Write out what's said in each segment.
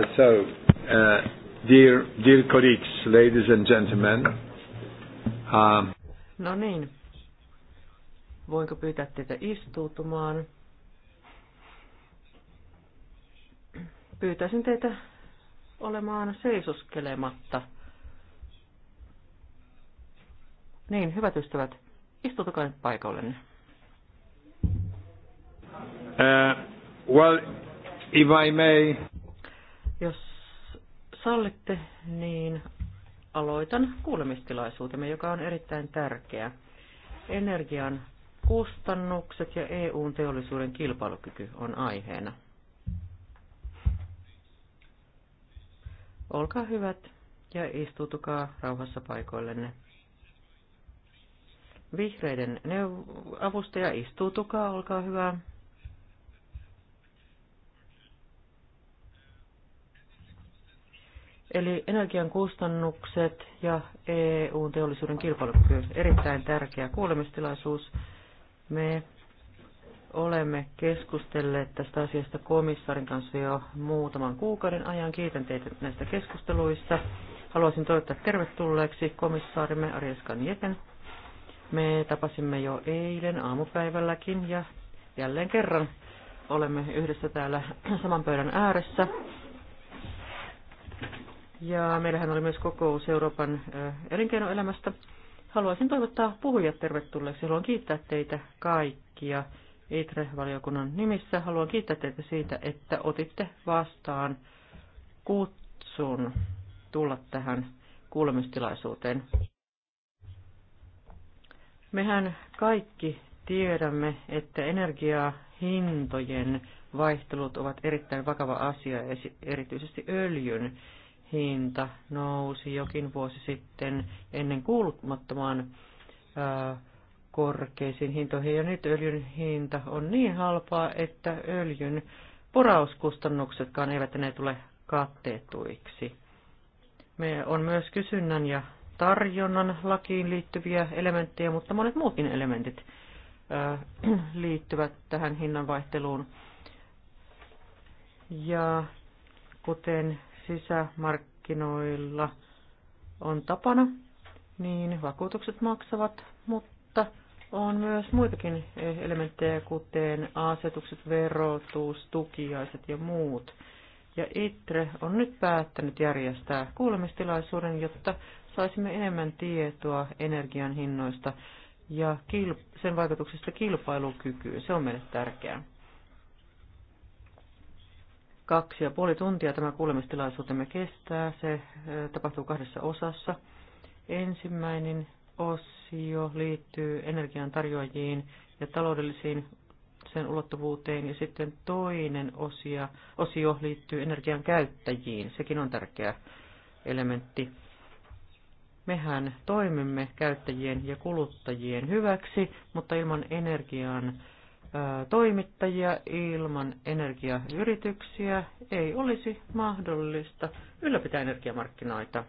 Uh, so, uh, dear, colleagues, ladies and gentlemen. Um, no niin. Voinko pyytää teitä istuutumaan? Pyytäisin teitä olemaan seisoskelematta. Niin, hyvät ystävät, istutukaa nyt paikallenne. Uh, well, if I may... Jos sallitte, niin aloitan kuulemistilaisuutemme, joka on erittäin tärkeä. Energian kustannukset ja EUn teollisuuden kilpailukyky on aiheena. Olkaa hyvät ja istutukaa rauhassa paikoillenne. Vihreiden neuv- avustaja, istuutukaa, olkaa hyvä. Eli energian kustannukset ja EU-teollisuuden kilpailukyky. Erittäin tärkeä kuulemistilaisuus. Me olemme keskustelleet tästä asiasta komissaarin kanssa jo muutaman kuukauden ajan. Kiitän teitä näistä keskusteluista. Haluaisin toivottaa tervetulleeksi komissaarimme Arjes Kanjeten. Me tapasimme jo eilen aamupäivälläkin ja jälleen kerran olemme yhdessä täällä saman pöydän ääressä. Ja meillähän oli myös kokous Euroopan elinkeinoelämästä. Haluaisin toivottaa puhujat tervetulleeksi. Haluan kiittää teitä kaikkia ITRE-valiokunnan nimissä. Haluan kiittää teitä siitä, että otitte vastaan kutsun tulla tähän kuulemistilaisuuteen. Mehän kaikki tiedämme, että energiahintojen vaihtelut ovat erittäin vakava asia, erityisesti öljyn hinta nousi jokin vuosi sitten ennen kuulumattomaan korkeisiin hintoihin. Ja nyt öljyn hinta on niin halpaa, että öljyn porauskustannuksetkaan eivät enää tule katteetuiksi. Me on myös kysynnän ja tarjonnan lakiin liittyviä elementtejä, mutta monet muutkin elementit liittyvät tähän hinnan vaihteluun. Ja kuten sisämarkkinoilla on tapana, niin vakuutukset maksavat, mutta on myös muitakin elementtejä, kuten asetukset, verotus, tukiaiset ja muut. Ja ITRE on nyt päättänyt järjestää kuulemistilaisuuden, jotta saisimme enemmän tietoa energian hinnoista ja sen vaikutuksesta kilpailukykyyn. Se on meille tärkeää. Kaksi ja puoli tuntia tämä kuulemistilaisuutemme kestää. Se tapahtuu kahdessa osassa. Ensimmäinen osio liittyy energian tarjoajiin ja taloudellisiin sen ulottuvuuteen ja sitten toinen osia, osio liittyy energian käyttäjiin. Sekin on tärkeä elementti. Mehän toimimme käyttäjien ja kuluttajien hyväksi, mutta ilman energian toimittajia, ilman energiayrityksiä ei olisi mahdollista ylläpitää energiamarkkinoita.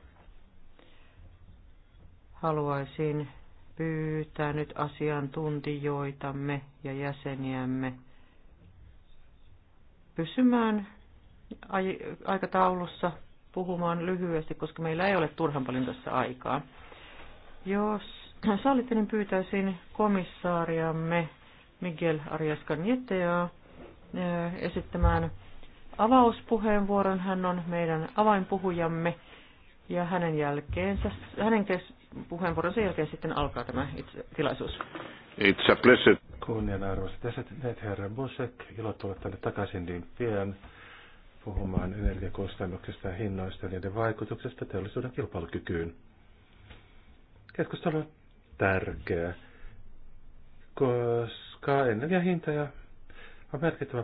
Haluaisin pyytää nyt asiantuntijoitamme ja jäseniämme pysymään aikataulussa puhumaan lyhyesti, koska meillä ei ole turhan paljon tässä aikaa. Jos sallitte, niin pyytäisin komissaariamme Miguel Arias Canieteaa eh, esittämään avauspuheenvuoron. Hän on meidän avainpuhujamme ja hänen jälkeensä, hänen puheenvuoronsa jälkeen sitten alkaa tämä itse, tilaisuus. It's a pleasure. Kunnianarvoiset jäsenet, herra Bosek. ilo tulla tänne takaisin niin pian puhumaan energiakustannuksista ja hinnoista ja niiden vaikutuksesta teollisuuden kilpailukykyyn. Keskustelu on tärkeä, koska koska ja on merkittävä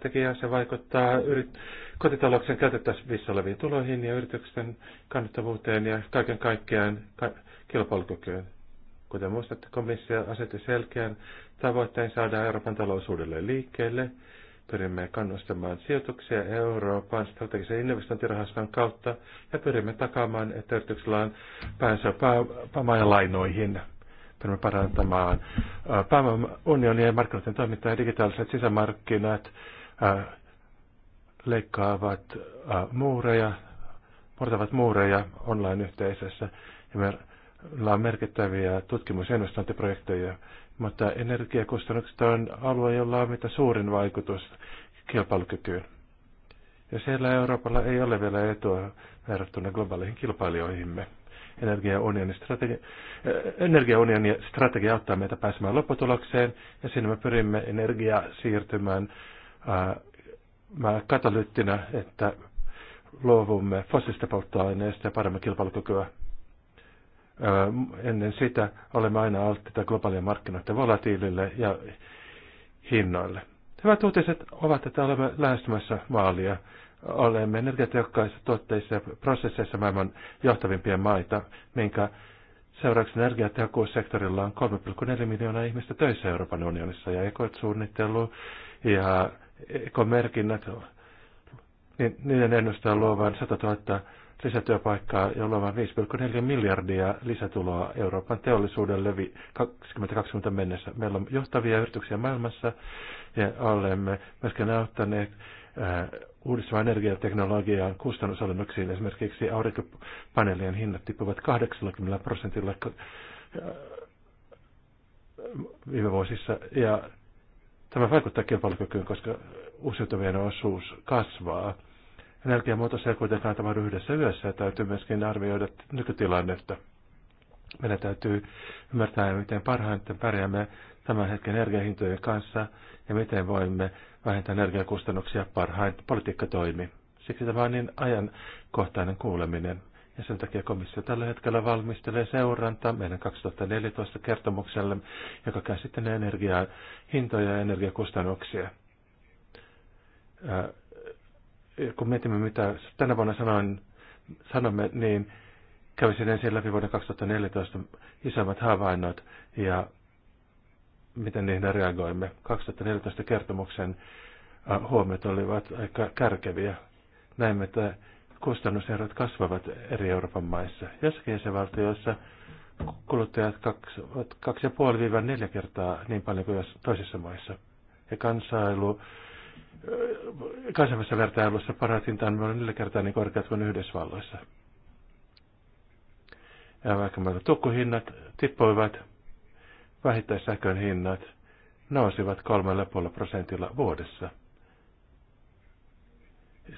tekijä. Se vaikuttaa yrit- kotitalouksien käytettävissä oleviin tuloihin ja yritysten kannattavuuteen ja kaiken kaikkiaan ka- kilpailukykyyn. Kuten muistatte, komissio asetti selkeän tavoitteen saada Euroopan talousuudelle liikkeelle. Pyrimme kannustamaan sijoituksia Euroopan strategisen investointirahaston kautta ja pyrimme takaamaan, että yrityksellä on päänsä pää- ja lainoihin. Pyrimme parantamaan pääomaunionien markkinoiden toiminta ja digitaaliset sisämarkkinat leikkaavat muureja, murtavat muureja online-yhteisössä. Ja meillä on merkittäviä tutkimus- ja investointiprojekteja, mutta energiakustannukset on alue, jolla on mitä suurin vaikutus kilpailukykyyn. Ja siellä Euroopalla ei ole vielä etua verrattuna globaaleihin kilpailijoihimme energiaunionin strategia, äh, strategia auttaa meitä pääsemään lopputulokseen, ja siinä me pyrimme energiaa siirtymään ää, äh, katalyyttinä, että luovumme fossiilista polttoaineista ja paremmin kilpailukykyä. Ää, äh, ennen sitä olemme aina alttita globaalien markkinoiden volatiilille ja hinnoille. Hyvät uutiset ovat, että olemme lähestymässä maalia olemme energiatehokkaissa tuotteissa ja prosesseissa maailman johtavimpia maita, minkä seuraavaksi energiatehokkuussektorilla on 3,4 miljoonaa ihmistä töissä Euroopan unionissa ja suunnittelu ja ekomerkinnät, niin niiden ennustaa luovan 100 000 lisätyöpaikkaa ja luovan 5,4 miljardia lisätuloa Euroopan teollisuudelle 2020 mennessä. Meillä on johtavia yrityksiä maailmassa ja olemme myöskin auttaneet uudistuvan energiateknologian kustannusalennuksiin. Esimerkiksi aurinkopaneelien hinnat tippuvat 80 prosentilla äh, viime vuosissa. Ja tämä vaikuttaa kilpailukykyyn, koska uusiutuvien osuus kasvaa. Energiamuutos ei kuitenkaan tapahdu yhdessä yössä ja täytyy myöskin arvioida nykytilannetta. Meidän täytyy ymmärtää, miten parhaiten pärjäämme tämän hetken energiahintojen kanssa ja miten voimme vähentää energiakustannuksia parhain politiikkatoimi. Siksi tämä on niin ajankohtainen kuuleminen. Ja sen takia komissio tällä hetkellä valmistelee seurantaa meidän 2014 kertomukselle, joka käsittelee energiaa, hintoja ja energiakustannuksia. Ää, kun mietimme, mitä tänä vuonna sanoin, sanomme, niin kävisin ensin läpi vuoden 2014 isommat havainnot ja miten niihin reagoimme. 2014 kertomuksen äh, huomiot olivat aika kärkeviä. Näimme, että kustannuserot kasvavat eri Euroopan maissa. Jossakin jäsenvaltioissa kuluttajat 2,5-4 kertaa niin paljon kuin toisissa maissa. Ja kansailu, äh, kansainvälisessä vertailussa paratintaan on olemme neljä kertaa niin korkeat kuin Yhdysvalloissa. Ja vaikka meillä tukkuhinnat tippuivat, vähittäissähkön hinnat nousivat 3,5 prosentilla vuodessa.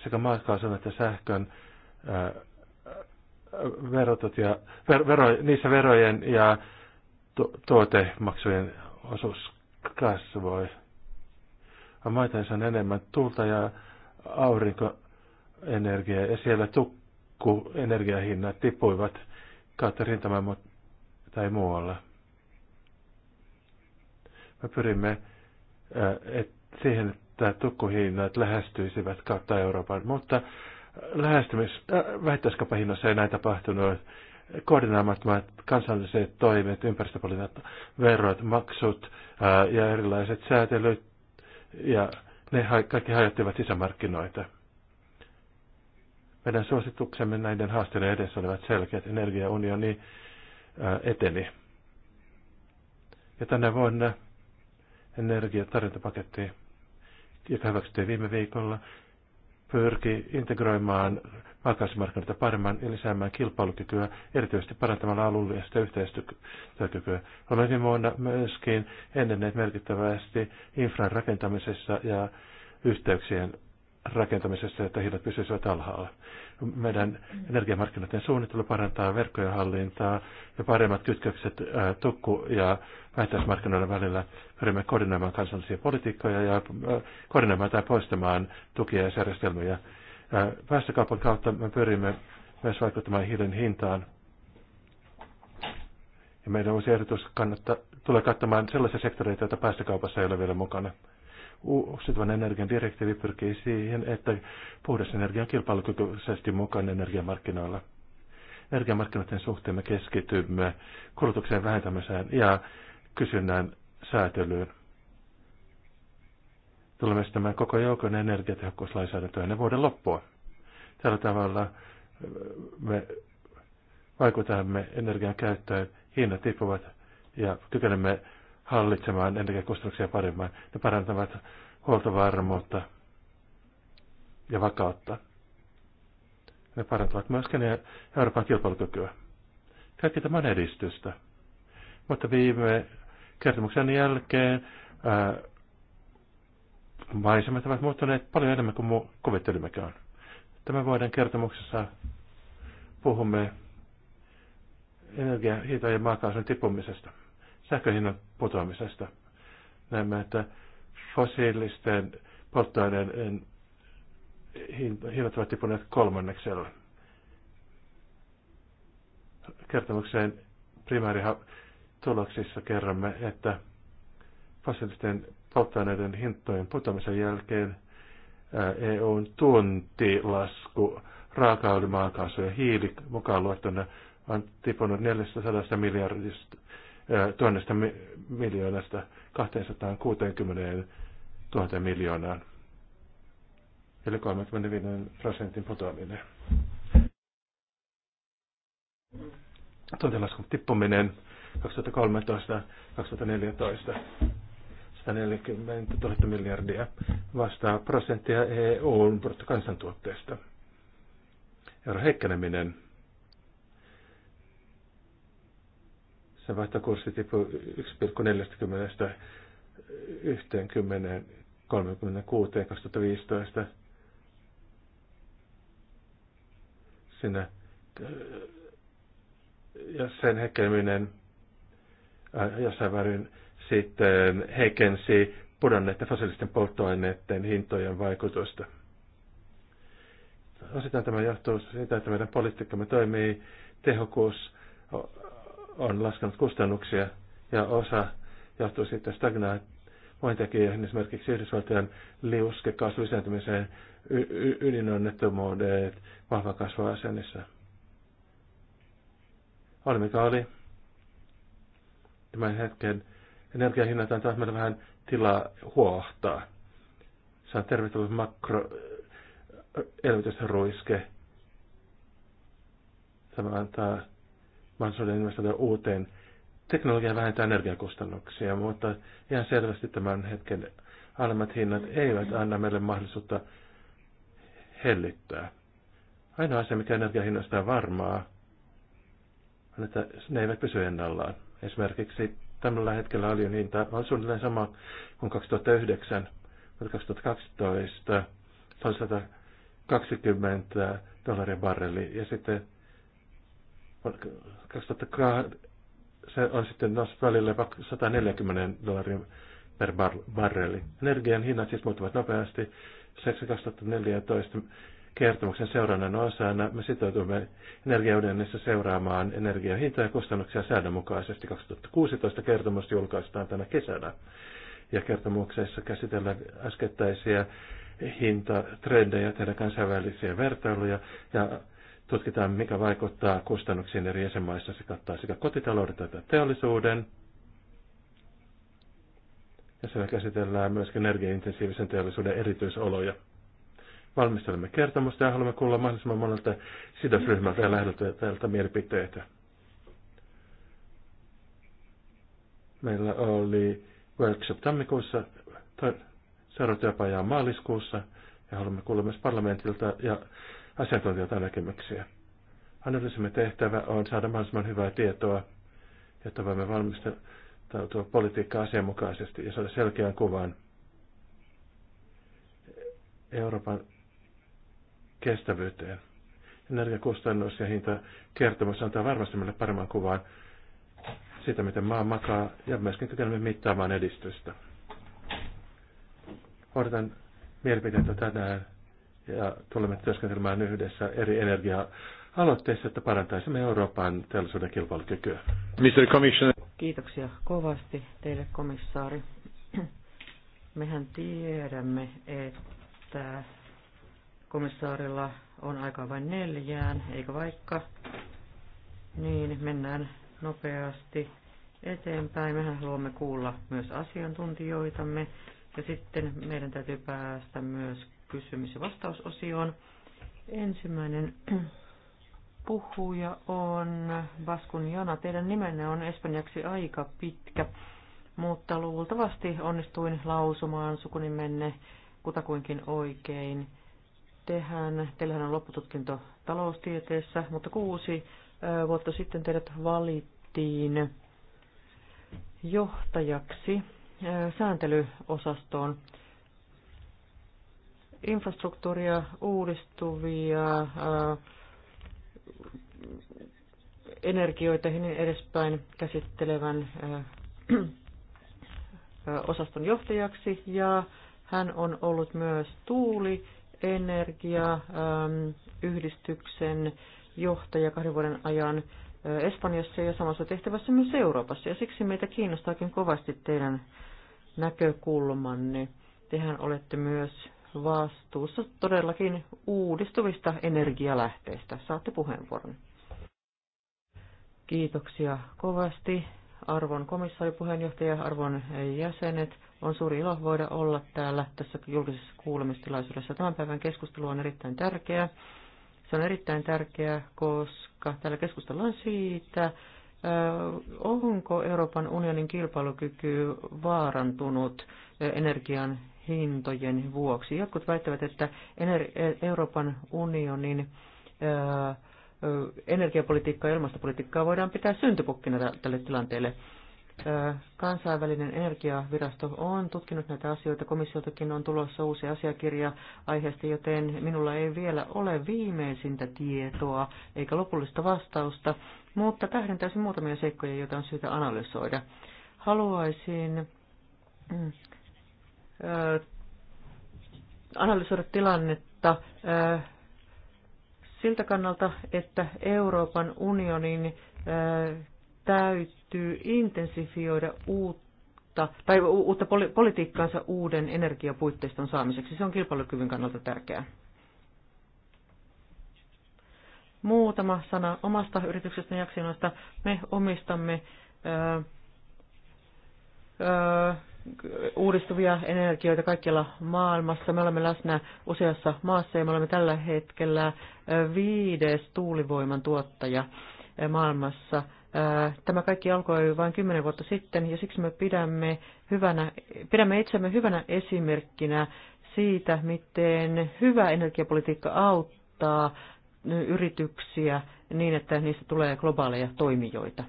Sekä maakaasun että sähkön ää, verotut ja, ver, vero, niissä verojen ja tu, tuotemaksujen osuus kasvoi. Maitaissa on enemmän tulta ja aurinkoenergiaa ja siellä tukkuenergiahinnat tipuivat kautta rintamaan tai muualla. Me pyrimme siihen, että tukkuhinnat lähestyisivät kautta Euroopan, mutta lähestymis, äh, vähittäiskapahinnoissa ei näin tapahtunut. Koordinaamattomat kansalliset toimet, ympäristöpolitiikat, verot, maksut ää, ja erilaiset säätelyt, ja ne ha- kaikki hajottivat sisämarkkinoita. Meidän suosituksemme näiden haasteiden edessä olivat selkeät. Energiaunioni ää, eteni. Ja tänä vuonna energiatarjontapaketti, joka hyväksyttiin viime viikolla, pyrki integroimaan maakaasumarkkinoita paremman ja lisäämään kilpailukykyä, erityisesti parantamalla alueellista yhteistyökykyä. Olemme viime vuonna myöskin edenneet merkittävästi infran rakentamisessa ja yhteyksien rakentamisessa, että hinnat pysyisivät alhaalla. Meidän energiamarkkinoiden suunnittelu parantaa verkkojen hallintaa ja paremmat kytkökset ää, tukku- ja vähittäismarkkinoiden välillä. Pyrimme koordinoimaan kansallisia politiikkoja ja ää, koordinoimaan tai poistamaan tukia ja järjestelmiä. päästökaupan kautta me pyrimme myös vaikuttamaan hiilen hintaan. Ja meidän uusi ehdotus kannattaa, tulee kattamaan sellaisia sektoreita, joita päästökaupassa ei ole vielä mukana. Uusiutuvan energian direktiivi pyrkii siihen, että puhdas energia on kilpailukykyisesti mukaan energiamarkkinoilla. Energiamarkkinoiden suhteen me keskitymme kulutuksen vähentämiseen ja kysynnän säätelyyn. Tulemme sitten koko joukon energiatehokkuuslainsäädäntöä ennen vuoden loppua. Tällä tavalla äh, me vaikutamme energian käyttöön, hinnat tippuvat ja kykenemme hallitsemaan energiakustannuksia paremmin. Ne parantavat huoltovarmuutta ja vakautta. Ne parantavat myöskin Euroopan kilpailukykyä. Kaikki tämä on edistystä. Mutta viime kertomuksen jälkeen ää, maisemat ovat muuttuneet paljon enemmän kuin mu- kuvittelimmekaan. Tämän vuoden kertomuksessa puhumme energiahintojen maakaasun tippumisesta. Sähköhinnan putoamisesta. Näemme, että fossiilisten polttoaineiden hinnat ovat tipuneet kolmanneksella. Kertomukseen primäärituloksissa kerromme, että fossiilisten polttoaineiden hintojen putoamisen jälkeen EUn tuntilasku raakaöljy, maakaasu ja hiili mukaan luettuna on tipunut 400 miljardista tuhannesta miljoonasta 260 000 miljoonaan, eli 35 prosentin putoaminen. Tuontelaskun tippuminen 2013-2014 140 000 miljardia vastaa prosenttia EUn bruttokansantuotteesta. Euro heikkeneminen Sen vaihtokurssi tippui 1,40 136 2015. Sinä äh, ja sen hekeminen äh, jossain väärin sitten heikensi pudonneiden fossiilisten polttoaineiden hintojen vaikutusta. Osittain tämä johtuu siitä, että meidän politiikkamme toimii tehokkuus on laskenut kustannuksia ja osa johtuu sitten stagnaatiosta esimerkiksi Yhdysvaltojen liuskekaasun lisääntymiseen, y- y- ydinonnettomuudet, vahva kasvu asennissa. Oli mikä oli. Tämän hetken energiahinnat antaa meille vähän tilaa huohtaa. Se on tervetullut makro elvytysruiske. Tämä antaa oli investoida uuteen teknologiaan vähentää energiakustannuksia, mutta ihan selvästi tämän hetken alemmat hinnat eivät anna meille mahdollisuutta hellittää. Ainoa asia, mikä energiahinnoista on varmaa, on, että ne eivät pysy ennallaan. Esimerkiksi tällä hetkellä öljyn hinta on suunnilleen sama kuin 2009, mutta 2012 se on 120 dollaria barreli ja sitten se on sitten noussut välillä 140 dollaria per bar, barreli. Energian hinnat siis muuttuvat nopeasti. Seksi 2014 kertomuksen seurannan osana me sitoutumme energiaudennissa seuraamaan energian hintoja ja kustannuksia säännönmukaisesti. 2016 kertomus julkaistaan tänä kesänä. Ja kertomuksessa käsitellään äskettäisiä hintatrendejä, tehdä kansainvälisiä vertailuja ja tutkitaan, mikä vaikuttaa kustannuksiin eri jäsenmaissa. Se kattaa sekä kotitaloudet että teollisuuden. Ja siellä käsitellään myöskin energiaintensiivisen teollisuuden erityisoloja. Valmistelemme kertomusta ja haluamme kuulla mahdollisimman monelta sidosryhmältä ja lähdöltä mielipiteitä. Meillä oli workshop tammikuussa, seuraava maaliskuussa ja haluamme kuulla myös parlamentilta ja asiantuntijoita näkemyksiä. Analyysimme tehtävä on saada mahdollisimman hyvää tietoa, jotta voimme valmistautua politiikkaa asianmukaisesti ja saada selkeän kuvan Euroopan kestävyyteen. Energiakustannus ja hinta kertomus antaa varmasti meille paremman kuvan siitä, miten maa makaa ja myöskin kykenemme mittaamaan edistystä. Odotan mielipiteitä tänään ja tulemme työskentelemään yhdessä eri energia-aloitteissa, että parantaisimme Euroopan teollisuuden kilpailukykyä. Mr. Commissioner. Kiitoksia kovasti teille, komissaari. Mehän tiedämme, että komissaarilla on aika vain neljään, eikä vaikka. Niin, mennään nopeasti eteenpäin. Mehän haluamme kuulla myös asiantuntijoitamme ja sitten meidän täytyy päästä myös kysymys- ja vastausosioon. Ensimmäinen puhuja on Baskun Jana. Teidän nimenne on espanjaksi aika pitkä, mutta luultavasti onnistuin lausumaan sukunimenne kutakuinkin oikein. Tehän, teillähän on loppututkinto taloustieteessä, mutta kuusi vuotta sitten teidät valittiin johtajaksi sääntelyosastoon infrastruktuuria, uudistuvia, äh, energioita ja niin edespäin käsittelevän äh, osaston johtajaksi ja hän on ollut myös tuuli ähm, yhdistyksen johtaja kahden vuoden ajan äh, Espanjassa ja samassa tehtävässä myös Euroopassa. Ja siksi meitä kiinnostaakin kovasti teidän näkökulmanne. Tehän olette myös vastuussa todellakin uudistuvista energialähteistä. Saatte puheenvuoron. Kiitoksia kovasti arvon puheenjohtaja, arvon jäsenet. On suuri ilo voida olla täällä tässä julkisessa kuulemistilaisuudessa. Tämän päivän keskustelu on erittäin tärkeä. Se on erittäin tärkeä koska täällä keskustellaan siitä, onko Euroopan unionin kilpailukyky vaarantunut energian hintojen vuoksi. Jotkut väittävät, että e, Euroopan unionin energiapolitiikkaa ja ilmastopolitiikkaa voidaan pitää syntypukkina tälle tilanteelle. Kansainvälinen energiavirasto on tutkinut näitä asioita. Komissiotakin on tulossa uusi asiakirja aiheesta, joten minulla ei vielä ole viimeisintä tietoa eikä lopullista vastausta, mutta tähdentäisin muutamia seikkoja, joita on syytä analysoida. Haluaisin mm, analysoida tilannetta siltä kannalta, että Euroopan unionin täytyy intensifioida uutta, tai uutta politiikkaansa uuden energiapuitteiston saamiseksi. Se on kilpailukyvyn kannalta tärkeää. Muutama sana omasta yrityksestä jaksinoista: Me omistamme uudistuvia energioita kaikkialla maailmassa. Me olemme läsnä useassa maassa ja me olemme tällä hetkellä viides tuulivoiman tuottaja maailmassa. Tämä kaikki alkoi vain kymmenen vuotta sitten ja siksi me pidämme, hyvänä, pidämme itsemme hyvänä esimerkkinä siitä, miten hyvä energiapolitiikka auttaa yrityksiä niin, että niistä tulee globaaleja toimijoita.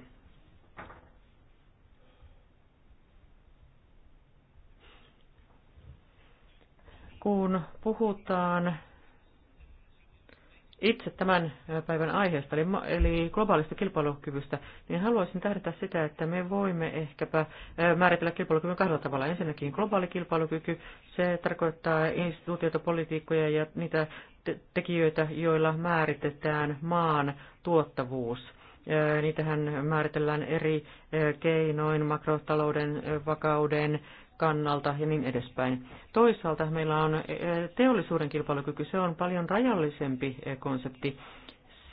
kun puhutaan itse tämän päivän aiheesta, eli, eli globaalista kilpailukyvystä, niin haluaisin tähdätä sitä, että me voimme ehkäpä määritellä kilpailukyvyn kahdella tavalla. Ensinnäkin globaali kilpailukyky, se tarkoittaa instituutioita, politiikkoja ja niitä tekijöitä, joilla määritetään maan tuottavuus. Niitähän määritellään eri keinoin, makrotalouden vakauden, kannalta ja niin edespäin. Toisaalta meillä on eh, teollisuuden kilpailukyky, se on paljon rajallisempi eh, konsepti.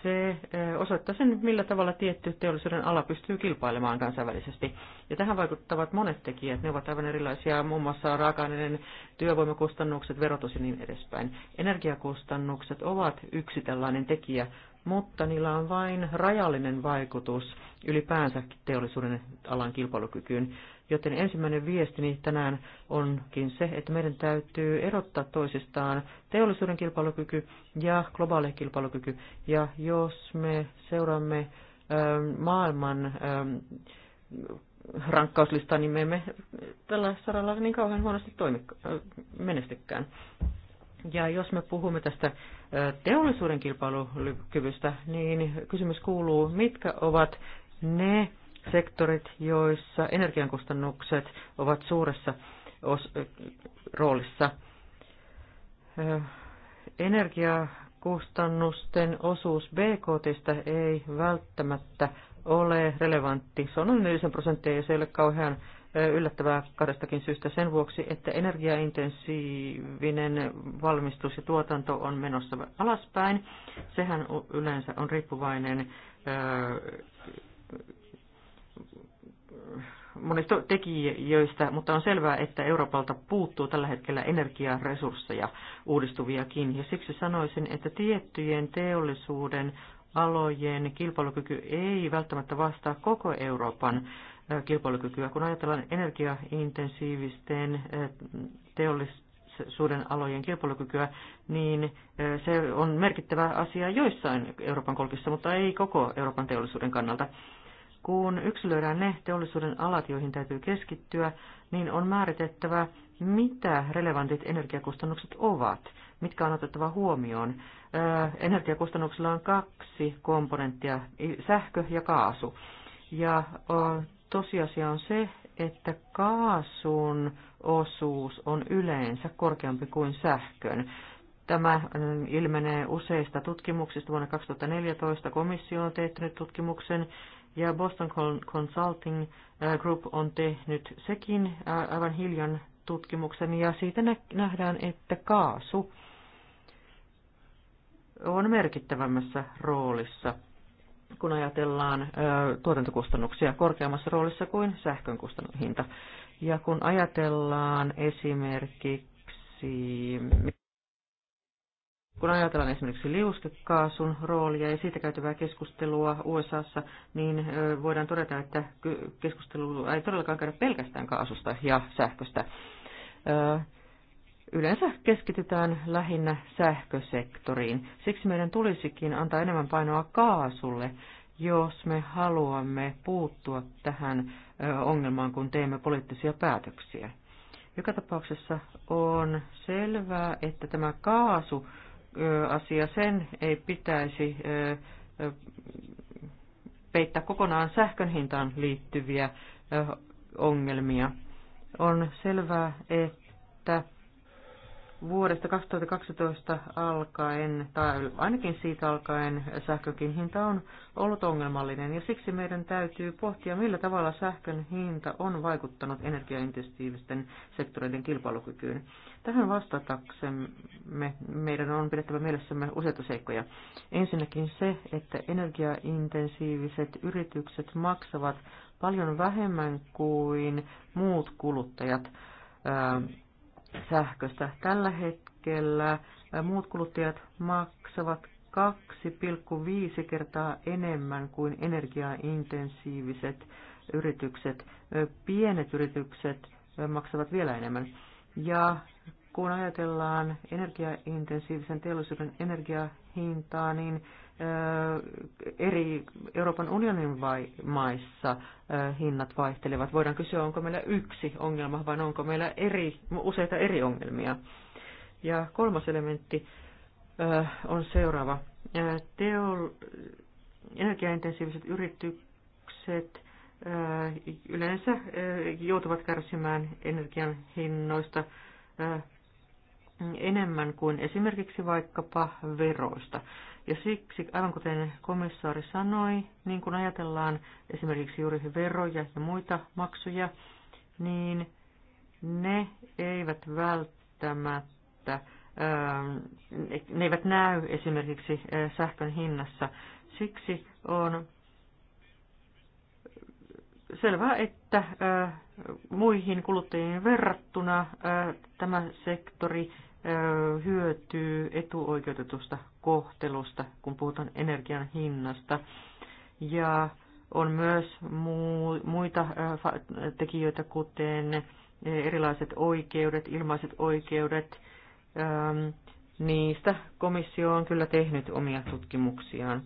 Se eh, osoittaa sen, millä tavalla tietty teollisuuden ala pystyy kilpailemaan kansainvälisesti. Ja tähän vaikuttavat monet tekijät. Ne ovat aivan erilaisia, muun muassa raaka-aineiden työvoimakustannukset, verotus ja niin edespäin. Energiakustannukset ovat yksi tällainen tekijä, mutta niillä on vain rajallinen vaikutus ylipäänsä teollisuuden alan kilpailukykyyn. Joten ensimmäinen viestini tänään onkin se, että meidän täytyy erottaa toisistaan teollisuuden kilpailukyky ja globaali kilpailukyky. Ja jos me seuraamme ähm, maailman ähm, rankkauslistaa, niin me emme tällä saralla niin kauhean huonosti toimi, äh, menestykään. Ja jos me puhumme tästä äh, teollisuuden kilpailukyvystä, niin kysymys kuuluu, mitkä ovat ne sektorit, joissa energiankustannukset ovat suuressa roolissa. Energiakustannusten osuus BKTstä ei välttämättä ole relevantti. Se on noin 4 prosenttia ja se ei ole kauhean yllättävää kahdestakin syystä sen vuoksi, että energiaintensiivinen valmistus ja tuotanto on menossa alaspäin. Sehän yleensä on riippuvainen monista tekijöistä, mutta on selvää, että Euroopalta puuttuu tällä hetkellä energiaresursseja uudistuviakin. Ja siksi sanoisin, että tiettyjen teollisuuden alojen kilpailukyky ei välttämättä vastaa koko Euroopan kilpailukykyä. Kun ajatellaan energiaintensiivisten teollisuuden alojen kilpailukykyä, niin se on merkittävä asia joissain Euroopan kolkissa, mutta ei koko Euroopan teollisuuden kannalta. Kun yksilöidään ne teollisuuden alat, joihin täytyy keskittyä, niin on määritettävä, mitä relevantit energiakustannukset ovat, mitkä on otettava huomioon. Energiakustannuksilla on kaksi komponenttia, sähkö ja kaasu. Ja tosiasia on se, että kaasun osuus on yleensä korkeampi kuin sähkön. Tämä ilmenee useista tutkimuksista. Vuonna 2014 komissio on teettänyt tutkimuksen, ja Boston Consulting äh, Group on tehnyt sekin äh, aivan hiljan tutkimuksen ja siitä nähdään, että kaasu on merkittävämmässä roolissa, kun ajatellaan äh, tuotantokustannuksia korkeammassa roolissa kuin sähkön hinta. Ja kun ajatellaan esimerkiksi kun ajatellaan esimerkiksi liuskekaasun roolia ja siitä käytävää keskustelua USAssa, niin voidaan todeta, että keskustelu ei todellakaan käydä pelkästään kaasusta ja sähköstä. Yleensä keskitytään lähinnä sähkösektoriin. Siksi meidän tulisikin antaa enemmän painoa kaasulle, jos me haluamme puuttua tähän ongelmaan, kun teemme poliittisia päätöksiä. Joka tapauksessa on selvää, että tämä kaasu asia. Sen ei pitäisi peittää kokonaan sähkön hintaan liittyviä ongelmia. On selvää, että vuodesta 2012 alkaen, tai ainakin siitä alkaen, sähkökin hinta on ollut ongelmallinen, ja siksi meidän täytyy pohtia, millä tavalla sähkön hinta on vaikuttanut energiaintensiivisten sektoreiden kilpailukykyyn. Tähän vastataksemme meidän on pidettävä mielessämme useita seikkoja. Ensinnäkin se, että energiaintensiiviset yritykset maksavat paljon vähemmän kuin muut kuluttajat sähköstä. Tällä hetkellä muut kuluttajat maksavat 2,5 kertaa enemmän kuin energiaintensiiviset yritykset. Pienet yritykset maksavat vielä enemmän. Ja kun ajatellaan energiaintensiivisen teollisuuden energiahintaa, niin eri Euroopan unionin vai, maissa hinnat vaihtelevat. Voidaan kysyä, onko meillä yksi ongelma vai onko meillä eri, useita eri ongelmia. Ja kolmas elementti on seuraava. Teol, energiaintensiiviset yritykset yleensä joutuvat kärsimään energian hinnoista enemmän kuin esimerkiksi vaikkapa veroista. Ja siksi, aivan kuten komissaari sanoi, niin kun ajatellaan esimerkiksi juuri veroja ja muita maksuja, niin ne eivät välttämättä, ähm, ne eivät näy esimerkiksi äh, sähkön hinnassa. Siksi on selvää, että äh, muihin kuluttajiin verrattuna äh, tämä sektori hyötyy etuoikeutetusta kohtelusta, kun puhutaan energian hinnasta. Ja on myös muita tekijöitä, kuten erilaiset oikeudet, ilmaiset oikeudet. Niistä komissio on kyllä tehnyt omia tutkimuksiaan.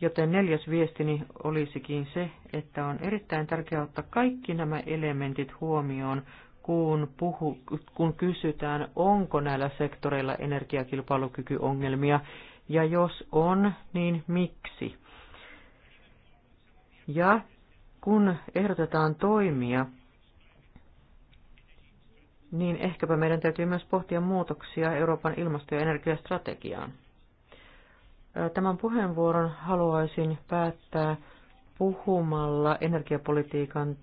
Joten neljäs viestini olisikin se, että on erittäin tärkeää ottaa kaikki nämä elementit huomioon, kun, puhu, kun kysytään, onko näillä sektoreilla energiakilpailukykyongelmia, ja jos on, niin miksi? Ja kun ehdotetaan toimia, niin ehkäpä meidän täytyy myös pohtia muutoksia Euroopan ilmasto- ja energiastrategiaan. Tämän puheenvuoron haluaisin päättää puhumalla energiapolitiikan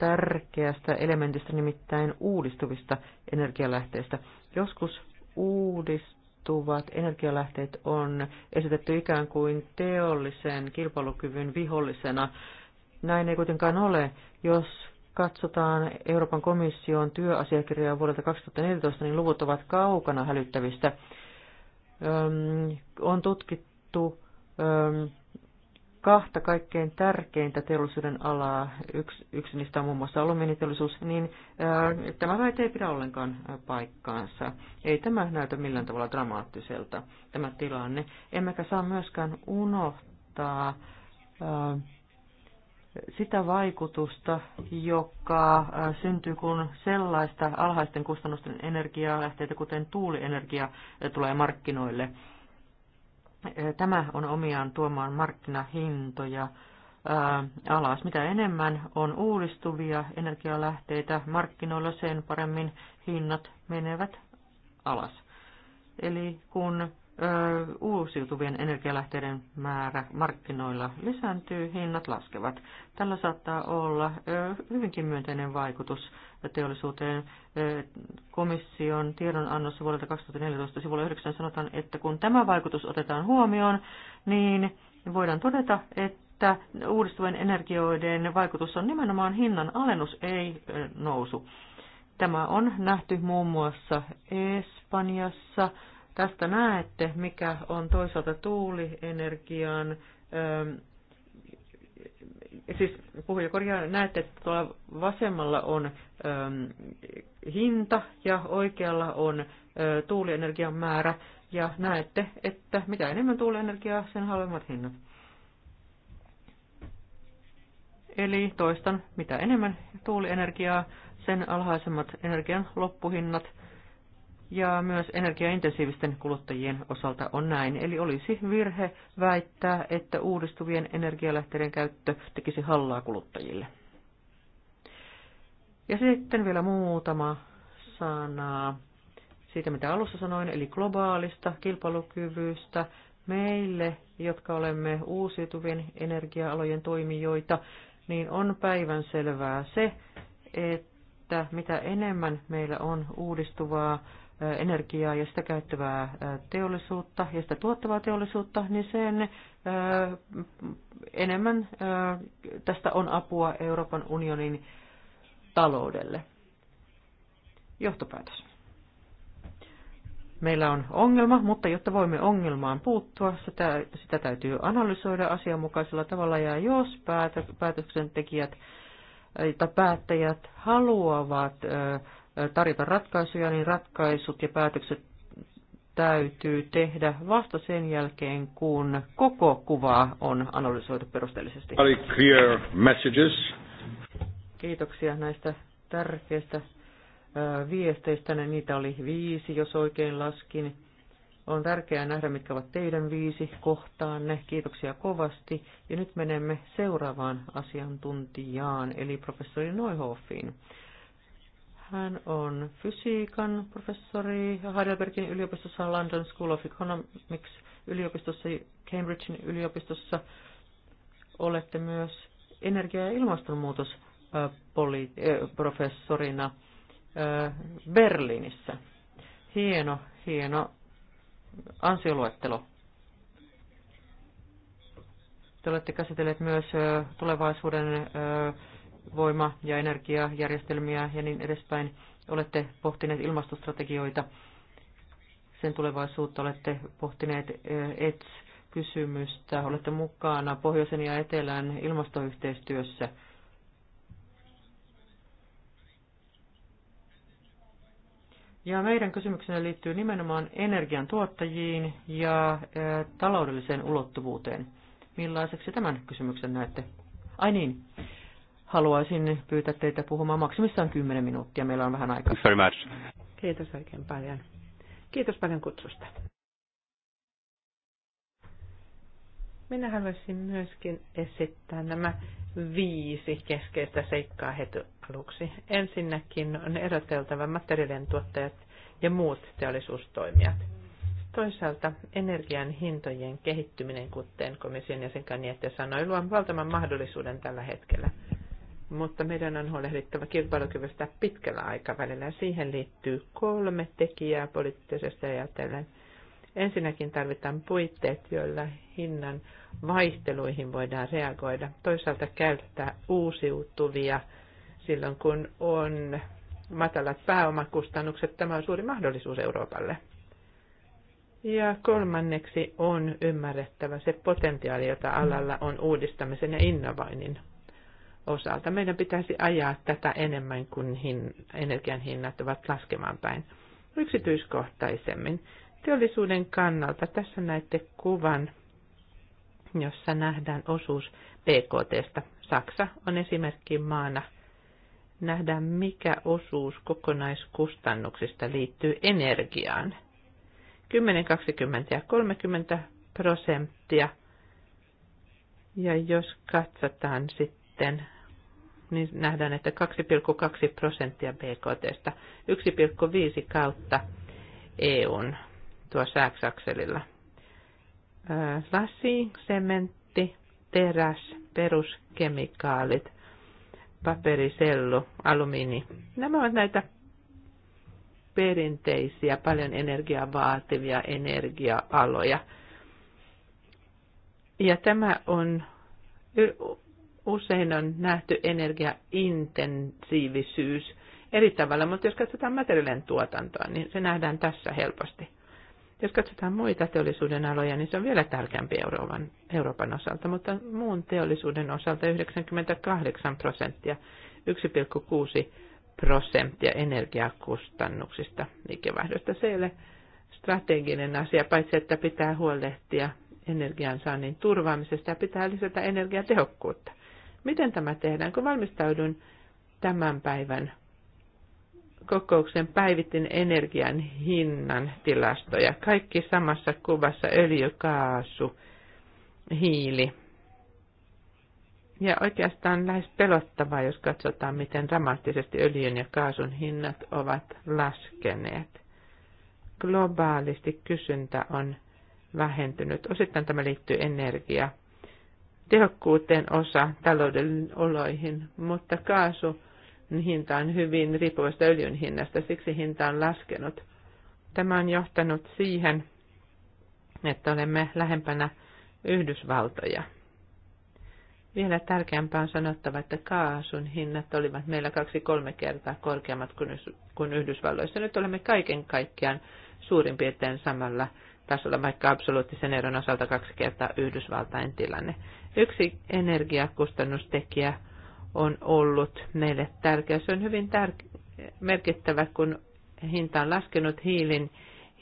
tärkeästä elementistä, nimittäin uudistuvista energialähteistä. Joskus uudistuvat energialähteet on esitetty ikään kuin teollisen kilpailukyvyn vihollisena. Näin ei kuitenkaan ole. Jos katsotaan Euroopan komission työasiakirjaa vuodelta 2014, niin luvut ovat kaukana hälyttävistä. Öm, on tutkittu öm, kahta kaikkein tärkeintä teollisuuden alaa, yksi, yksi niistä on muun muassa alumiiniteollisuus, niin ää, äh, tämä väite ei pidä ollenkaan äh, paikkaansa. Ei tämä näytä millään tavalla dramaattiselta, tämä tilanne. Emmekä saa myöskään unohtaa ää, äh, sitä vaikutusta, joka syntyy, kun sellaista alhaisten kustannusten energialähteitä, kuten tuulienergia, tulee markkinoille – Tämä on omiaan tuomaan markkinahintoja alas. Mitä enemmän on uudistuvia energialähteitä markkinoilla, sen paremmin hinnat menevät alas. Eli kun uusiutuvien energialähteiden määrä markkinoilla lisääntyy, hinnat laskevat. Tällä saattaa olla hyvinkin myönteinen vaikutus teollisuuteen. Komission tiedonannossa vuodelta 2014 sivulla 9 sanotaan, että kun tämä vaikutus otetaan huomioon, niin voidaan todeta, että uudistuvien energioiden vaikutus on nimenomaan hinnan alennus, ei nousu. Tämä on nähty muun muassa Espanjassa, Tästä näette, mikä on toisaalta tuulienergian, ähm, siis puhujakorjaa näette, että tuolla vasemmalla on ähm, hinta ja oikealla on äh, tuulienergian määrä. Ja näette, että mitä enemmän tuulienergiaa, sen halvemmat hinnat. Eli toistan, mitä enemmän tuulienergiaa, sen alhaisemmat energian loppuhinnat – ja myös energiaintensiivisten kuluttajien osalta on näin. Eli olisi virhe väittää, että uudistuvien energialähteiden käyttö tekisi hallaa kuluttajille. Ja sitten vielä muutama sana siitä, mitä alussa sanoin, eli globaalista kilpailukyvystä. Meille, jotka olemme uusiutuvien energia-alojen toimijoita, niin on päivän selvää se, että mitä enemmän meillä on uudistuvaa energiaa ja sitä käyttävää teollisuutta ja sitä tuottavaa teollisuutta, niin sen enemmän tästä on apua Euroopan unionin taloudelle. Johtopäätös. Meillä on ongelma, mutta jotta voimme ongelmaan puuttua, sitä, sitä täytyy analysoida asianmukaisella tavalla. Ja jos päätöksentekijät tai päättäjät haluavat äh, tarjota ratkaisuja, niin ratkaisut ja päätökset täytyy tehdä vasta sen jälkeen, kun koko kuvaa on analysoitu perusteellisesti. Clear messages. Kiitoksia näistä tärkeistä viesteistä. Niitä oli viisi, jos oikein laskin. On tärkeää nähdä, mitkä ovat teidän viisi kohtaanne. Kiitoksia kovasti. Ja nyt menemme seuraavaan asiantuntijaan, eli professori Neuhoffiin. Hän on fysiikan professori Heidelbergin yliopistossa, London School of Economics yliopistossa, Cambridgein yliopistossa. Olette myös energia- ja ilmastonmuutosprofessorina äh, Berliinissä. Hieno, hieno ansioluettelo. Te olette käsitelleet myös äh, tulevaisuuden äh, voima- ja energiajärjestelmiä ja niin edespäin. Olette pohtineet ilmastostrategioita, sen tulevaisuutta olette pohtineet ETS-kysymystä, eh, e olette mukana pohjoisen ja etelän ilmastoyhteistyössä. Ja meidän kysymyksenä liittyy nimenomaan energian tuottajiin ja eh, taloudelliseen ulottuvuuteen. Millaiseksi tämän kysymyksen näette? Ai niin, haluaisin pyytää teitä puhumaan maksimissaan 10 minuuttia. Meillä on vähän aikaa. Very much. Kiitos oikein paljon. Kiitos paljon kutsusta. Minä haluaisin myöskin esittää nämä viisi keskeistä seikkaa heti aluksi. Ensinnäkin on eroteltava materiaalien tuottajat ja muut teollisuustoimijat. Toisaalta energian hintojen kehittyminen, kuten komission jäsen Kaniette sanoi, luo valtavan mahdollisuuden tällä hetkellä – mutta meidän on huolehdittava kilpailukyvystä pitkällä aikavälillä. Siihen liittyy kolme tekijää poliittisesti ajatellen. Ensinnäkin tarvitaan puitteet, joilla hinnan vaihteluihin voidaan reagoida. Toisaalta käyttää uusiutuvia silloin, kun on matalat pääomakustannukset. Tämä on suuri mahdollisuus Euroopalle. Ja kolmanneksi on ymmärrettävä se potentiaali, jota alalla on uudistamisen ja innovoinnin osalta. Meidän pitäisi ajaa tätä enemmän, kun hin, energian hinnat ovat laskemaan päin. Yksityiskohtaisemmin. Teollisuuden kannalta tässä näette kuvan, jossa nähdään osuus BKTstä. Saksa on esimerkki maana. Nähdään, mikä osuus kokonaiskustannuksista liittyy energiaan. 10, 20 ja 30 prosenttia. Ja jos katsotaan sitten sitten niin nähdään, että 2,2 prosenttia BKT, 1,5 kautta EUn tuo akselilla Lasi, sementti, teräs, peruskemikaalit, paperi, sellu, alumiini. Nämä ovat näitä perinteisiä, paljon energiaa vaativia energia-aloja. Ja tämä on usein on nähty energiaintensiivisyys eri tavalla, mutta jos katsotaan materiaalien tuotantoa, niin se nähdään tässä helposti. Jos katsotaan muita teollisuuden aloja, niin se on vielä tärkeämpi Euroopan, Euroopan osalta, mutta muun teollisuuden osalta 98 prosenttia, 1,6 prosenttia energiakustannuksista liikevaihdosta. Se ei ole strateginen asia, paitsi että pitää huolehtia energiansaannin turvaamisesta ja pitää lisätä energiatehokkuutta. Miten tämä tehdään? Kun valmistaudun tämän päivän kokouksen päivitin energian hinnan tilastoja. Kaikki samassa kuvassa öljy, kaasu, hiili. Ja oikeastaan lähes pelottavaa, jos katsotaan, miten dramaattisesti öljyn ja kaasun hinnat ovat laskeneet. Globaalisti kysyntä on vähentynyt. Osittain tämä liittyy energia tehokkuuteen osa taloudellinen oloihin, mutta kaasu hinta on hyvin riippuvasta öljyn hinnasta, siksi hinta on laskenut. Tämä on johtanut siihen, että olemme lähempänä Yhdysvaltoja. Vielä tärkeämpää on sanottava, että kaasun hinnat olivat meillä kaksi-kolme kertaa korkeammat kuin Yhdysvalloissa. Nyt olemme kaiken kaikkiaan suurin piirtein samalla tasolla, vaikka absoluuttisen eron osalta kaksi kertaa Yhdysvaltain tilanne. Yksi energiakustannustekijä on ollut meille tärkeä. Se on hyvin tär- merkittävä, kun hinta on laskenut hiilin,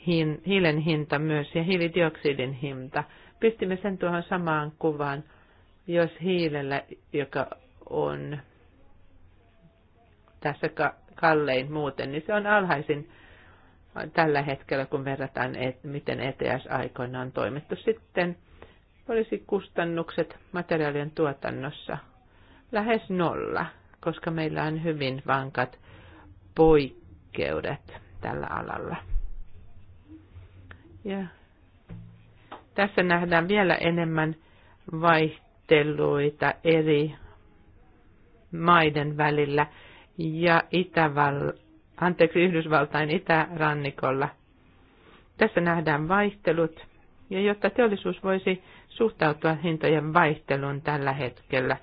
hiin, hiilen hinta myös ja hiilidioksidin hinta. Pistimme sen tuohon samaan kuvaan, jos hiilellä, joka on tässä kallein muuten, niin se on alhaisin tällä hetkellä, kun verrataan, miten ETS aikoina on toimittu. Sitten olisi kustannukset materiaalien tuotannossa lähes nolla, koska meillä on hyvin vankat poikkeudet tällä alalla. Ja tässä nähdään vielä enemmän vaihteluita eri maiden välillä ja Itäval- anteeksi, Yhdysvaltain itärannikolla. Tässä nähdään vaihtelut, ja jotta teollisuus voisi suhtautua hintojen vaihteluun tällä hetkellä,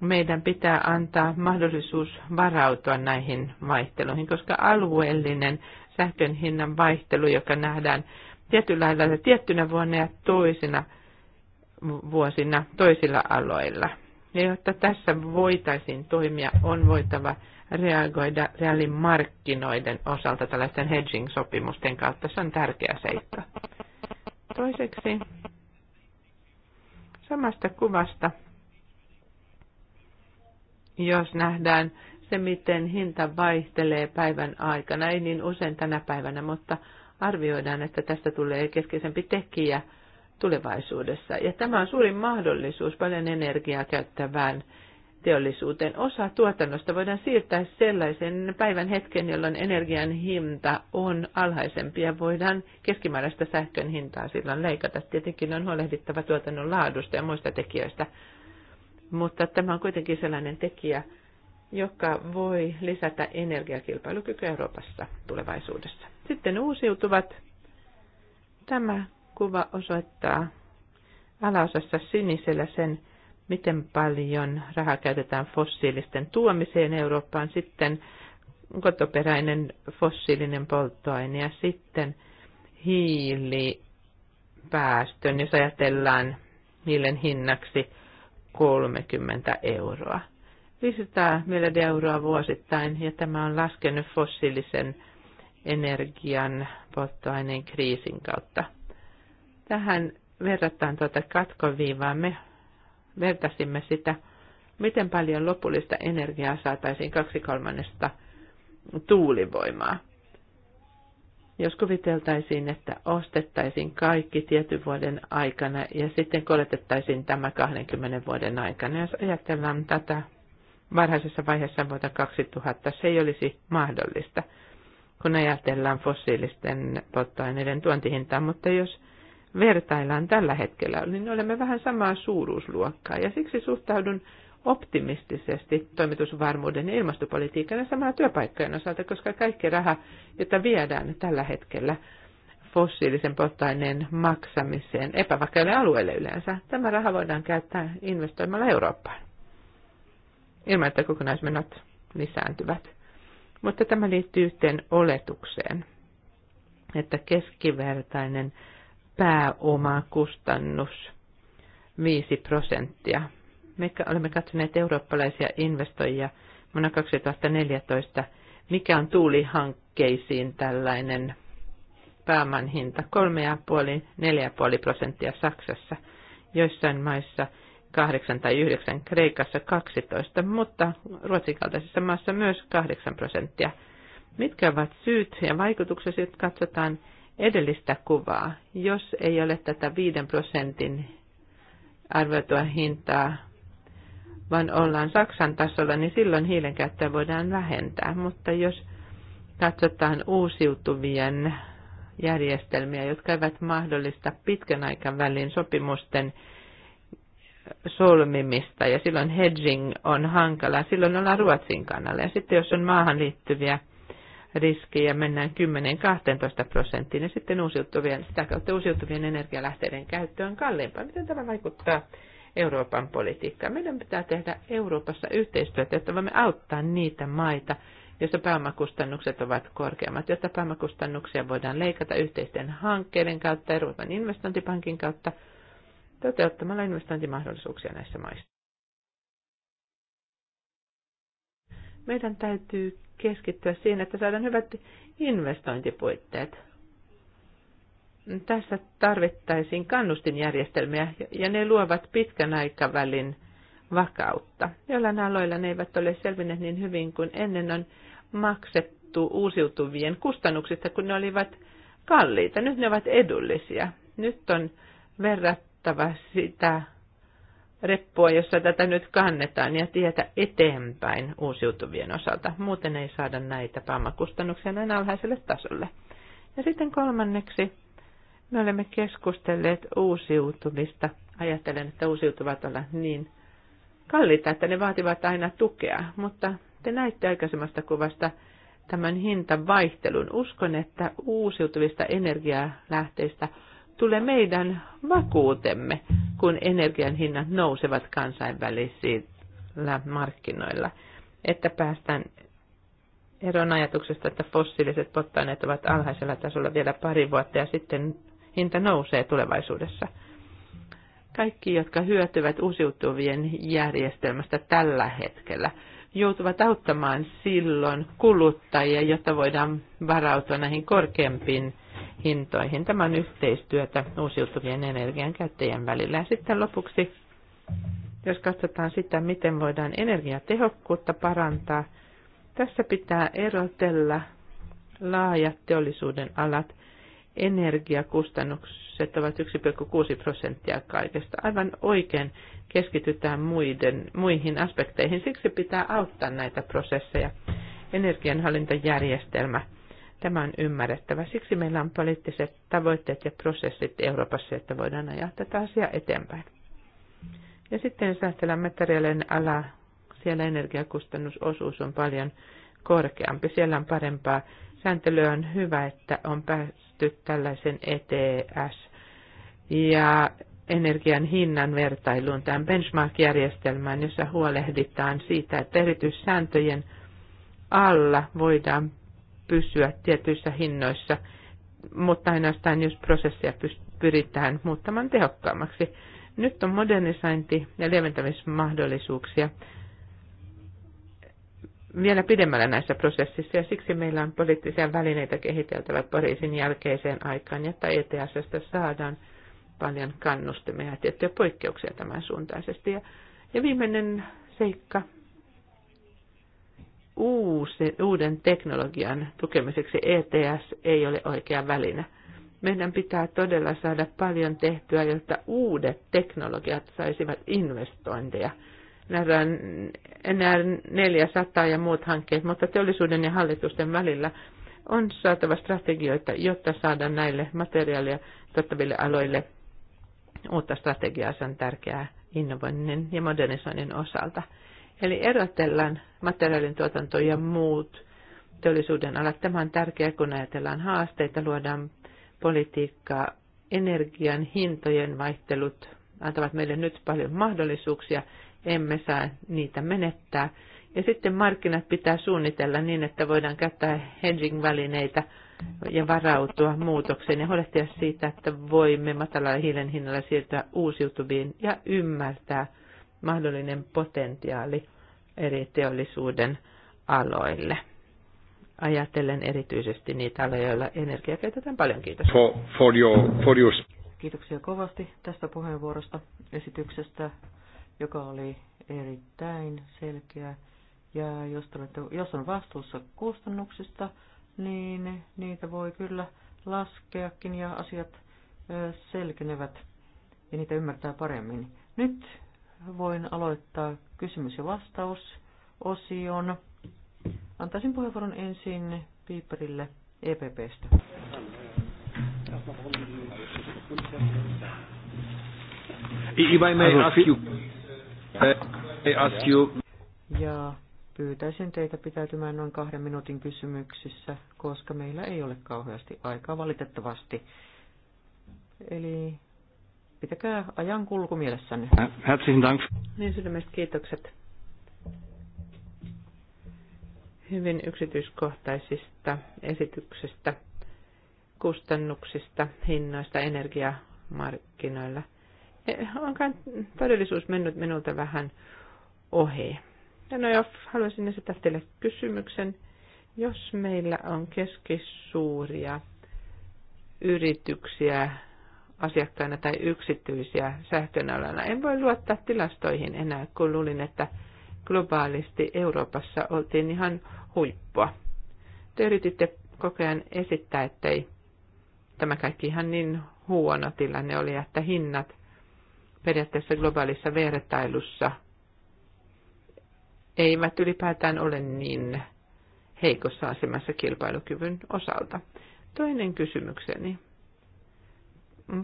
meidän pitää antaa mahdollisuus varautua näihin vaihteluihin, koska alueellinen sähkön hinnan vaihtelu, joka nähdään tietyllä lailla tiettynä vuonna ja toisina vuosina toisilla aloilla. Ja jotta tässä voitaisiin toimia, on voitava reagoida markkinoiden osalta tällaisten hedging-sopimusten kautta. Se on tärkeä seikka. Toiseksi samasta kuvasta, jos nähdään se, miten hinta vaihtelee päivän aikana, ei niin usein tänä päivänä, mutta arvioidaan, että tästä tulee keskeisempi tekijä tulevaisuudessa. Ja tämä on suurin mahdollisuus paljon energiaa käyttävään teollisuuteen. Osa tuotannosta voidaan siirtää sellaisen päivän hetken, jolloin energian hinta on alhaisempi ja voidaan keskimääräistä sähkön hintaa silloin leikata. Tietenkin on huolehdittava tuotannon laadusta ja muista tekijöistä, mutta tämä on kuitenkin sellainen tekijä, joka voi lisätä energiakilpailukykyä Euroopassa tulevaisuudessa. Sitten uusiutuvat. Tämä kuva osoittaa alaosassa sinisellä sen, miten paljon rahaa käytetään fossiilisten tuomiseen Eurooppaan, sitten kotoperäinen fossiilinen polttoaine ja sitten hiilipäästön, jos ajatellaan niiden hinnaksi 30 euroa. 500 miljardia euroa vuosittain ja tämä on laskenut fossiilisen energian polttoaineen kriisin kautta. Tähän verrataan tuota katkoviivaa me vertasimme sitä, miten paljon lopullista energiaa saataisiin kaksi kolmannesta tuulivoimaa. Jos kuviteltaisiin, että ostettaisiin kaikki tietyn vuoden aikana ja sitten koletettaisiin tämä 20 vuoden aikana, jos ajatellaan tätä varhaisessa vaiheessa vuotta 2000, se ei olisi mahdollista, kun ajatellaan fossiilisten polttoaineiden tuontihintaa, mutta jos vertaillaan tällä hetkellä, niin olemme vähän samaa suuruusluokkaa. Ja siksi suhtaudun optimistisesti toimitusvarmuuden ja ilmastopolitiikan ja samalla työpaikkojen osalta, koska kaikki raha, jota viedään tällä hetkellä fossiilisen polttoaineen maksamiseen epävakaille alueille yleensä, tämä raha voidaan käyttää investoimalla Eurooppaan ilman, että kokonaismenot lisääntyvät. Mutta tämä liittyy yhteen oletukseen, että keskivertainen pääomakustannus 5 prosenttia. Me olemme katsoneet eurooppalaisia investoijia vuonna 2014, mikä on tuulihankkeisiin tällainen pääoman hinta 3,5-4,5 prosenttia Saksassa, joissain maissa 8 tai 9, Kreikassa 12, mutta Ruotsin kaltaisessa maassa myös 8 prosenttia. Mitkä ovat syyt ja vaikutukset, jotka katsotaan edellistä kuvaa. Jos ei ole tätä 5 prosentin arvoitua hintaa, vaan ollaan Saksan tasolla, niin silloin hiilen käyttöä voidaan vähentää. Mutta jos katsotaan uusiutuvien järjestelmiä, jotka eivät mahdollista pitkän aikavälin sopimusten solmimista ja silloin hedging on hankala. Silloin ollaan Ruotsin kannalla. Ja sitten jos on maahan liittyviä riski ja mennään 10-12 prosenttiin ja sitten uusiutuvien, sitä kautta uusiutuvien energialähteiden käyttö on kalliimpaa. Miten tämä vaikuttaa Euroopan politiikkaan? Meidän pitää tehdä Euroopassa yhteistyötä, jotta voimme auttaa niitä maita, joissa pääomakustannukset ovat korkeammat, jotta pääomakustannuksia voidaan leikata yhteisten hankkeiden kautta, Euroopan investointipankin kautta, toteuttamalla investointimahdollisuuksia näissä maissa. Meidän täytyy keskittyä siihen, että saadaan hyvät investointipuitteet. Tässä tarvittaisiin kannustinjärjestelmiä, ja ne luovat pitkän aikavälin vakautta. Jollain aloilla ne eivät ole selvinneet niin hyvin kuin ennen on maksettu uusiutuvien kustannuksista, kun ne olivat kalliita. Nyt ne ovat edullisia. Nyt on verrattava sitä reppua, jossa tätä nyt kannetaan ja tietä eteenpäin uusiutuvien osalta. Muuten ei saada näitä pääomakustannuksia näin alhaiselle tasolle. Ja sitten kolmanneksi me olemme keskustelleet uusiutuvista. Ajattelen, että uusiutuvat ovat niin kalliita, että ne vaativat aina tukea, mutta te näitte aikaisemmasta kuvasta tämän hintavaihtelun. Uskon, että uusiutuvista energialähteistä – tule meidän vakuutemme, kun energian hinnat nousevat kansainvälisillä markkinoilla, että päästään eron ajatuksesta, että fossiiliset polttoaineet ovat alhaisella tasolla vielä pari vuotta ja sitten hinta nousee tulevaisuudessa. Kaikki, jotka hyötyvät uusiutuvien järjestelmästä tällä hetkellä, joutuvat auttamaan silloin kuluttajia, jotta voidaan varautua näihin korkeampiin hintoihin. Tämä yhteistyötä uusiutuvien energian käyttäjien välillä. Ja sitten lopuksi, jos katsotaan sitä, miten voidaan energiatehokkuutta parantaa, tässä pitää erotella laajat teollisuuden alat. Energiakustannukset ovat 1,6 prosenttia kaikesta. Aivan oikein keskitytään muiden, muihin aspekteihin. Siksi pitää auttaa näitä prosesseja. Energianhallintajärjestelmä – Tämä on ymmärrettävä. Siksi meillä on poliittiset tavoitteet ja prosessit Euroopassa, että voidaan ajaa tätä asiaa eteenpäin. Ja sitten säästelän materiaalien ala, siellä energiakustannusosuus on paljon korkeampi. Siellä on parempaa sääntelyä. On hyvä, että on päästy tällaisen ETS ja energian hinnan vertailuun, tämän benchmark-järjestelmään, jossa huolehditaan siitä, että erityissääntöjen alla voidaan pysyä tietyissä hinnoissa, mutta ainoastaan jos prosessia pyritään muuttamaan tehokkaammaksi. Nyt on modernisointi- ja lieventämismahdollisuuksia vielä pidemmällä näissä prosessissa ja siksi meillä on poliittisia välineitä kehiteltävä Pariisin jälkeiseen aikaan, jotta ETSstä saadaan paljon kannustimia ja tiettyjä poikkeuksia tämän suuntaisesti. Ja, ja viimeinen seikka uusi, uuden teknologian tukemiseksi ETS ei ole oikea väline. Meidän pitää todella saada paljon tehtyä, jotta uudet teknologiat saisivat investointeja. Nämä enää 400 ja muut hankkeet, mutta teollisuuden ja hallitusten välillä on saatava strategioita, jotta saadaan näille materiaaleja tuottaville aloille uutta strategiaa. Se on tärkeää innovoinnin ja modernisoinnin osalta. Eli erotellaan materiaalin tuotanto ja muut teollisuuden alat. Tämä on tärkeää, kun ajatellaan haasteita, luodaan politiikkaa. Energian hintojen vaihtelut antavat meille nyt paljon mahdollisuuksia, emme saa niitä menettää. Ja sitten markkinat pitää suunnitella niin, että voidaan käyttää hedging-välineitä ja varautua muutokseen ja huolehtia siitä, että voimme matalalla hiilen hinnalla siirtyä uusiutuviin ja ymmärtää – mahdollinen potentiaali eri teollisuuden aloille. Ajatellen erityisesti niitä aloja, joilla energiaa käytetään paljon. Kiitos. For, for your, for your... Kiitoksia kovasti tästä puheenvuorosta, esityksestä, joka oli erittäin selkeä. Ja jos, olette, jos on vastuussa kustannuksista, niin niitä voi kyllä laskeakin ja asiat selkenevät ja niitä ymmärtää paremmin. Nyt voin aloittaa kysymys- ja vastausosion. Antaisin puheenvuoron ensin Piiperille EPPstä. If I may ask you, I eh, ask you. Ja pyytäisin teitä pitäytymään noin kahden minuutin kysymyksissä, koska meillä ei ole kauheasti aikaa valitettavasti. Eli pitäkää ajan kulku mielessänne. Herzlichen Dank. Niin sydämestä kiitokset. Hyvin yksityiskohtaisista esityksestä, kustannuksista, hinnoista, energiamarkkinoilla. E, onko todellisuus mennyt minulta vähän ohi. Ja no jo, haluaisin esittää teille kysymyksen, jos meillä on keskisuuria yrityksiä, asiakkaina tai yksityisiä sähkön En voi luottaa tilastoihin enää, kun luulin, että globaalisti Euroopassa oltiin ihan huippua. Te yrititte koko ajan esittää, ettei tämä kaikki ihan niin huono tilanne oli, että hinnat periaatteessa globaalissa vertailussa eivät ylipäätään ole niin heikossa asemassa kilpailukyvyn osalta. Toinen kysymykseni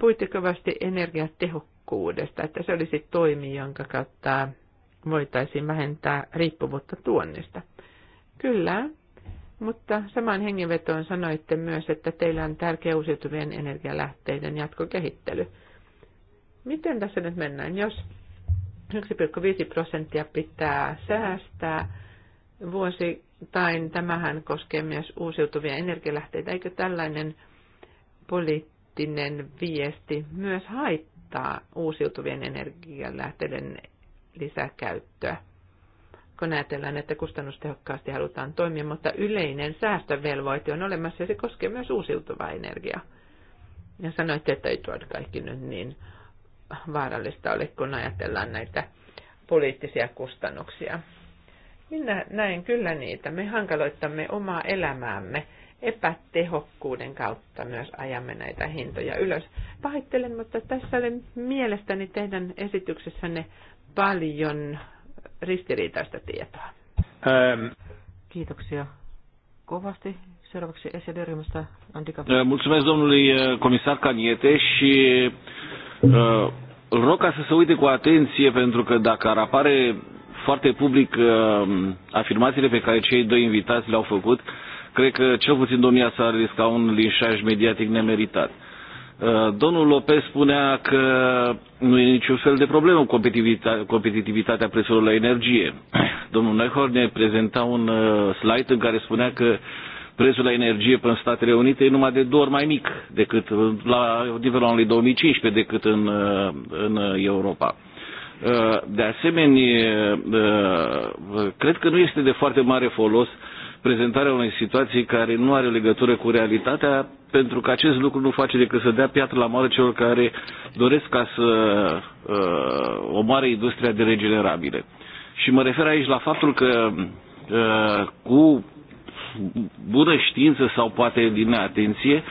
Puhuitte kovasti energiatehokkuudesta, että se olisi toimi, jonka kautta voitaisiin vähentää riippuvuutta tuonnista. Kyllä, mutta samaan hengenvetoon sanoitte myös, että teillä on tärkeä uusiutuvien energialähteiden jatkokehittely. Miten tässä nyt mennään, jos 1,5 prosenttia pitää säästää tai Tämähän koskee myös uusiutuvia energialähteitä. Eikö tällainen poliittinen poliittinen viesti myös haittaa uusiutuvien energialähteiden lisäkäyttöä, kun ajatellaan, että kustannustehokkaasti halutaan toimia, mutta yleinen säästövelvoite on olemassa ja se koskee myös uusiutuvaa energiaa. Ja sanoitte, että ei tuoda kaikki nyt niin vaarallista ole, kun ajatellaan näitä poliittisia kustannuksia. Minä näen kyllä niitä. Me hankaloittamme omaa elämäämme epätehokkuuden kautta myös ajamme näitä hintoja ylös. Pahittelen, mutta tässä oli mielestäni teidän esityksessänne paljon ristiriitaista tietoa. Ähm. Kiitoksia kovasti. Seuraavaksi SED-ryhmästä Antika. Äh, mulțumesc domnului äh, comisar Caniete și äh, rog să se uite cu atenție pentru că dacă ar apare foarte public afirmațiile pe care cei doi invitați le-au făcut, uh, cred că cel puțin domnia s-ar risca un linșaj mediatic nemeritat. Uh, domnul Lopez spunea că nu e niciun fel de problemă cu competitivitatea prețurilor la energie. Domnul Neuhor ne prezenta un uh, slide în care spunea că prețul la energie în Statele Unite e numai de două ori mai mic decât uh, la nivelul anului 2015 decât în, în Europa. De asemenea, cred că nu este de foarte mare folos uh, prezentarea unei situații care nu are legătură cu realitatea, pentru că acest lucru nu face decât să dea piatră la moară celor care doresc ca să uh, omoare industria de regenerabile. Și mă refer aici la faptul că uh, cu bună știință sau poate din atenție,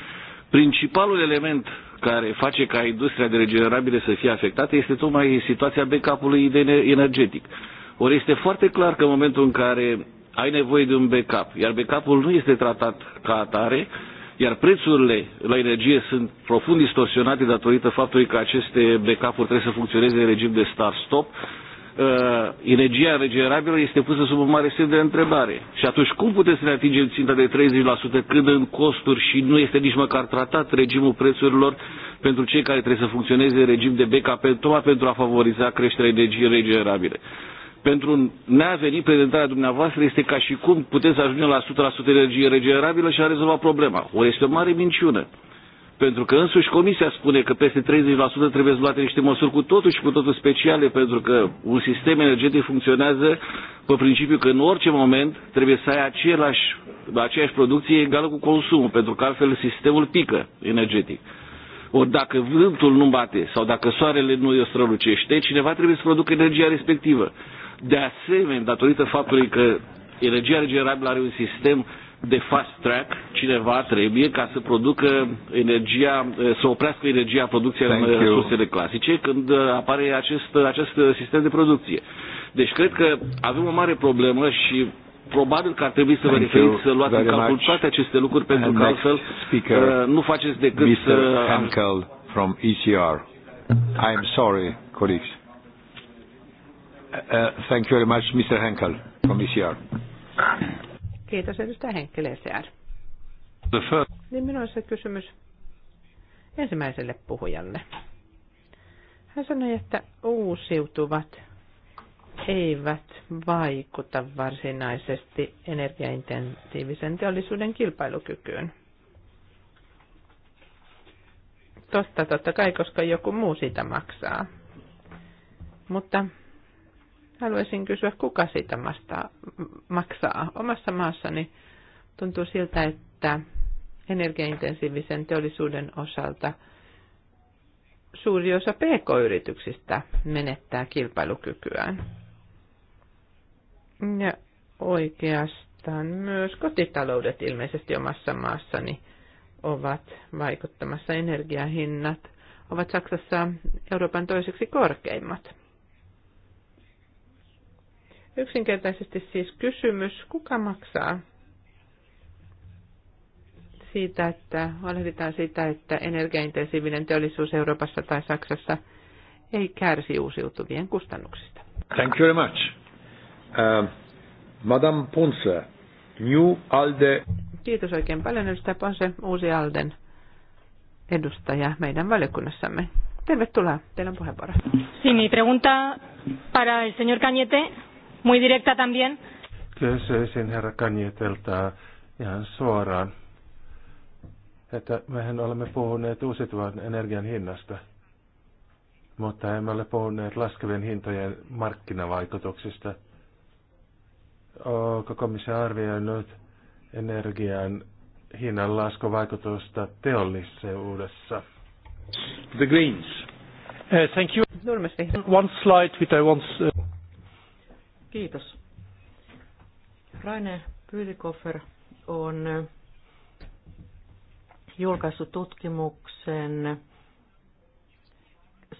principalul element care face ca industria de regenerabile să fie afectată este tocmai situația backup-ului energetic. Ori este foarte clar că în momentul în care ai nevoie de un backup, iar backup-ul nu este tratat ca atare, iar prețurile la energie sunt profund distorsionate datorită faptului că aceste backup-uri trebuie să funcționeze în regim de start-stop, uh, energia regenerabilă este pusă sub un mare semn de întrebare. Și atunci cum puteți să ne atingem ținta de 30% când în costuri și nu este nici măcar tratat regimul prețurilor pentru cei care trebuie să funcționeze în regim de backup, tocmai pentru a favoriza creșterea energiei regenerabile? pentru n-a prezentarea dumneavoastră este ca și cum puteți să ajungem la 100% energie regenerabilă și a rezolvat problema. O este o mare minciună. Pentru că însuși Comisia spune că peste 30% trebuie să luate niște măsuri cu totul și cu totul speciale, pentru că un sistem energetic funcționează pe principiu că în orice moment trebuie să ai același, aceeași producție egală cu consumul, pentru că altfel sistemul pică energetic. Ori dacă vântul nu bate sau dacă soarele nu strălucește, cineva trebuie să producă energia respectivă. De asemenea, datorită faptului că energia regenerabilă are un sistem de fast track, cineva trebuie ca să producă energia, eh, să oprească energia producției în resursele eh, clasice când eh, apare acest, acest sistem de producție. Deci cred că avem o mare problemă și probabil că ar trebui să vă referiți să luați în calcul toate aceste lucruri pentru că altfel speaker, nu faceți decât Mr. să... Hankel from ECR. I am sorry, colleagues. Uh, thank you very much, Mr. Henkel from ECR. Kiitos edustaja Henkel ECR. The first... Niin minulla on se kysymys ensimmäiselle puhujalle. Hän sanoi, että uusiutuvat eivät vaikuta varsinaisesti energiaintensiivisen teollisuuden kilpailukykyyn. Totta, totta kai, koska joku muu siitä maksaa. Mutta haluaisin kysyä, kuka siitä maksaa. Omassa maassani tuntuu siltä, että energiaintensiivisen teollisuuden osalta suuri osa pk-yrityksistä menettää kilpailukykyään. Ja oikeastaan myös kotitaloudet ilmeisesti omassa maassani ovat vaikuttamassa energiahinnat ovat Saksassa Euroopan toiseksi korkeimmat. Yksinkertaisesti siis kysymys, kuka maksaa siitä, että huolehditaan siitä, että energiaintensiivinen teollisuus Euroopassa tai Saksassa ei kärsi uusiutuvien kustannuksista. Thank you very much. Uh, Madame Ponce, New ALDE. Kiitos oikein paljon edustaja Ponce, uusi ALDEn edustaja meidän valiokunnassamme. Tervetuloa, teillä on puheenvuoro. Sí, mi pregunta para el señor Cañete muy directa también. Kysyisin herra Kanjetelta ihan suoraan, että mehän olemme puhuneet uusiutuvan energian hinnasta, mutta emme ole puhuneet laskevien hintojen markkinavaikutuksista. Onko komissio arvioinut energian hinnan laskuvaikutusta teollisuudessa? The Greens. Uh, thank you. One slide which I want... Uh, Kiitos. Raine Pylikoffer on julkaissut tutkimuksen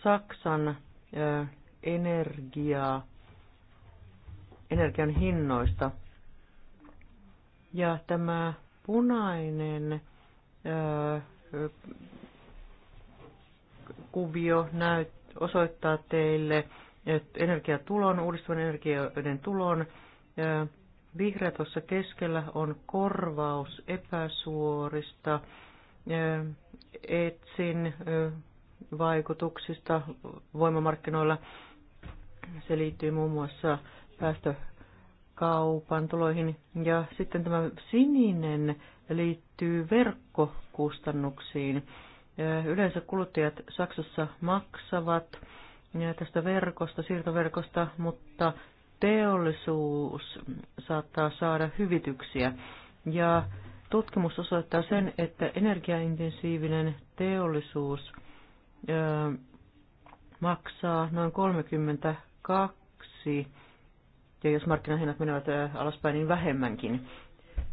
Saksan energia, energian hinnoista. Ja tämä punainen kuvio näyt, osoittaa teille energiatulon, uudistuvan energioiden tulon. Vihreä tuossa keskellä on korvaus epäsuorista etsin vaikutuksista voimamarkkinoilla. Se liittyy muun muassa päästökaupan tuloihin. Ja sitten tämä sininen liittyy verkkokustannuksiin. Yleensä kuluttajat Saksassa maksavat tästä verkosta, siirtoverkosta, mutta teollisuus saattaa saada hyvityksiä. Ja tutkimus osoittaa sen, että energiaintensiivinen teollisuus maksaa noin 32, ja jos markkinahinnat menevät alaspäin, niin vähemmänkin.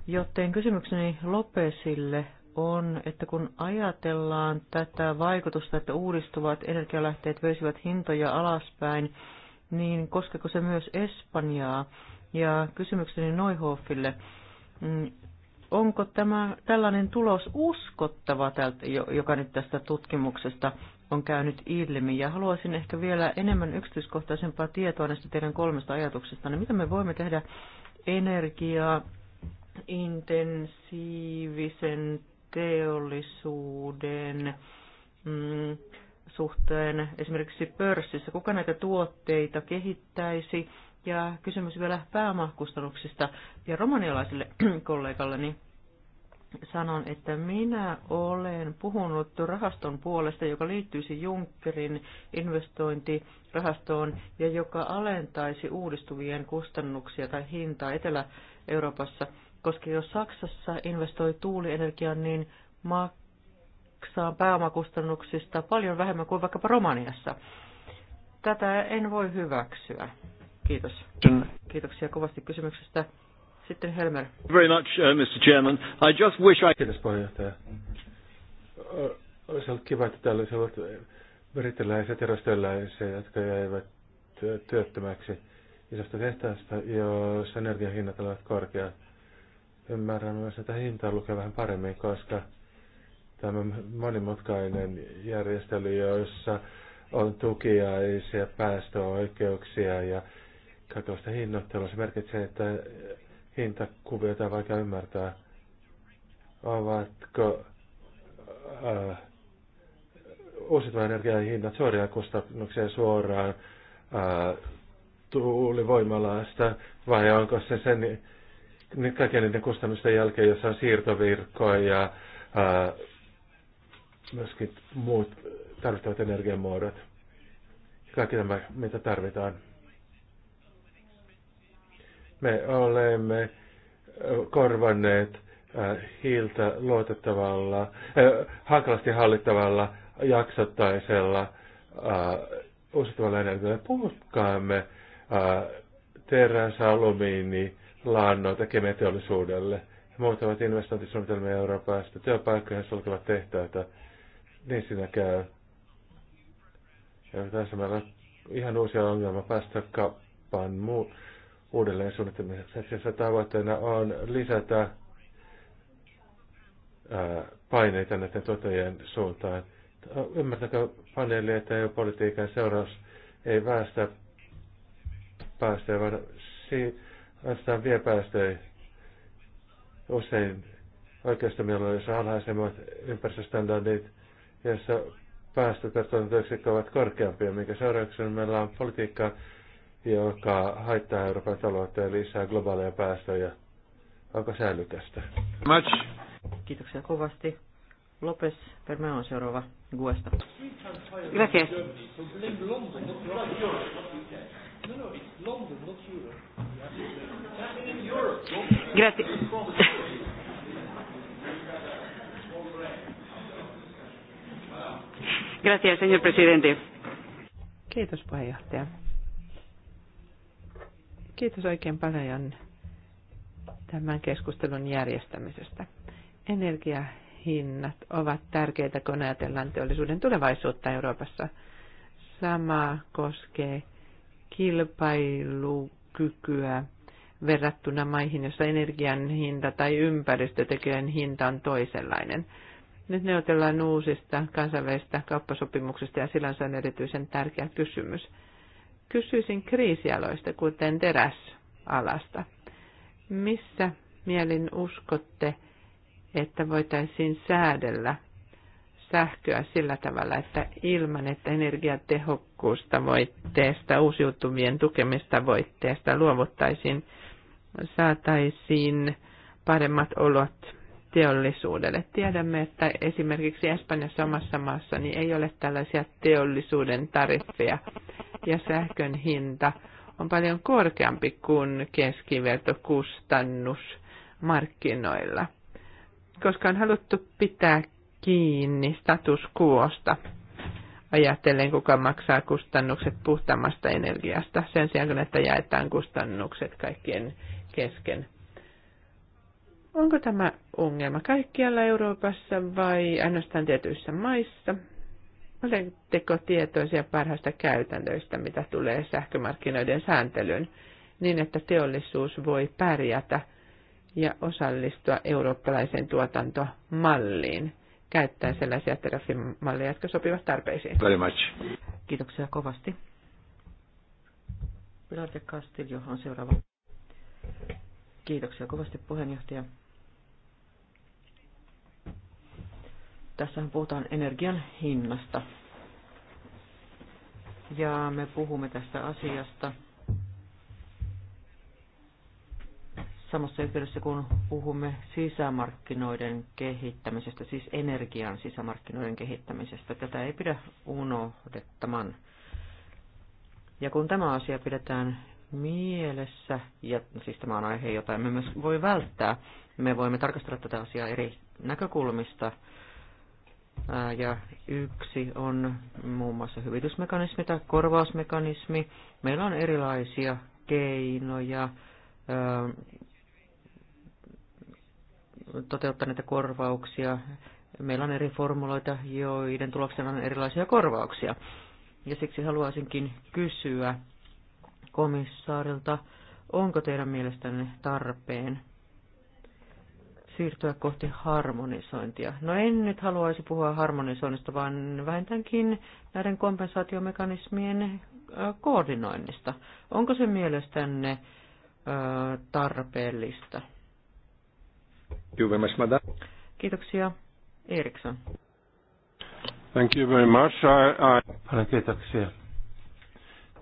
Joten kysymykseni Lopesille on, että kun ajatellaan tätä vaikutusta, että uudistuvat energialähteet veisivät hintoja alaspäin, niin koskeeko se myös Espanjaa? Ja kysymykseni Noihoffille, mm, onko tämä tällainen tulos uskottava, tältä, joka nyt tästä tutkimuksesta on käynyt ilmi? Ja haluaisin ehkä vielä enemmän yksityiskohtaisempaa tietoa näistä teidän kolmesta ajatuksesta. Niin mitä me voimme tehdä energiaa intensiivisen teollisuuden mm, suhteen esimerkiksi pörssissä? Kuka näitä tuotteita kehittäisi? Ja kysymys vielä pääomakustannuksista. Ja romanialaiselle kollegalleni sanon, että minä olen puhunut rahaston puolesta, joka liittyisi Junckerin investointirahastoon ja joka alentaisi uudistuvien kustannuksia tai hintaa Etelä-Euroopassa koska jos Saksassa investoi tuulienergiaan, niin maksaa pääomakustannuksista paljon vähemmän kuin vaikkapa Romaniassa. Tätä en voi hyväksyä. Kiitos. Kiitoksia kovasti kysymyksestä. Sitten Helmer. Very much, uh, Mr. Chairman. I just wish I... Kiitos puheenjohtaja. Olisi ollut kiva, että täällä olisi ollut brittiläiset ja rostöläisiä, jotka jäivät työttömäksi isosta tehtaasta, jos energiahinnat olivat korkeat Ymmärrän myös, että hinta lukee vähän paremmin, koska tämä monimutkainen järjestely, jossa on tukiaisia, päästöoikeuksia ja katoista hinnoittelua, se merkitsee, että hintakuviota on vaikea ymmärtää. Ovatko äh, uusiutuvan energian hinnat suoria kustannuksia suoraan äh, tuulivoimalaista vai onko se sen niin kaiken niiden kustannusten jälkeen, jossa on siirtovirkkoja, ää, myöskin muut tarvittavat energiamuodot. Kaikki tämä, mitä tarvitaan. Me olemme korvanneet hiiltä luotettavalla, ää, hankalasti hallittavalla, jaksottaisella, äh, uusiutuvalla energialla. Puhutkaamme teräs, alumiini, laannoita kemeteollisuudelle. He muuttavat investointisuunnitelmia sitten työpaikkoja sulkevat tehtaita. Niin siinä käy. Ja tässä meillä on ihan uusia ongelma päästä kappaan muu, uudelleen suunnittamiseksi. tavoitteena on lisätä ää, paineita näiden tuottajien suuntaan. Ymmärtäkö paneeli, että EU-politiikan seuraus ei väestä päästä, vaan si- ainoastaan vie päästöjä usein oikeustoimialoissa alhaisemmat ympäristöstandardit, joissa päästöt per tuotantoyksikkö ovat korkeampia, minkä seurauksena meillä on politiikka, joka haittaa Euroopan taloutta ja lisää globaaleja päästöjä. Onko säällykästä? Much. Kiitoksia kovasti. Lopes Perme on seuraava Guesta. Gracias. No, no, no. No, no, Grazie. Gracias, señor presidente. Kiitos puheenjohtaja. Kiitos oikein paljon tämän keskustelun järjestämisestä. Energiahinnat ovat tärkeitä, kun ajatellaan teollisuuden tulevaisuutta Euroopassa. Sama koskee kilpailukykyä verrattuna maihin, jossa energian hinta tai ympäristötekijän hinta on toisenlainen. Nyt neuvotellaan uusista kansainvälisistä kauppasopimuksista ja sillä on erityisen tärkeä kysymys. Kysyisin kriisialoista, kuten teräsalasta. Missä mielin uskotte, että voitaisiin säädellä – sähköä sillä tavalla, että ilman, että energiatehokkuustavoitteesta, uusiutuvien tukemistavoitteesta luovuttaisiin, saataisiin paremmat olot teollisuudelle. Tiedämme, että esimerkiksi Espanjassa omassa maassa niin ei ole tällaisia teollisuuden tariffeja ja sähkön hinta on paljon korkeampi kuin keskivertokustannus markkinoilla, koska on haluttu pitää kiinni status quoosta ajatellen, kuka maksaa kustannukset puhtamasta energiasta, sen sijaan kun että jaetaan kustannukset kaikkien kesken. Onko tämä ongelma kaikkialla Euroopassa vai ainoastaan tietyissä maissa? Oletteko tietoisia parhaista käytännöistä, mitä tulee sähkömarkkinoiden sääntelyyn, niin että teollisuus voi pärjätä ja osallistua eurooppalaiseen tuotantomalliin? käyttää sellaisia terafimalleja, jotka sopivat tarpeisiin. Very much. Kiitoksia kovasti. Pilar de Castillo on seuraava. Kiitoksia kovasti puheenjohtaja. Tässähän puhutaan energian hinnasta. Ja me puhumme tästä asiasta samassa yhteydessä, kun puhumme sisämarkkinoiden kehittämisestä, siis energian sisämarkkinoiden kehittämisestä. Tätä ei pidä unohdettaman. Ja kun tämä asia pidetään mielessä, ja siis tämä on aihe, jota emme myös voi välttää, me voimme tarkastella tätä asiaa eri näkökulmista. Ja yksi on muun muassa hyvitysmekanismi tai korvausmekanismi. Meillä on erilaisia keinoja toteuttaa näitä korvauksia. Meillä on eri formuloita, joiden tuloksena on erilaisia korvauksia. Ja siksi haluaisinkin kysyä komissaarilta, onko teidän mielestänne tarpeen siirtyä kohti harmonisointia. No en nyt haluaisi puhua harmonisoinnista, vaan vähintäänkin näiden kompensaatiomekanismien äh, koordinoinnista. Onko se mielestänne äh, tarpeellista? Kiitoksia. Eriksson. Thank you very much. I, I... Paljon kiitoksia.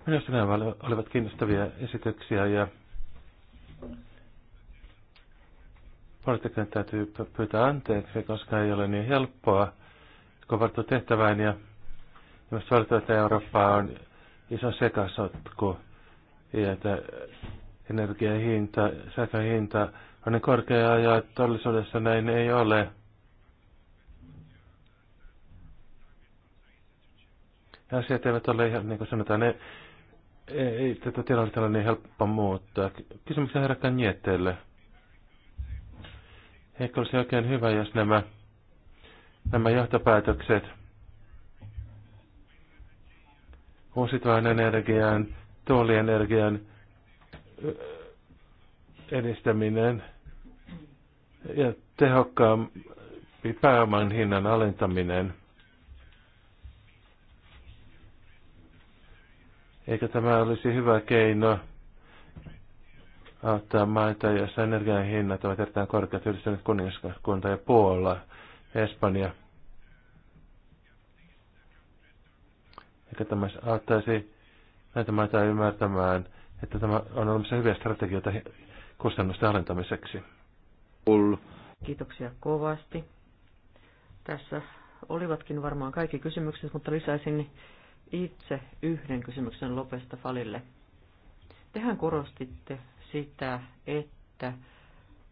Minusta nämä olivat kiinnostavia esityksiä ja poliitikkojen täytyy pyytää anteeksi, koska ei ole niin helppoa kovartua tehtävään ja myös valittu, että Eurooppa on iso sekasotku ja että energiahinta, sähköhinta hinta on niin korkea että todellisuudessa näin ei ole. Ja asiat eivät ole ihan, niin kuin sanotaan, ei, ei tätä tilannetta ole niin helppo muuttaa. Kysymyksiä herra nietteille. Eikö olisi oikein hyvä, jos nämä, nämä johtopäätökset uusiutuvan energian, tuolienergian, edistäminen ja tehokkaampi pääoman hinnan alentaminen. Eikö tämä olisi hyvä keino auttaa maita, joissa energian hinnat ovat erittäin korkeat, yhdistynyt kuningaskunta ja Puola, Espanja. Eikä tämä auttaisi näitä maita ymmärtämään, että tämä on olemassa hyviä strategioita kustannusten alentamiseksi. Kiitoksia kovasti. Tässä olivatkin varmaan kaikki kysymykset, mutta lisäisin itse yhden kysymyksen Lopesta Falille. Tehän korostitte sitä, että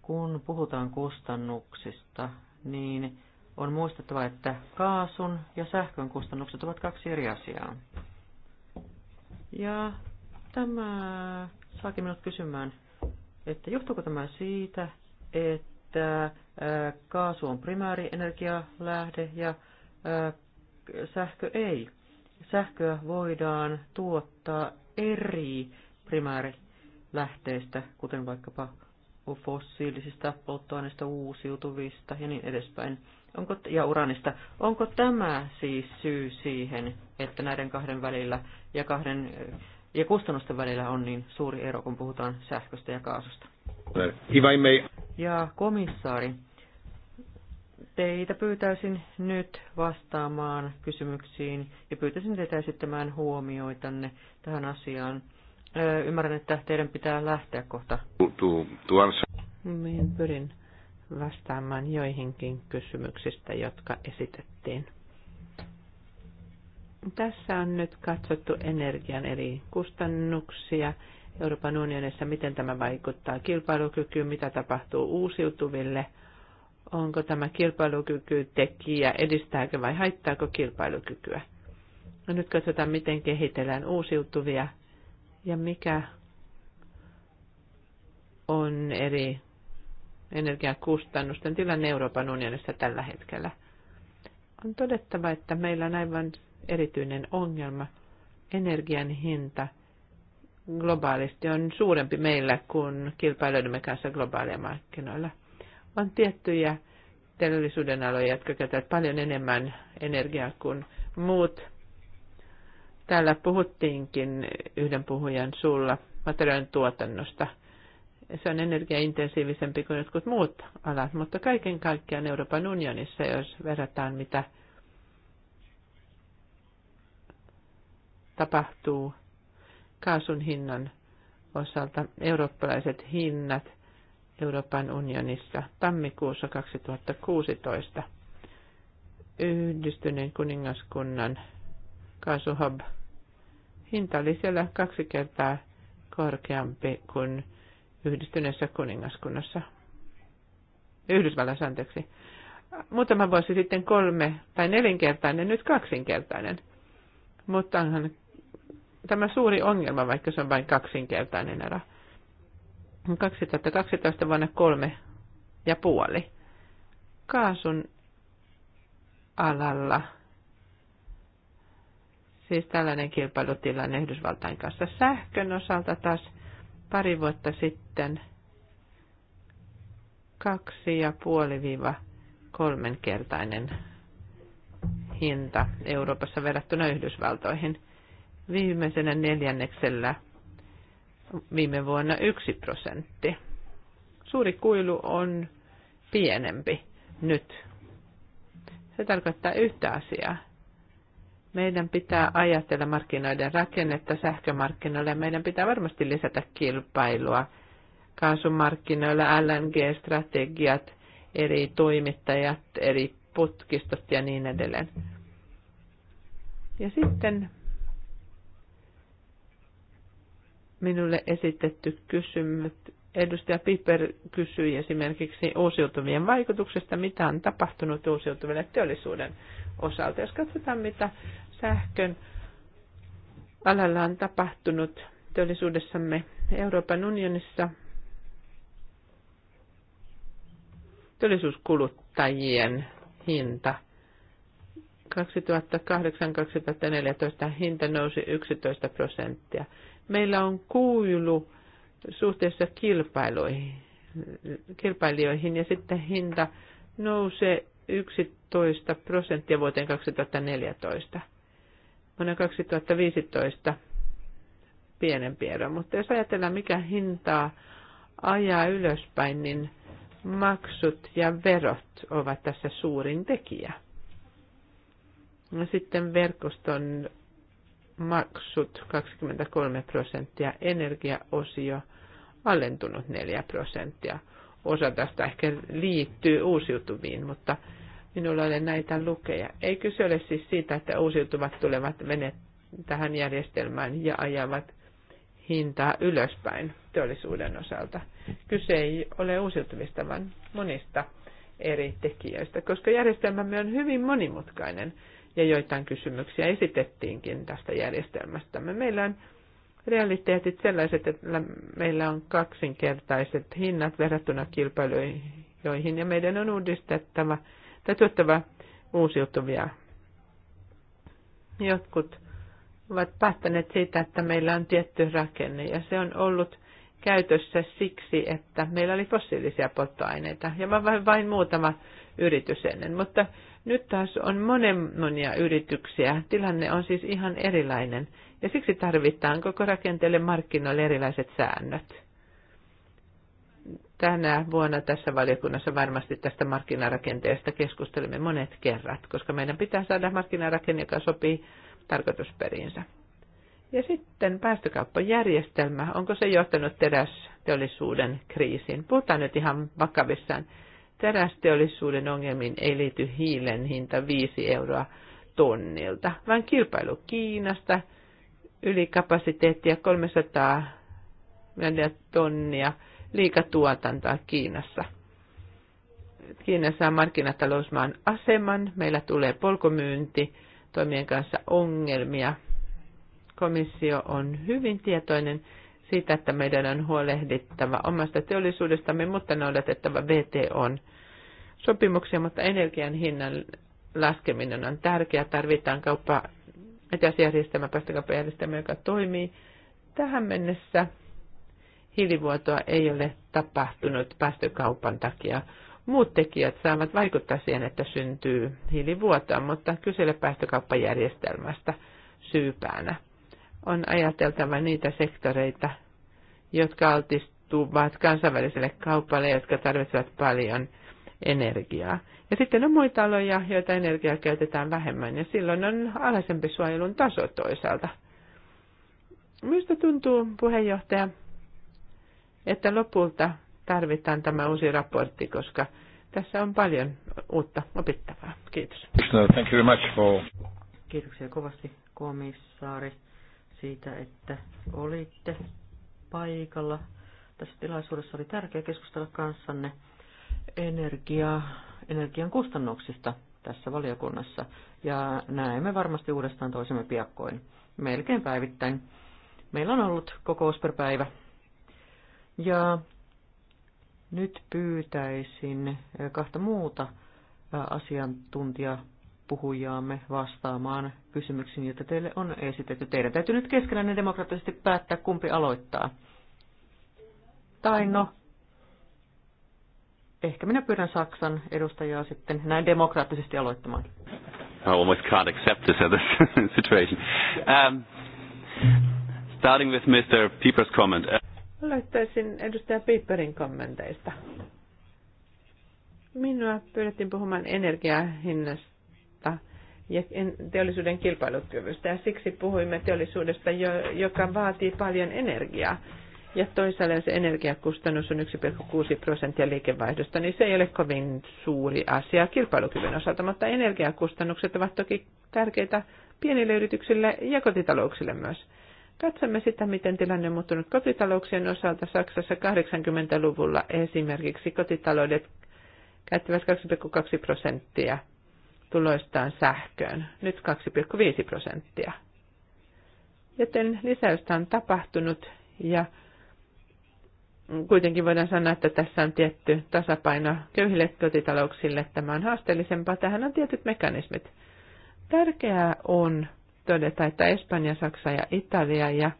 kun puhutaan kustannuksista, niin on muistettava, että kaasun ja sähkön kustannukset ovat kaksi eri asiaa. Ja tämä saakin minut kysymään, että johtuuko tämä siitä, että kaasu on energialähde ja sähkö ei. Sähköä voidaan tuottaa eri primäärilähteistä, kuten vaikkapa fossiilisista polttoaineista, uusiutuvista ja niin edespäin. Onko, ja uranista. Onko tämä siis syy siihen, että näiden kahden välillä ja kahden ja kustannusten välillä on niin suuri ero, kun puhutaan sähköstä ja kaasusta. Ja komissaari, teitä pyytäisin nyt vastaamaan kysymyksiin ja pyytäisin teitä esittämään huomioitanne tähän asiaan. Ymmärrän, että teidän pitää lähteä kohta. Minä pyrin vastaamaan joihinkin kysymyksistä, jotka esitettiin. Tässä on nyt katsottu energian eri kustannuksia Euroopan unionissa, miten tämä vaikuttaa kilpailukykyyn, mitä tapahtuu uusiutuville, onko tämä kilpailukykytekijä, edistääkö vai haittaako kilpailukykyä. No nyt katsotaan, miten kehitellään uusiutuvia ja mikä on eri energiakustannusten tilanne Euroopan unionissa tällä hetkellä. On todettava, että meillä on aivan erityinen ongelma. Energian hinta globaalisti on suurempi meillä kuin kilpailijoidemme kanssa globaaleilla markkinoilla. On tiettyjä teollisuuden aloja, jotka käyttävät paljon enemmän energiaa kuin muut. Täällä puhuttiinkin yhden puhujan suulla materiaalin tuotannosta. Se on energiaintensiivisempi kuin jotkut muut alat, mutta kaiken kaikkiaan Euroopan unionissa, jos verrataan mitä tapahtuu kaasun hinnan osalta eurooppalaiset hinnat Euroopan unionissa tammikuussa 2016. Yhdistyneen kuningaskunnan kaasuhub hinta oli siellä kaksi kertaa korkeampi kuin yhdistyneessä kuningaskunnassa. Yhdysvallassa, anteeksi. Muutama vuosi sitten kolme tai nelinkertainen, nyt kaksinkertainen. Mutta onhan tämä suuri ongelma, vaikka se on vain kaksinkertainen erä. 2012 vuonna kolme ja puoli. Kaasun alalla. Siis tällainen kilpailutilanne Yhdysvaltain kanssa. Sähkön osalta taas pari vuotta sitten kaksi ja puoli viiva kolmenkertainen hinta Euroopassa verrattuna Yhdysvaltoihin viimeisenä neljänneksellä viime vuonna 1 prosentti. Suuri kuilu on pienempi nyt. Se tarkoittaa yhtä asiaa. Meidän pitää ajatella markkinoiden rakennetta sähkömarkkinoille. Meidän pitää varmasti lisätä kilpailua kaasumarkkinoilla, LNG-strategiat, eri toimittajat, eri putkistot ja niin edelleen. Ja sitten minulle esitetty kysymys. Edustaja Piper kysyi esimerkiksi uusiutuvien vaikutuksesta, mitä on tapahtunut uusiutuville teollisuuden osalta. Jos katsotaan, mitä sähkön alalla on tapahtunut teollisuudessamme Euroopan unionissa, teollisuuskuluttajien hinta 2008-2014 hinta nousi 11 prosenttia meillä on kuulu suhteessa kilpailuihin, kilpailijoihin ja sitten hinta nousee 11 prosenttia vuoteen 2014. Vuonna 2015 pienempi ero, mutta jos ajatellaan mikä hintaa ajaa ylöspäin, niin maksut ja verot ovat tässä suurin tekijä. No sitten verkoston maksut 23 prosenttia, energiaosio alentunut 4 prosenttia. Osa tästä ehkä liittyy uusiutuviin, mutta minulla ei ole näitä lukeja. Ei kyse ole siis siitä, että uusiutuvat tulevat menet tähän järjestelmään ja ajavat hintaa ylöspäin teollisuuden osalta. Kyse ei ole uusiutuvista, vaan monista eri tekijöistä, koska järjestelmämme on hyvin monimutkainen ja joitain kysymyksiä esitettiinkin tästä järjestelmästä. Meillä on realiteetit sellaiset, että meillä on kaksinkertaiset hinnat verrattuna kilpailijoihin ja meidän on uudistettava tai tuottava uusiutuvia. Jotkut ovat päättäneet siitä, että meillä on tietty rakenne ja se on ollut käytössä siksi, että meillä oli fossiilisia polttoaineita ja vain, vain muutama yritys ennen, mutta nyt taas on monen monia yrityksiä. Tilanne on siis ihan erilainen. Ja siksi tarvitaan koko rakenteelle markkinoille erilaiset säännöt. Tänä vuonna tässä valiokunnassa varmasti tästä markkinarakenteesta keskustelimme monet kerrat, koska meidän pitää saada markkinarakenne, joka sopii tarkoitusperiinsä. Ja sitten päästökauppajärjestelmä, onko se johtanut terästeollisuuden kriisiin? Puhutaan nyt ihan vakavissaan. Terästeollisuuden ongelmiin ei liity hiilen hinta 5 euroa tonnilta, vaan kilpailu Kiinasta, ylikapasiteettia 300 tonnia, liikatuotantoa Kiinassa. Kiina saa markkinatalousmaan aseman, meillä tulee polkomyynti, toimien kanssa ongelmia. Komissio on hyvin tietoinen siitä, että meidän on huolehdittava omasta teollisuudestamme, mutta noudatettava VTOn sopimuksia, mutta energian hinnan laskeminen on tärkeää. Tarvitaan kauppa etäisjärjestelmä, päästökauppajärjestelmä, joka toimii. Tähän mennessä hiilivuotoa ei ole tapahtunut päästökaupan takia. Muut tekijät saavat vaikuttaa siihen, että syntyy hiilivuotoa, mutta kysele päästökauppajärjestelmästä syypäänä on ajateltava niitä sektoreita, jotka altistuvat kansainväliselle kaupalle, jotka tarvitsevat paljon energiaa. Ja sitten on muita aloja, joita energiaa käytetään vähemmän, ja silloin on alhaisempi suojelun taso toisaalta. Minusta tuntuu, puheenjohtaja, että lopulta tarvitaan tämä uusi raportti, koska tässä on paljon uutta opittavaa. Kiitos. Thank you very much for... Kiitoksia kovasti komissaari siitä, että olitte paikalla. Tässä tilaisuudessa oli tärkeää keskustella kanssanne energia, energian kustannuksista tässä valiokunnassa. Ja näemme varmasti uudestaan toisemme piakkoin, melkein päivittäin. Meillä on ollut kokous per päivä. Ja nyt pyytäisin kahta muuta asiantuntijaa puhujaamme vastaamaan kysymyksiin, joita teille on esitetty. Teidän täytyy nyt keskenään demokraattisesti päättää, kumpi aloittaa. Tai no, ehkä minä pyydän Saksan edustajaa sitten näin demokraattisesti aloittamaan. I almost can't accept this other situation. Um, starting with Mr. Pieper's comment. Aloittaisin edustaja Pieperin kommenteista. Minua pyydettiin puhumaan energiahinnasta taloutta ja teollisuuden kilpailukyvystä. Ja siksi puhuimme teollisuudesta, joka vaatii paljon energiaa. Ja toisaalta se energiakustannus on 1,6 prosenttia liikevaihdosta, niin se ei ole kovin suuri asia kilpailukyvyn osalta, mutta energiakustannukset ovat toki tärkeitä pienille yrityksille ja kotitalouksille myös. Katsomme sitä, miten tilanne on muuttunut kotitalouksien osalta. Saksassa 80-luvulla esimerkiksi kotitaloudet käyttivät 2,2 prosenttia tuloistaan sähköön, nyt 2,5 prosenttia. Joten lisäystä on tapahtunut ja kuitenkin voidaan sanoa, että tässä on tietty tasapaino köyhille kotitalouksille. Tämä on haasteellisempaa. Tähän on tietyt mekanismit. Tärkeää on todeta, että Espanja, Saksa ja Italia ja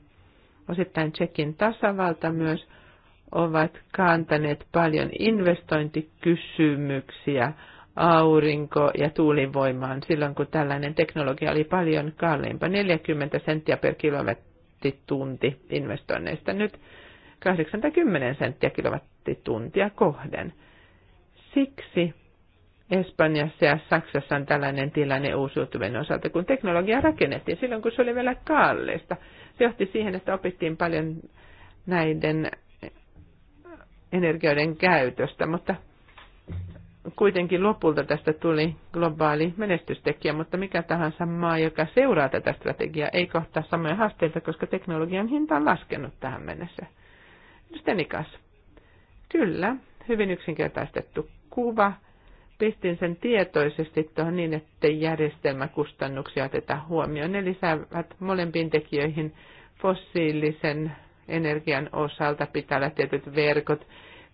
osittain Tsekin tasavalta myös ovat kantaneet paljon investointikysymyksiä aurinko- ja tuulivoimaan silloin, kun tällainen teknologia oli paljon kalliimpaa, 40 senttiä per kilowattitunti investoinneista. Nyt 80 senttiä kilowattituntia kohden. Siksi Espanjassa ja Saksassa on tällainen tilanne uusiutuvien osalta, kun teknologia rakennettiin silloin, kun se oli vielä kallista. Se johti siihen, että opittiin paljon näiden energioiden käytöstä, mutta kuitenkin lopulta tästä tuli globaali menestystekijä, mutta mikä tahansa maa, joka seuraa tätä strategiaa, ei kohtaa samoja haasteita, koska teknologian hinta on laskenut tähän mennessä. Stenikas. Kyllä, hyvin yksinkertaistettu kuva. Pistin sen tietoisesti tuohon niin, että järjestelmäkustannuksia oteta huomioon. Ne lisäävät molempiin tekijöihin fossiilisen energian osalta pitää olla tietyt verkot,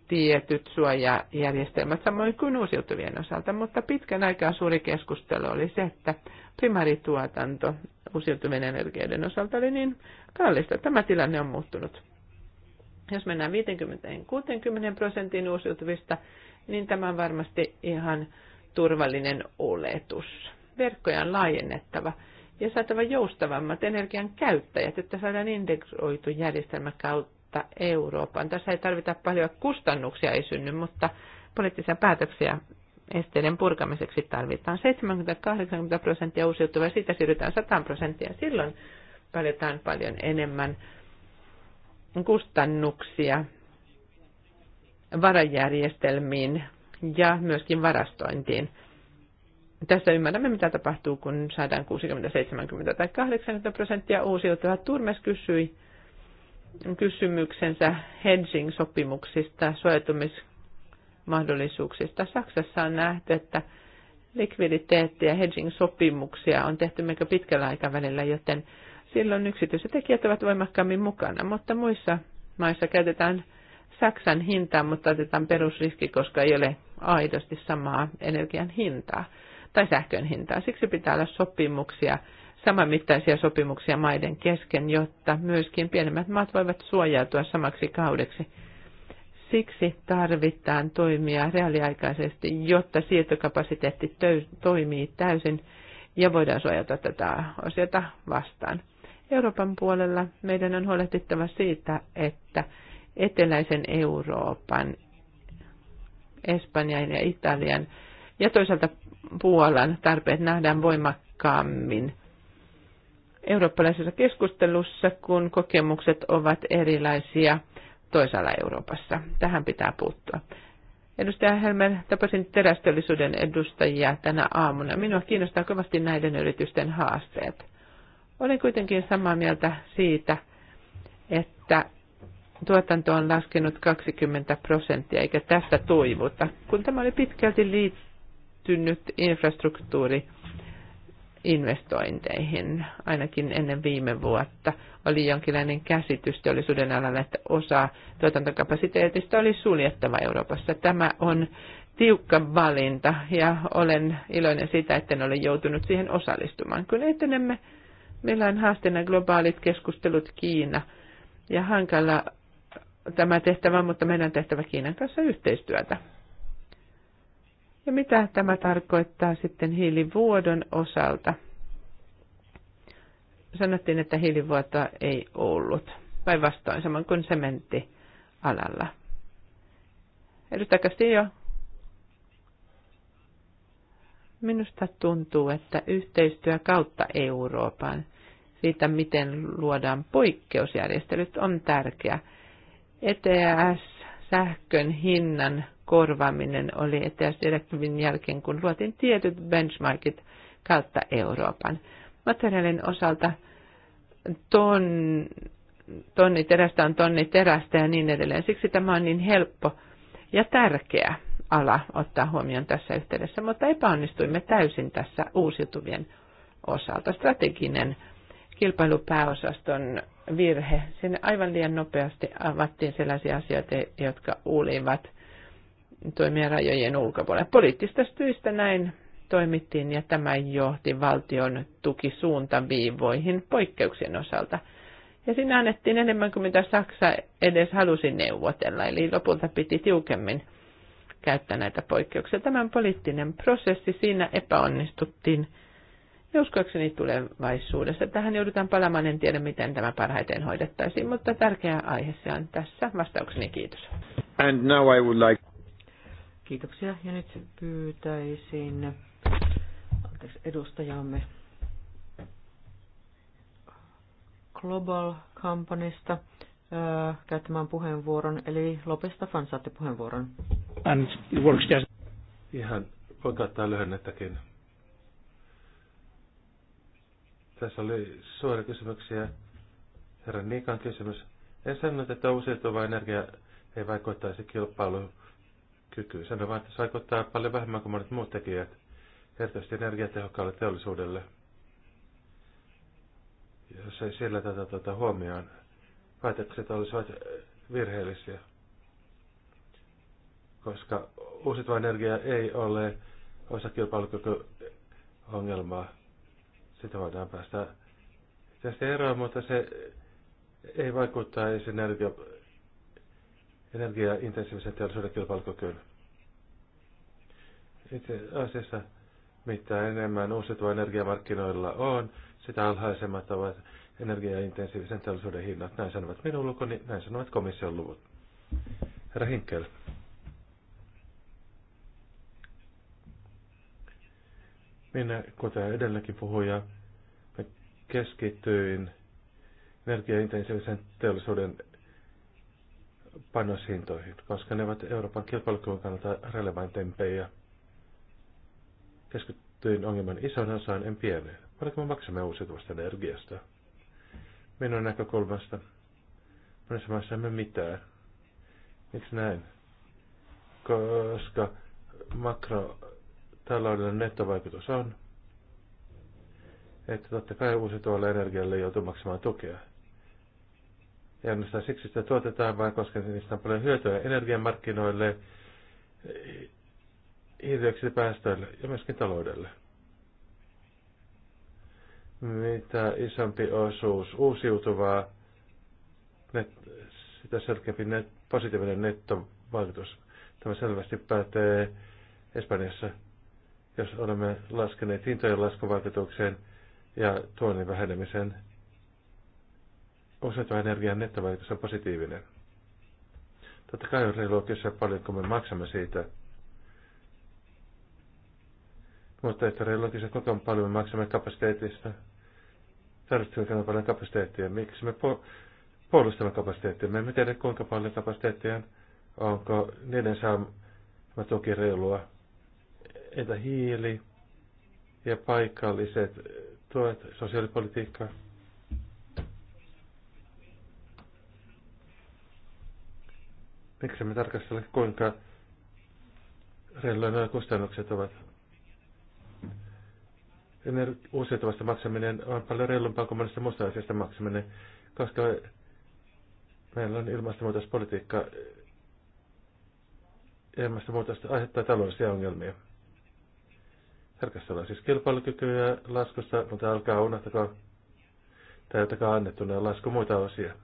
tietyt suojajärjestelmät samoin kuin uusiutuvien osalta, mutta pitkän aikaa suuri keskustelu oli se, että primarituotanto uusiutuvien energioiden osalta oli niin kallista. Tämä tilanne on muuttunut. Jos mennään 50-60 prosentin uusiutuvista, niin tämä on varmasti ihan turvallinen oletus. Verkkoja on laajennettava ja saatava joustavammat energian käyttäjät, että saadaan integroitu järjestelmä kautta kautta Euroopan. Tässä ei tarvita paljon kustannuksia, ei synny, mutta poliittisia päätöksiä esteiden purkamiseksi tarvitaan 70-80 prosenttia uusiutuvaa, siitä siirrytään 100 prosenttia. Silloin paljotaan paljon enemmän kustannuksia varajärjestelmiin ja myöskin varastointiin. Tässä ymmärrämme, mitä tapahtuu, kun saadaan 60, 70 tai 80 prosenttia uusiutuvaa. Turmes kysyi, kysymyksensä hedging-sopimuksista, suojautumismahdollisuuksista. Saksassa on nähty, että likviditeetti- ja hedging-sopimuksia on tehty melko pitkällä aikavälillä, joten silloin yksityiset tekijät ovat voimakkaammin mukana, mutta muissa maissa käytetään Saksan hintaa, mutta otetaan perusriski, koska ei ole aidosti samaa energian hintaa tai sähkön hintaa. Siksi pitää olla sopimuksia samanmittaisia sopimuksia maiden kesken, jotta myöskin pienemmät maat voivat suojautua samaksi kaudeksi. Siksi tarvitaan toimia reaaliaikaisesti, jotta siirtokapasiteetti toimii täysin ja voidaan suojata tätä osiota vastaan. Euroopan puolella meidän on huolehdittava siitä, että eteläisen Euroopan, Espanjan ja Italian ja toisaalta Puolan tarpeet nähdään voimakkaammin eurooppalaisessa keskustelussa, kun kokemukset ovat erilaisia toisaalla Euroopassa. Tähän pitää puuttua. Edustaja Helmer, tapasin terästöllisyyden edustajia tänä aamuna. Minua kiinnostaa kovasti näiden yritysten haasteet. Olen kuitenkin samaa mieltä siitä, että tuotanto on laskenut 20 prosenttia, eikä tästä toivuta, kun tämä oli pitkälti liittynyt infrastruktuuri investointeihin. Ainakin ennen viime vuotta oli jonkinlainen käsitys teollisuuden alalla, että osa tuotantokapasiteetista oli suljettava Euroopassa. Tämä on tiukka valinta ja olen iloinen siitä, en ole joutunut siihen osallistumaan. Kun etenemme, meillä on haasteena globaalit keskustelut Kiina ja hankala tämä tehtävä, mutta meidän on tehtävä Kiinan kanssa yhteistyötä. Ja mitä tämä tarkoittaa sitten hiilivuodon osalta? Sanottiin, että hiilivuotoa ei ollut. Päinvastoin, samoin kuin sementtialalla. Edustaja Castillo, minusta tuntuu, että yhteistyö kautta Euroopan siitä, miten luodaan poikkeusjärjestelyt, on tärkeä. ETS, sähkön hinnan korvaaminen oli ETS-direktiivin jälkeen, kun luotiin tietyt benchmarkit kautta Euroopan. Materiaalin osalta ton, tonni terästä on tonni terästä ja niin edelleen. Siksi tämä on niin helppo ja tärkeä ala ottaa huomioon tässä yhteydessä, mutta epäonnistuimme täysin tässä uusiutuvien osalta. Strateginen kilpailupääosaston virhe. Sinne aivan liian nopeasti avattiin sellaisia asioita, jotka olivat toimia rajojen ulkopuolella. Poliittista syistä näin toimittiin ja tämä johti valtion tukisuuntaviivoihin poikkeuksien osalta. Ja siinä annettiin enemmän kuin mitä Saksa edes halusi neuvotella, eli lopulta piti tiukemmin käyttää näitä poikkeuksia. Tämän poliittinen prosessi, siinä epäonnistuttiin. Ja uskoakseni tulevaisuudessa tähän joudutaan palaamaan, en tiedä miten tämä parhaiten hoidettaisiin, mutta tärkeä aihe se on tässä. Vastaukseni kiitos. And now I would like... Kiitoksia. Ja nyt pyytäisin anteeksi, edustajamme Global Companysta äh, käyttämään puheenvuoron, eli Lopesta Fan saatte puheenvuoron. And it works just... Ihan, voin käyttää lyhennettäkin. Tässä oli suora kysymyksiä. Herra Niikan kysymys. En sanonut, että uusiutuva energia ei vaikuttaisi kilpailuun kyky. Sanoin vain, että se vaikuttaa paljon vähemmän kuin monet muut tekijät, erityisesti energiatehokkaalle teollisuudelle. Jos ei sillä tätä, tätä tuota, huomioon, päätökset olisivat eh, virheellisiä, koska uusiutuva energia ei ole osa kilpailukykyongelmaa. Sitä voidaan päästä tästä eroon, mutta se ei vaikuttaisi energia energiaintensiivisen teollisuuden kilpailukykyyn. Itse asiassa mitä enemmän uusiutuva energiamarkkinoilla on, sitä alhaisemmat ovat energiaintensiivisen teollisuuden hinnat. Näin sanovat minun lukuni, näin sanovat komission luvut. Herra Hinkel. Minä, kuten edelläkin puhuja, keskityin energiaintensiivisen teollisuuden panoshintoihin, koska ne ovat Euroopan kilpailukyvyn kannalta relevantempeja. Keskittyin ongelman ison osaan, en pieneen. Paljonko me maksamme uusiutuvasta energiasta? Minun näkökulmasta monessa maassa emme mitään. Miksi näin? Koska makrotaloudellinen nettovaikutus on, että totta kai uusiutuvalle energialle joutuu maksamaan tukea ei ainoastaan siksi sitä tuotetaan, vaan koska niistä on paljon hyötyä energiamarkkinoille, hiilidioksidipäästöille ja myöskin taloudelle. Mitä isompi osuus uusiutuvaa, net, sitä selkeämpi net, positiivinen nettovaikutus. Tämä selvästi pätee Espanjassa, jos olemme laskeneet hintojen laskuvaikutuksen ja tuonnin vähenemisen uusiutuvan energian nettovaikutus on positiivinen. Totta kai on reilua kysyä kun me maksamme siitä. Mutta että reilua kysyä kuinka paljon me maksamme kapasiteetista. Tarvitsemme paljon kapasiteettia. Miksi me po- puolustamme kapasiteettia? Me emme tiedä kuinka paljon kapasiteettia on. Onko niiden saama tuki reilua? Entä hiili ja paikalliset tuet, sosiaalipolitiikkaa? Miksi me tarkastella, kuinka reilua nämä kustannukset ovat? Uusiutuvasta maksaminen on paljon reilumpaa kuin monesta muusta asiasta maksaminen, koska meillä on ilmastonmuutospolitiikka. Ilmastonmuutosta aiheuttaa taloudellisia ongelmia. Tarkastellaan siis kilpailukykyä laskusta, mutta alkaa unohtakaa täytäkää annettuna lasku muita osia.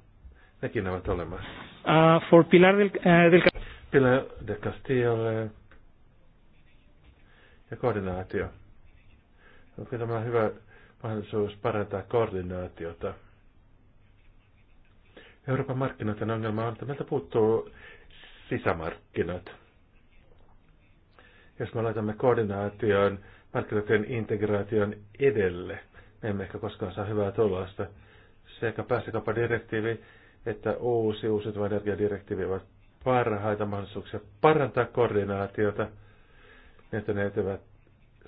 Nekin ovat olemassa. Uh, for Pilar del, uh, del... Pilar de Castille ja koordinaatio. Onko tämä hyvä mahdollisuus parantaa koordinaatiota? Euroopan markkinoiden ongelma on, että meiltä puuttuu sisämarkkinat. Jos me laitamme koordinaation markkinoiden integraation edelle, me emme ehkä koskaan saa hyvää tulosta. Sekä päästökauppadirektiivi direktiivi että uusi uusiutuva energiadirektiivi ovat parhaita mahdollisuuksia parantaa koordinaatiota, niin että ne etyvät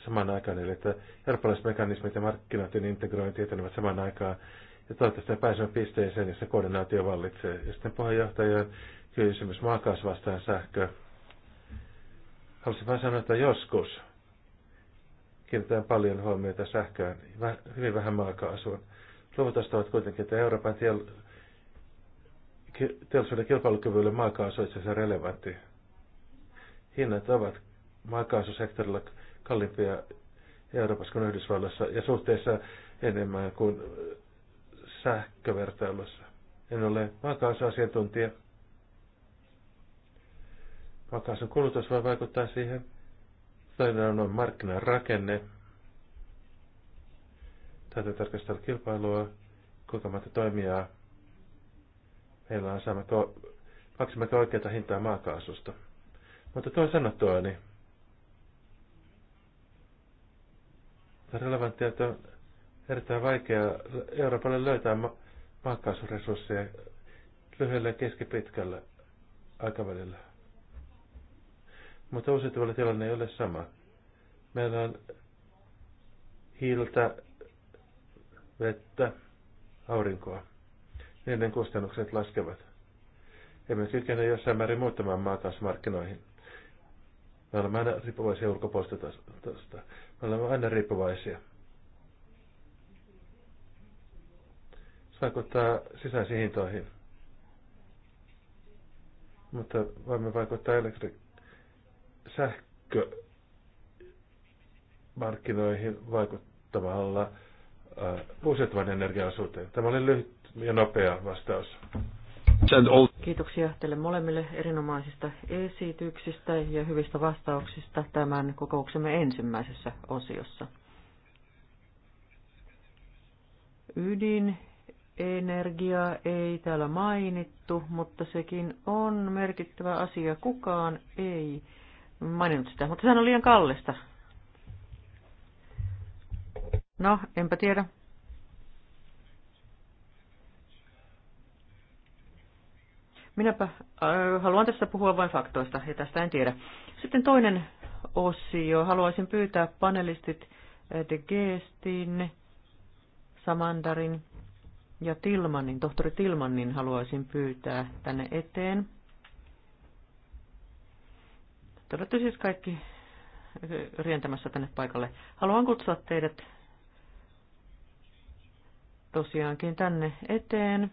saman aikaan, eli että eurooppalaismekanismit ja markkinoiden niin integrointi etenevät saman aikaan, ja toivottavasti pääsemme pisteeseen, jossa koordinaatio vallitsee. Ja sitten puheenjohtajan kysymys vastaan sähkö. Haluaisin vain sanoa, että joskus kiinnitetään paljon huomiota sähköön, hyvin vähän maakaasuun. Luvut ovat kuitenkin, että Euroopan teollisuuden kilpailukyvylle maakaasu on itse asiassa relevantti. Hinnat ovat maakaasusektorilla kalliimpia Euroopassa kuin Yhdysvalloissa ja suhteessa enemmän kuin äh, sähkövertailussa. En ole maakaasuasiantuntija. Maakaasun kulutus voi vaikuttaa siihen. Toinen on markkinarakenne. Täytyy tarkastella kilpailua, kuinka monta toimijaa Meillä on saamme tuo, maksimme oikeata hintaa maakaasusta. Mutta tuo sanottua, niin relevanttia, että on erittäin vaikea Euroopalle löytää ma- maakaasuresursseja lyhyellä ja keskipitkällä aikavälillä. Mutta uusiutuvalla tilanne ei ole sama. Meillä on hiiltä, vettä, aurinkoa niiden kustannukset laskevat. Emme kykene jossain määrin muuttamaan maakaasumarkkinoihin. Me olemme aina riippuvaisia ulkopuolista Me olemme aina riippuvaisia. Se vaikuttaa sisäisiin hintoihin. Mutta voimme vaikuttaa elektri- sähkömarkkinoihin vaikuttamalla äh, uusiutuvan energian osuuteen. Tämä oli lyhyt ja nopea vastaus. Kiitoksia teille molemmille erinomaisista esityksistä ja hyvistä vastauksista tämän kokouksemme ensimmäisessä osiossa. Ydinenergia ei täällä mainittu, mutta sekin on merkittävä asia. Kukaan ei maininnut sitä, mutta sehän on liian kallista. No, enpä tiedä. Minäpä äh, haluan tässä puhua vain faktoista, ja tästä en tiedä. Sitten toinen osio. Haluaisin pyytää panelistit äh, De Geestin, Samandarin ja Tilmanin, tohtori Tilmanin haluaisin pyytää tänne eteen. Te olette siis kaikki äh, rientämässä tänne paikalle. Haluan kutsua teidät tosiaankin tänne eteen.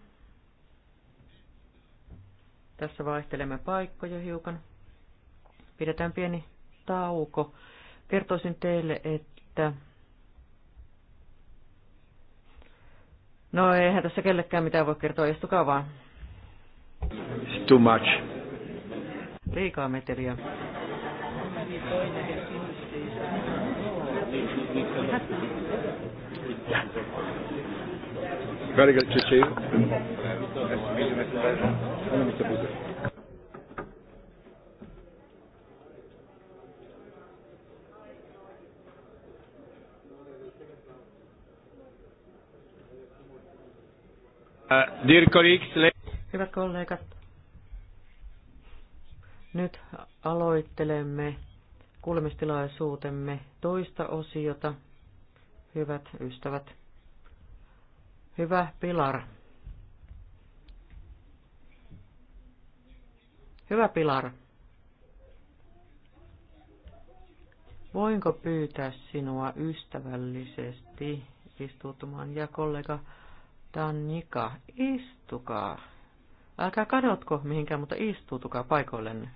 Tässä vaihtelemme paikkoja hiukan. Pidetään pieni tauko. Kertoisin teille, että... No eihän tässä kellekään mitään voi kertoa, istukaa vaan. It's too much. Liikaa meteliä. Very good to see you. Uh, Hyvät kollegat, nyt aloittelemme kuulemistilaisuutemme toista osiota. Hyvät ystävät. Hyvä Pilar. Hyvä Pilar. Voinko pyytää sinua ystävällisesti istuutumaan ja kollega Tannika, istukaa. Älkää kadotko mihinkään, mutta istuutukaa paikoillenne.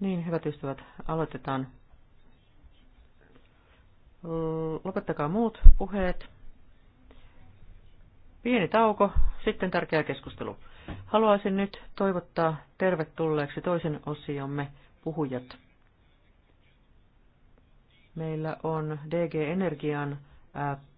Niin, hyvät ystävät, aloitetaan. Lopettakaa muut puheet. Pieni tauko, sitten tärkeä keskustelu. Haluaisin nyt toivottaa tervetulleeksi toisen osiomme puhujat. Meillä on DG Energian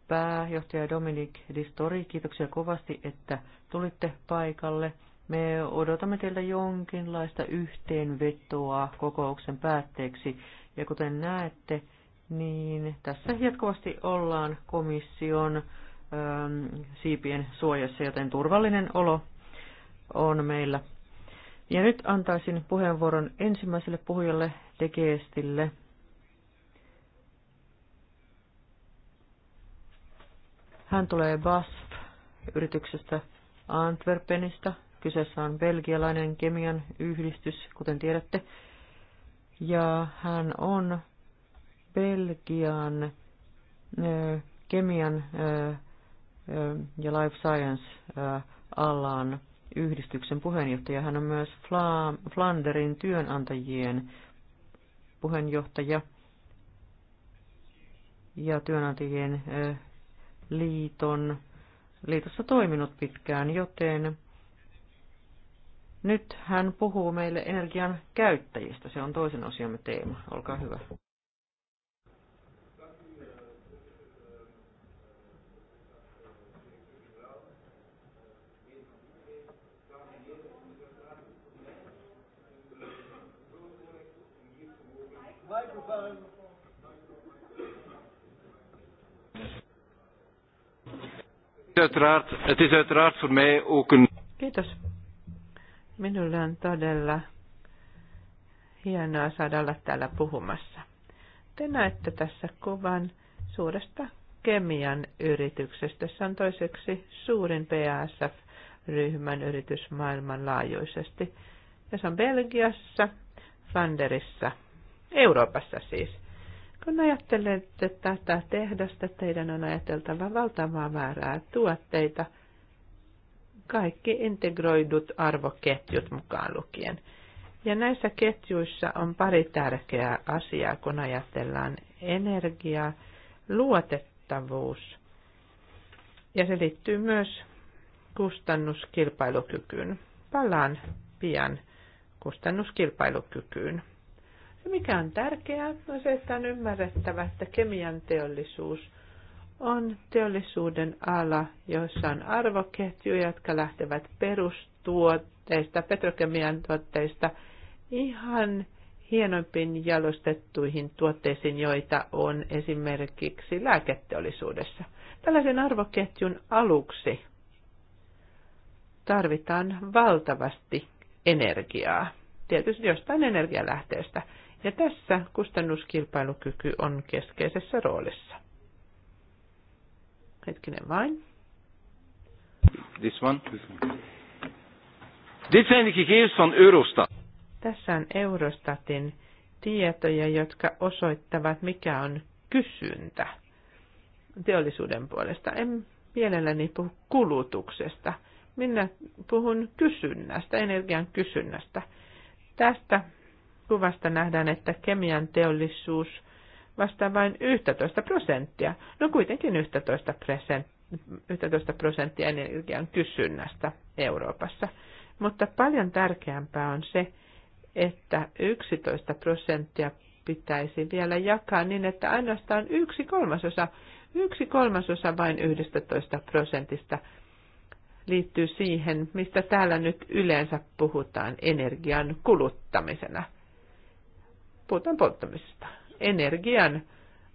pääjohtaja Dominik Distori. Kiitoksia kovasti, että tulitte paikalle. Me odotamme teiltä jonkinlaista yhteenvetoa kokouksen päätteeksi. Ja kuten näette, niin tässä jatkuvasti ollaan komission Ähm, siipien suojassa, joten turvallinen olo on meillä. Ja nyt antaisin puheenvuoron ensimmäiselle puhujalle tekeestille. Hän tulee BASF-yrityksestä Antwerpenista. Kyseessä on belgialainen kemian yhdistys, kuten tiedätte. Ja hän on Belgian ö, kemian ö, ja Life Science-alan yhdistyksen puheenjohtaja. Hän on myös Flanderin työnantajien puheenjohtaja ja työnantajien liiton, liitossa toiminut pitkään, joten nyt hän puhuu meille energian käyttäjistä. Se on toisen osiomme teema. Olkaa hyvä. Kiitos. Minulle on todella hienoa saada olla täällä puhumassa. Te näette tässä kuvan suuresta kemian yrityksestä. Se on toiseksi suurin psf ryhmän yritys maailmanlaajuisesti. Ja se on Belgiassa, Flanderissa, Euroopassa siis. Kun ajattelette tätä tehdasta, teidän on ajateltava valtavaa määrää tuotteita, kaikki integroidut arvoketjut mukaan lukien. Ja näissä ketjuissa on pari tärkeää asiaa, kun ajatellaan energiaa, luotettavuus, ja se liittyy myös kustannuskilpailukykyyn. Palaan pian kustannuskilpailukykyyn. Ja mikä on tärkeää on se, että on ymmärrettävä, että kemian teollisuus on teollisuuden ala, jossa on arvoketjuja, jotka lähtevät perustuotteista, petrokemian tuotteista, ihan hienoimpiin jalostettuihin tuotteisiin, joita on esimerkiksi lääketeollisuudessa. Tällaisen arvoketjun aluksi tarvitaan valtavasti energiaa, tietysti jostain energialähteestä. Ja tässä kustannuskilpailukyky on keskeisessä roolissa. Hetkinen vain. This one. This one. Dit Eurostat. Tässä on Eurostatin tietoja, jotka osoittavat, mikä on kysyntä teollisuuden puolesta. En mielelläni puhu kulutuksesta. Minä puhun kysynnästä, energian kysynnästä. Tästä kuvasta nähdään, että kemian teollisuus vastaa vain 11 prosenttia, no kuitenkin 11 prosenttia 11 prosenttia energian kysynnästä Euroopassa. Mutta paljon tärkeämpää on se, että 11 prosenttia pitäisi vielä jakaa niin, että ainoastaan yksi kolmasosa, yksi kolmasosa vain 11 prosentista liittyy siihen, mistä täällä nyt yleensä puhutaan energian kuluttamisena – puhutaan polttamisesta, energian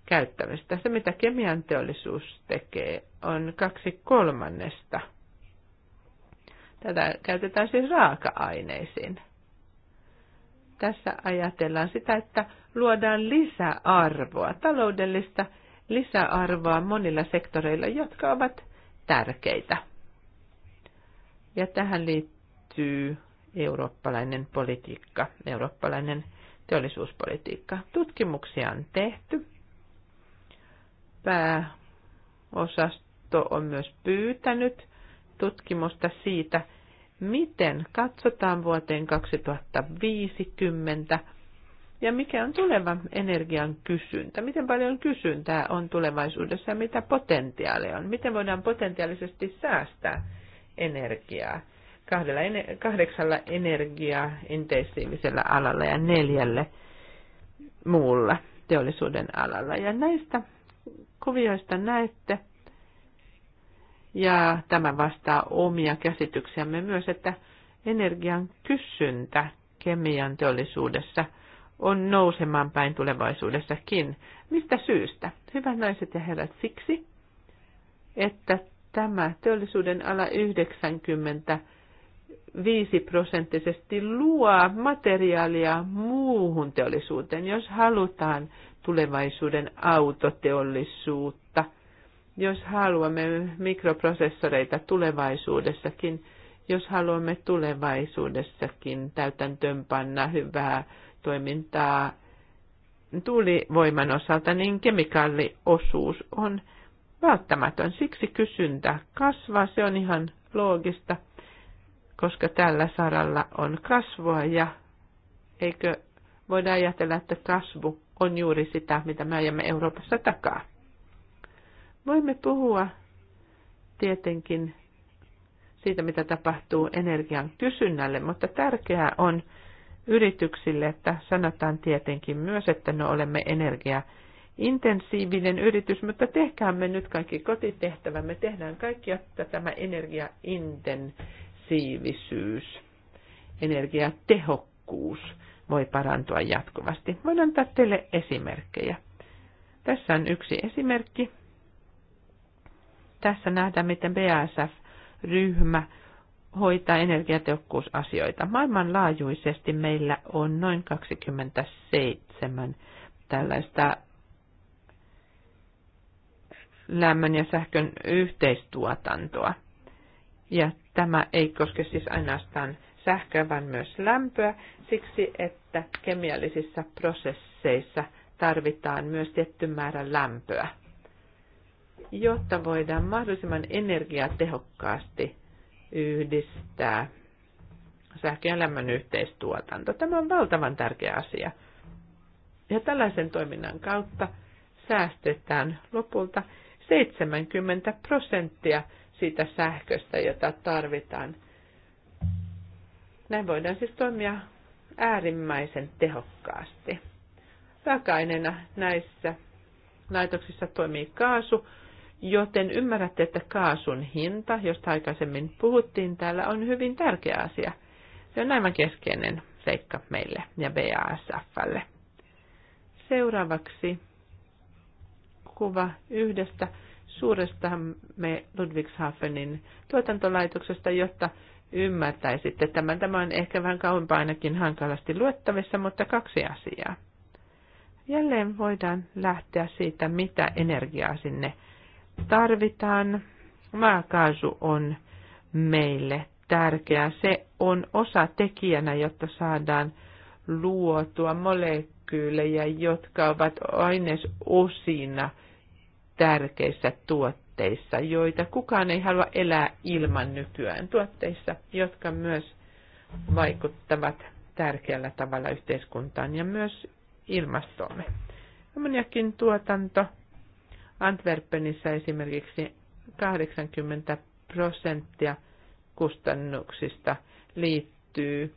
käyttämistä. Se, mitä kemian teollisuus tekee, on kaksi kolmannesta. Tätä käytetään siis raaka-aineisiin. Tässä ajatellaan sitä, että luodaan lisäarvoa, taloudellista lisäarvoa monilla sektoreilla, jotka ovat tärkeitä. Ja tähän liittyy eurooppalainen politiikka, eurooppalainen teollisuuspolitiikka. Tutkimuksia on tehty. Pääosasto on myös pyytänyt tutkimusta siitä, miten katsotaan vuoteen 2050 ja mikä on tuleva energian kysyntä, miten paljon kysyntää on tulevaisuudessa ja mitä potentiaalia on, miten voidaan potentiaalisesti säästää energiaa kahdella, kahdeksalla energiaintensiivisellä alalla ja neljälle muulla teollisuuden alalla. Ja näistä kuvioista näette, ja tämä vastaa omia käsityksiämme myös, että energian kysyntä kemian teollisuudessa on nousemaan päin tulevaisuudessakin. Mistä syystä? Hyvät naiset ja herrat, siksi, että tämä teollisuuden ala 90 5 prosenttisesti luo materiaalia muuhun teollisuuteen, jos halutaan tulevaisuuden autoteollisuutta, jos haluamme mikroprosessoreita tulevaisuudessakin, jos haluamme tulevaisuudessakin täytäntöönpanna hyvää toimintaa tuulivoiman osalta, niin kemikaaliosuus on välttämätön. Siksi kysyntä kasvaa, se on ihan loogista – koska tällä saralla on kasvua ja eikö voida ajatella, että kasvu on juuri sitä, mitä me ajamme Euroopassa takaa. Voimme puhua tietenkin siitä, mitä tapahtuu energian kysynnälle, mutta tärkeää on yrityksille, että sanotaan tietenkin myös, että no olemme energia intensiivinen yritys, mutta tehkäämme nyt kaikki kotitehtävämme, tehdään kaikki, että tämä energiaintensiivinen intensiivisyys, energiatehokkuus voi parantua jatkuvasti. Voin antaa teille esimerkkejä. Tässä on yksi esimerkki. Tässä nähdään, miten BASF-ryhmä hoitaa energiatehokkuusasioita. Maailmanlaajuisesti meillä on noin 27 tällaista lämmön ja sähkön yhteistuotantoa – ja tämä ei koske siis ainoastaan sähköä, vaan myös lämpöä, siksi että kemiallisissa prosesseissa tarvitaan myös tietty määrä lämpöä, jotta voidaan mahdollisimman energiatehokkaasti yhdistää sähkön ja lämmön yhteistuotanto. Tämä on valtavan tärkeä asia. Ja tällaisen toiminnan kautta säästetään lopulta 70 prosenttia siitä sähköstä, jota tarvitaan. Näin voidaan siis toimia äärimmäisen tehokkaasti. raaka näissä laitoksissa toimii kaasu, joten ymmärrätte, että kaasun hinta, josta aikaisemmin puhuttiin täällä, on hyvin tärkeä asia. Se on aivan keskeinen seikka meille ja BASFlle. Seuraavaksi kuva yhdestä Suuresta me Ludwigshafenin tuotantolaitoksesta, jotta ymmärtäisitte tämän. Tämä on ehkä vähän kauempaa ainakin hankalasti luettavissa, mutta kaksi asiaa. Jälleen voidaan lähteä siitä, mitä energiaa sinne tarvitaan. Maakaasu on meille tärkeä. Se on osa tekijänä, jotta saadaan luotua molekyylejä, jotka ovat ainesosina – tärkeissä tuotteissa, joita kukaan ei halua elää ilman nykyään. Tuotteissa, jotka myös vaikuttavat tärkeällä tavalla yhteiskuntaan ja myös ilmastoomme. Ammoniakin tuotanto Antwerpenissä esimerkiksi 80 prosenttia kustannuksista liittyy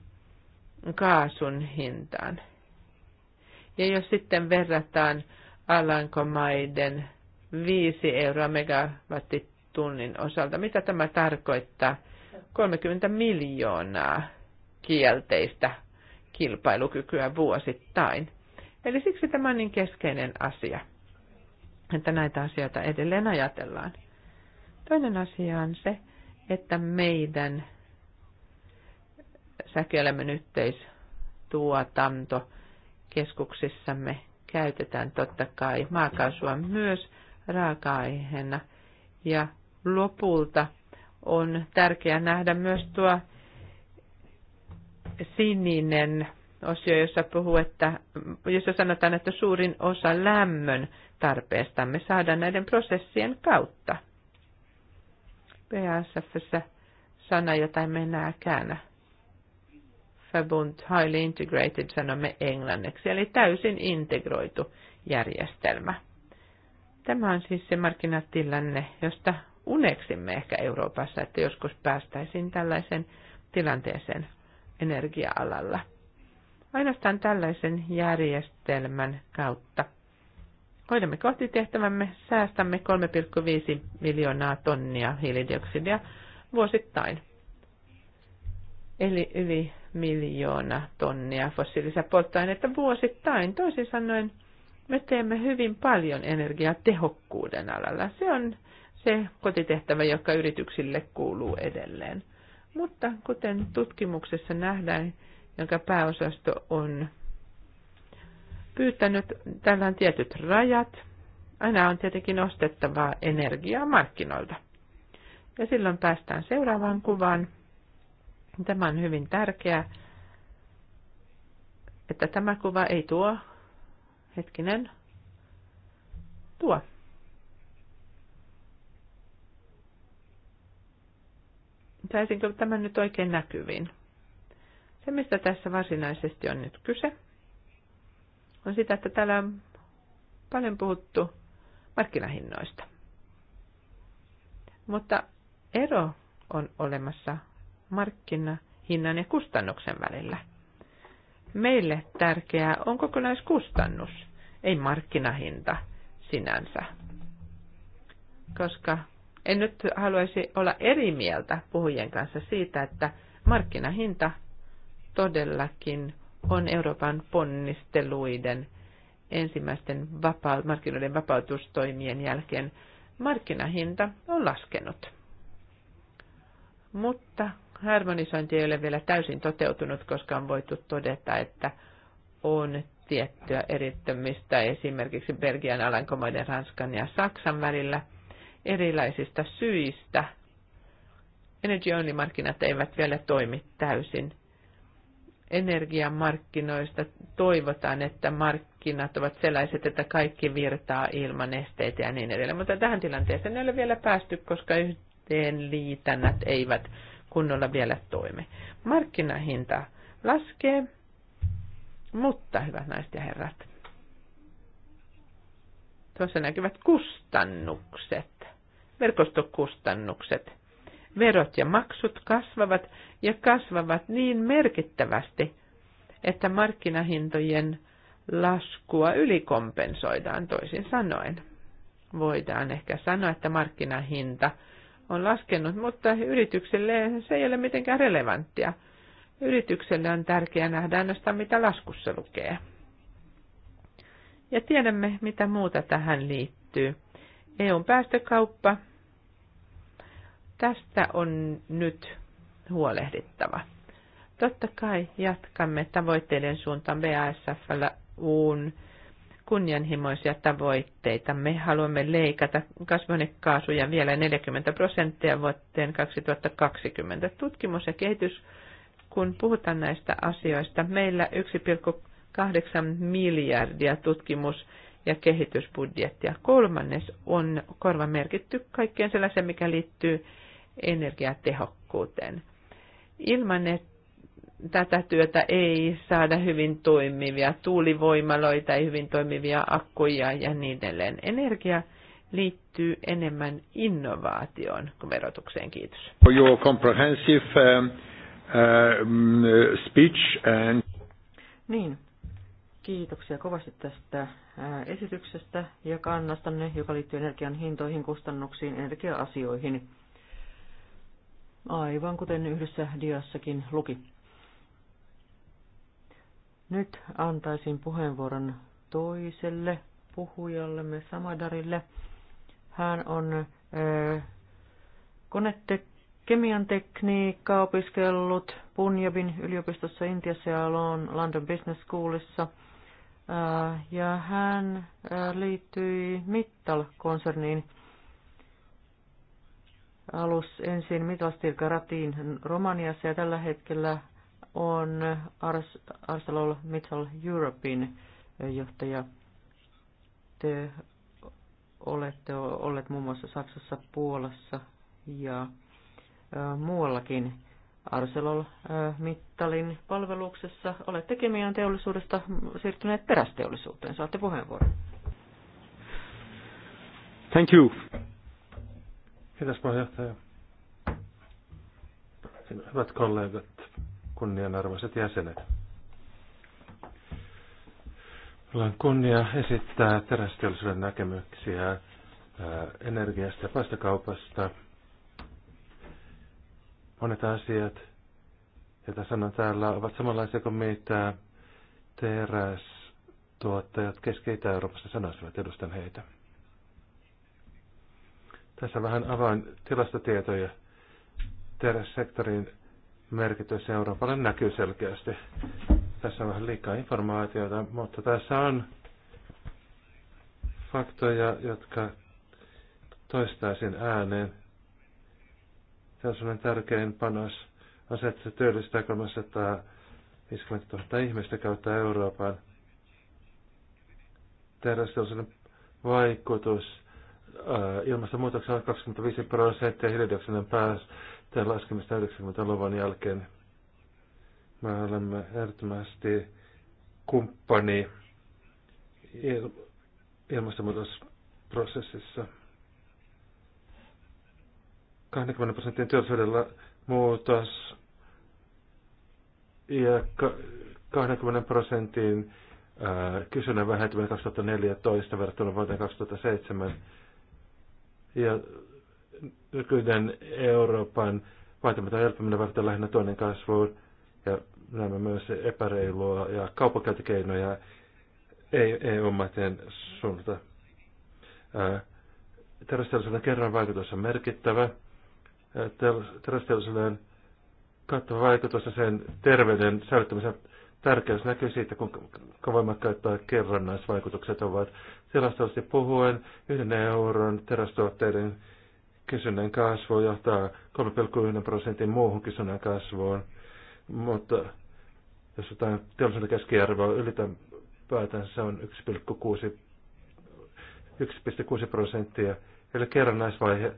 kaasun hintaan. Ja jos sitten verrataan Alankomaiden 5 euroa megawattitunnin osalta. Mitä tämä tarkoittaa? 30 miljoonaa kielteistä kilpailukykyä vuosittain. Eli siksi tämä on niin keskeinen asia, että näitä asioita edelleen ajatellaan. Toinen asia on se, että meidän säkyelämän yhteistuotanto keskuksissamme käytetään totta kai maakaasua myös, raaka-aiheena. Ja lopulta on tärkeää nähdä myös tuo sininen osio, jossa, puhuu, että, jossa sanotaan, että suurin osa lämmön tarpeestamme saadaan näiden prosessien kautta. PSFssä sana, jota emme enää käännä. Verbund Highly Integrated sanomme englanniksi, eli täysin integroitu järjestelmä. Tämä on siis se markkinatilanne, josta uneksimme ehkä Euroopassa, että joskus päästäisiin tällaisen tilanteeseen energia-alalla. Ainoastaan tällaisen järjestelmän kautta hoidamme kohti tehtävämme, säästämme 3,5 miljoonaa tonnia hiilidioksidia vuosittain. Eli yli miljoona tonnia fossiilisia polttoaineita vuosittain. Toisin sanoen me teemme hyvin paljon energiatehokkuuden alalla. Se on se kotitehtävä, joka yrityksille kuuluu edelleen. Mutta kuten tutkimuksessa nähdään, jonka pääosasto on pyytänyt, tällä on tietyt rajat. Aina on tietenkin ostettavaa energiaa markkinoilta. Ja silloin päästään seuraavaan kuvaan. Tämä on hyvin tärkeää, että tämä kuva ei tuo Hetkinen. Tuo. Saisinko tämän nyt oikein näkyviin? Se, mistä tässä varsinaisesti on nyt kyse, on sitä, että täällä on paljon puhuttu markkinahinnoista. Mutta ero on olemassa markkinahinnan ja kustannuksen välillä – meille tärkeää on kokonaiskustannus, ei markkinahinta sinänsä. Koska en nyt haluaisi olla eri mieltä puhujien kanssa siitä, että markkinahinta todellakin on Euroopan ponnisteluiden ensimmäisten vapa- markkinoiden vapautustoimien jälkeen markkinahinta on laskenut. Mutta harmonisointi ei ole vielä täysin toteutunut, koska on voitu todeta, että on tiettyä erittämistä esimerkiksi Belgian, Alankomaiden, Ranskan ja Saksan välillä erilaisista syistä. Energy Only-markkinat eivät vielä toimi täysin. Energiamarkkinoista toivotaan, että markkinat ovat sellaiset, että kaikki virtaa ilman esteitä ja niin edelleen. Mutta tähän tilanteeseen ei ole vielä päästy, koska yhteen liitännät eivät kunnolla vielä toimi. Markkinahinta laskee, mutta hyvät naiset ja herrat, tuossa näkyvät kustannukset, verkostokustannukset. Verot ja maksut kasvavat ja kasvavat niin merkittävästi, että markkinahintojen laskua ylikompensoidaan toisin sanoen. Voidaan ehkä sanoa, että markkinahinta – on laskenut, mutta yritykselle se ei ole mitenkään relevanttia. Yritykselle on tärkeää nähdä ainoastaan, mitä laskussa lukee. Ja tiedämme, mitä muuta tähän liittyy. EUn päästökauppa. Tästä on nyt huolehdittava. Totta kai jatkamme tavoitteiden suuntaan BASFllä uun kunnianhimoisia tavoitteita. Me haluamme leikata kasvihuonekaasuja vielä 40 prosenttia vuoteen 2020. Tutkimus ja kehitys, kun puhutaan näistä asioista, meillä 1,8 miljardia tutkimus- ja kehitysbudjettia. Kolmannes on korva merkitty kaikkeen sellaiseen, mikä liittyy energiatehokkuuteen. Ilman, että tätä työtä ei saada hyvin toimivia tuulivoimaloita, ei hyvin toimivia akkuja ja niin edelleen. Energia liittyy enemmän innovaatioon kuin verotukseen. Kiitos. For your comprehensive um, um speech and... Niin, kiitoksia kovasti tästä esityksestä ja kannastanne, joka liittyy energian hintoihin, kustannuksiin, energia-asioihin. Aivan kuten yhdessä diassakin luki. Nyt antaisin puheenvuoron toiselle puhujallemme Samadarille. Hän on konette, kemian tekniikka opiskellut Punjabin yliopistossa Intiassa ja London Business Schoolissa. Ja hän liittyi Mittal-konserniin alus ensin Mittal Stilgaratiin Romaniassa ja tällä hetkellä on Arcelor Mitchell Europein johtaja. Te olette olleet muun muassa Saksassa, Puolassa ja muuallakin Arcelor Mittalin palveluksessa. Olette kemian teollisuudesta siirtyneet terästeollisuuteen. Saatte puheenvuoron. Thank you. Kiitos puheenjohtaja. Hyvät kollegat kunnianarvoiset jäsenet. on kunnia esittää terästeollisuuden näkemyksiä energiasta ja päästökaupasta. Monet asiat, joita sanon täällä, ovat samanlaisia kuin mitä terästuottajat Keski-Itä-Euroopassa sanoisivat. Edustan heitä. Tässä vähän avaan tilastotietoja terässektorin merkitys Euroopalle näkyy selkeästi. Tässä on vähän liikaa informaatiota, mutta tässä on faktoja, jotka toistaisin ääneen. Tässä on tärkein panos on se, että se työllistää 350 000 ihmistä kautta Euroopan. Terästeollisuuden vaikutus ilmastonmuutoksella on 25 prosenttia hiilidioksidin päästöjä tämän laskemista 90-luvun jälkeen. Me olemme ehdottomasti kumppani il- ilmastonmuutosprosessissa. 20 prosentin työllisyydellä muutos ja 20 prosentin kysynnän vähentyminen 2014 verrattuna vuoteen 2007 ja nykyinen Euroopan vaatimaton helpommin varten lähinnä toinen kasvuun ja nämä myös epäreilua ja kaupankäyntikeinoja ei EU-maiden suunta. Terästeollisuuden kerran vaikutus on merkittävä. Terästeollisuuden kattava vaikutus ja sen terveyden säilyttämisen tärkeys näkyy siitä, kuinka voimakkaita kerrannaisvaikutukset ovat. Tilastollisesti puhuen yhden euron terästuotteiden kysynnän kasvu johtaa 3,1 prosentin muuhun kysynnän kasvuun, mutta jos jotain teollisuuden keskiarvoa ylipäätään se on 1,6 1,6 prosenttia, eli kerrannaisvaihe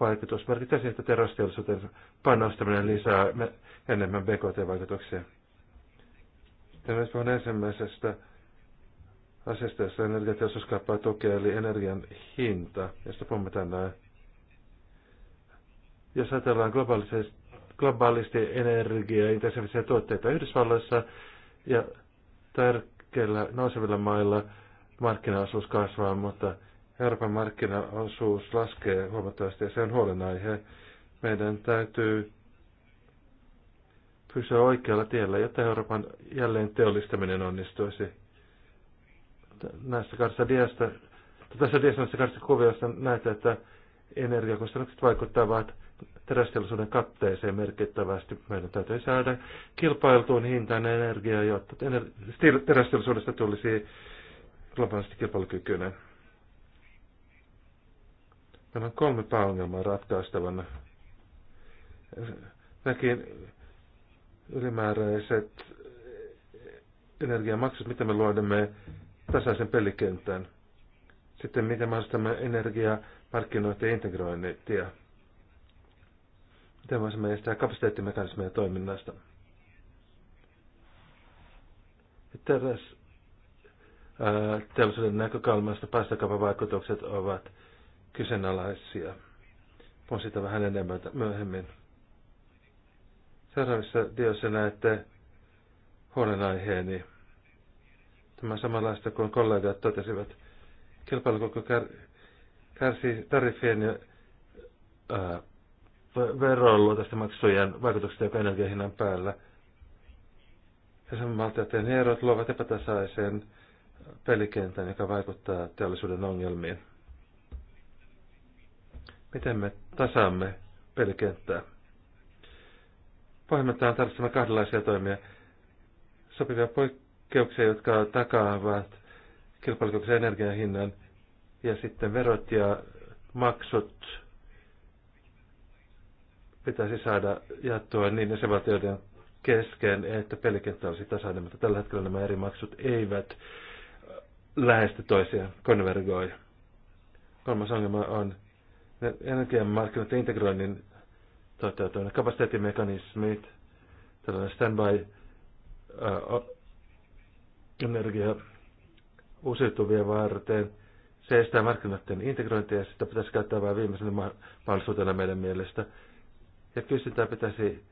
vaikutus merkitsee siihen, että terästeollisuuden panostaminen lisää enemmän BKT-vaikutuksia. Tämä on puhun ensimmäisestä asiasta, jossa energiateollisuus kaipaa tukea, eli energian hinta, josta puhumme tänään jos ajatellaan globaalisti energiaa intensiivisiä tuotteita Yhdysvalloissa ja tärkeillä nousevilla mailla markkinaosuus kasvaa, mutta Euroopan markkinaosuus laskee huomattavasti ja se on huolenaihe. Meidän täytyy pysyä oikealla tiellä, jotta Euroopan jälleen teollistaminen onnistuisi. Näistä kahdesta diasta, tässä diassa näistä kahdesta kuviosta näette, että energiakustannukset vaikuttavat terästeollisuuden katteeseen merkittävästi. Meidän täytyy saada kilpailtuun hintaan energiaa, jotta terästeollisuudesta tulisi globaalisti kilpailukykyinen. Meillä on kolme pääongelmaa ratkaistavana. Näkin ylimääräiset energiamaksut, mitä me luodamme tasaisen pelikentän. Sitten miten mahdollistamme energiamarkkinoiden integrointia miten voisimme estää kapasiteettimekanismeja toiminnasta. Teräs teollisuuden näkökulmasta päästökaupan vaikutukset ovat kyseenalaisia. Puhun siitä vähän enemmän myöhemmin. Seuraavissa diossa näette huolenaiheeni. Tämä samanlaista kuin kollegat totesivat. Kilpailukyky kärsii tariffien ja ää, veroluotosten maksujen vaikutuksesta, joka energiahinnan päällä. Jäsenvaltioiden erot luovat epätasaisen pelikentän, joka vaikuttaa teollisuuden ongelmiin. Miten me tasaamme pelikenttää? Pohjimmiltaan tarvitsemme kahdenlaisia toimia. Sopivia poikkeuksia, jotka takaavat kilpailukykyisen energian hinnan, ja sitten verot ja maksut pitäisi saada jaettua niin jäsenvaltioiden kesken, että pelikenttä olisi tasainen, mutta tällä hetkellä nämä eri maksut eivät lähesty toisiaan, konvergoi. Kolmas ongelma on energiamarkkinoiden integroinnin toteutuminen, kapasiteettimekanismit, tällainen standby energia uusiutuvia varten. Se estää markkinoiden integrointia ja sitä pitäisi käyttää vain viimeisenä mahdollisuutena meidän mielestä ja kysyntää pitäisi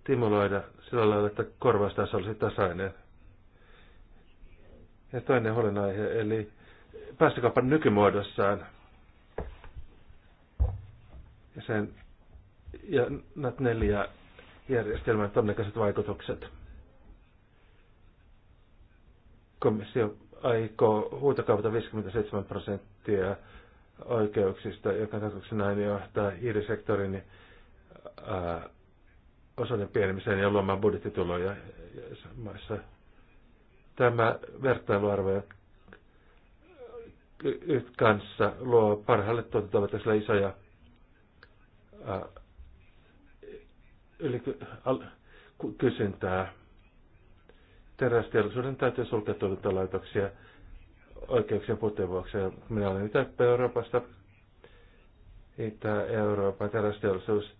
stimuloida sillä lailla, että korvaustaso olisi tasainen. Ja toinen huolenaihe, eli päästökaupan nykymuodossaan ja sen ja nat neljä järjestelmän todennäköiset vaikutukset. Komissio aikoo huutokaupata 57 prosenttia oikeuksista, joka tarkoituksena johtaa hiilisektorin osuuden pienemiseen ja luomaan budjettituloja maissa. Tämä vertailuarvo kanssa luo parhaalle tuotantotavoitteelle isoja ää, yli, al, kysyntää. Terästeollisuuden täytyy sulkea tuotantolaitoksia oikeuksien puutteen vuoksi. Minä olen Itä-Euroopasta. Itä-Euroopan terästeollisuus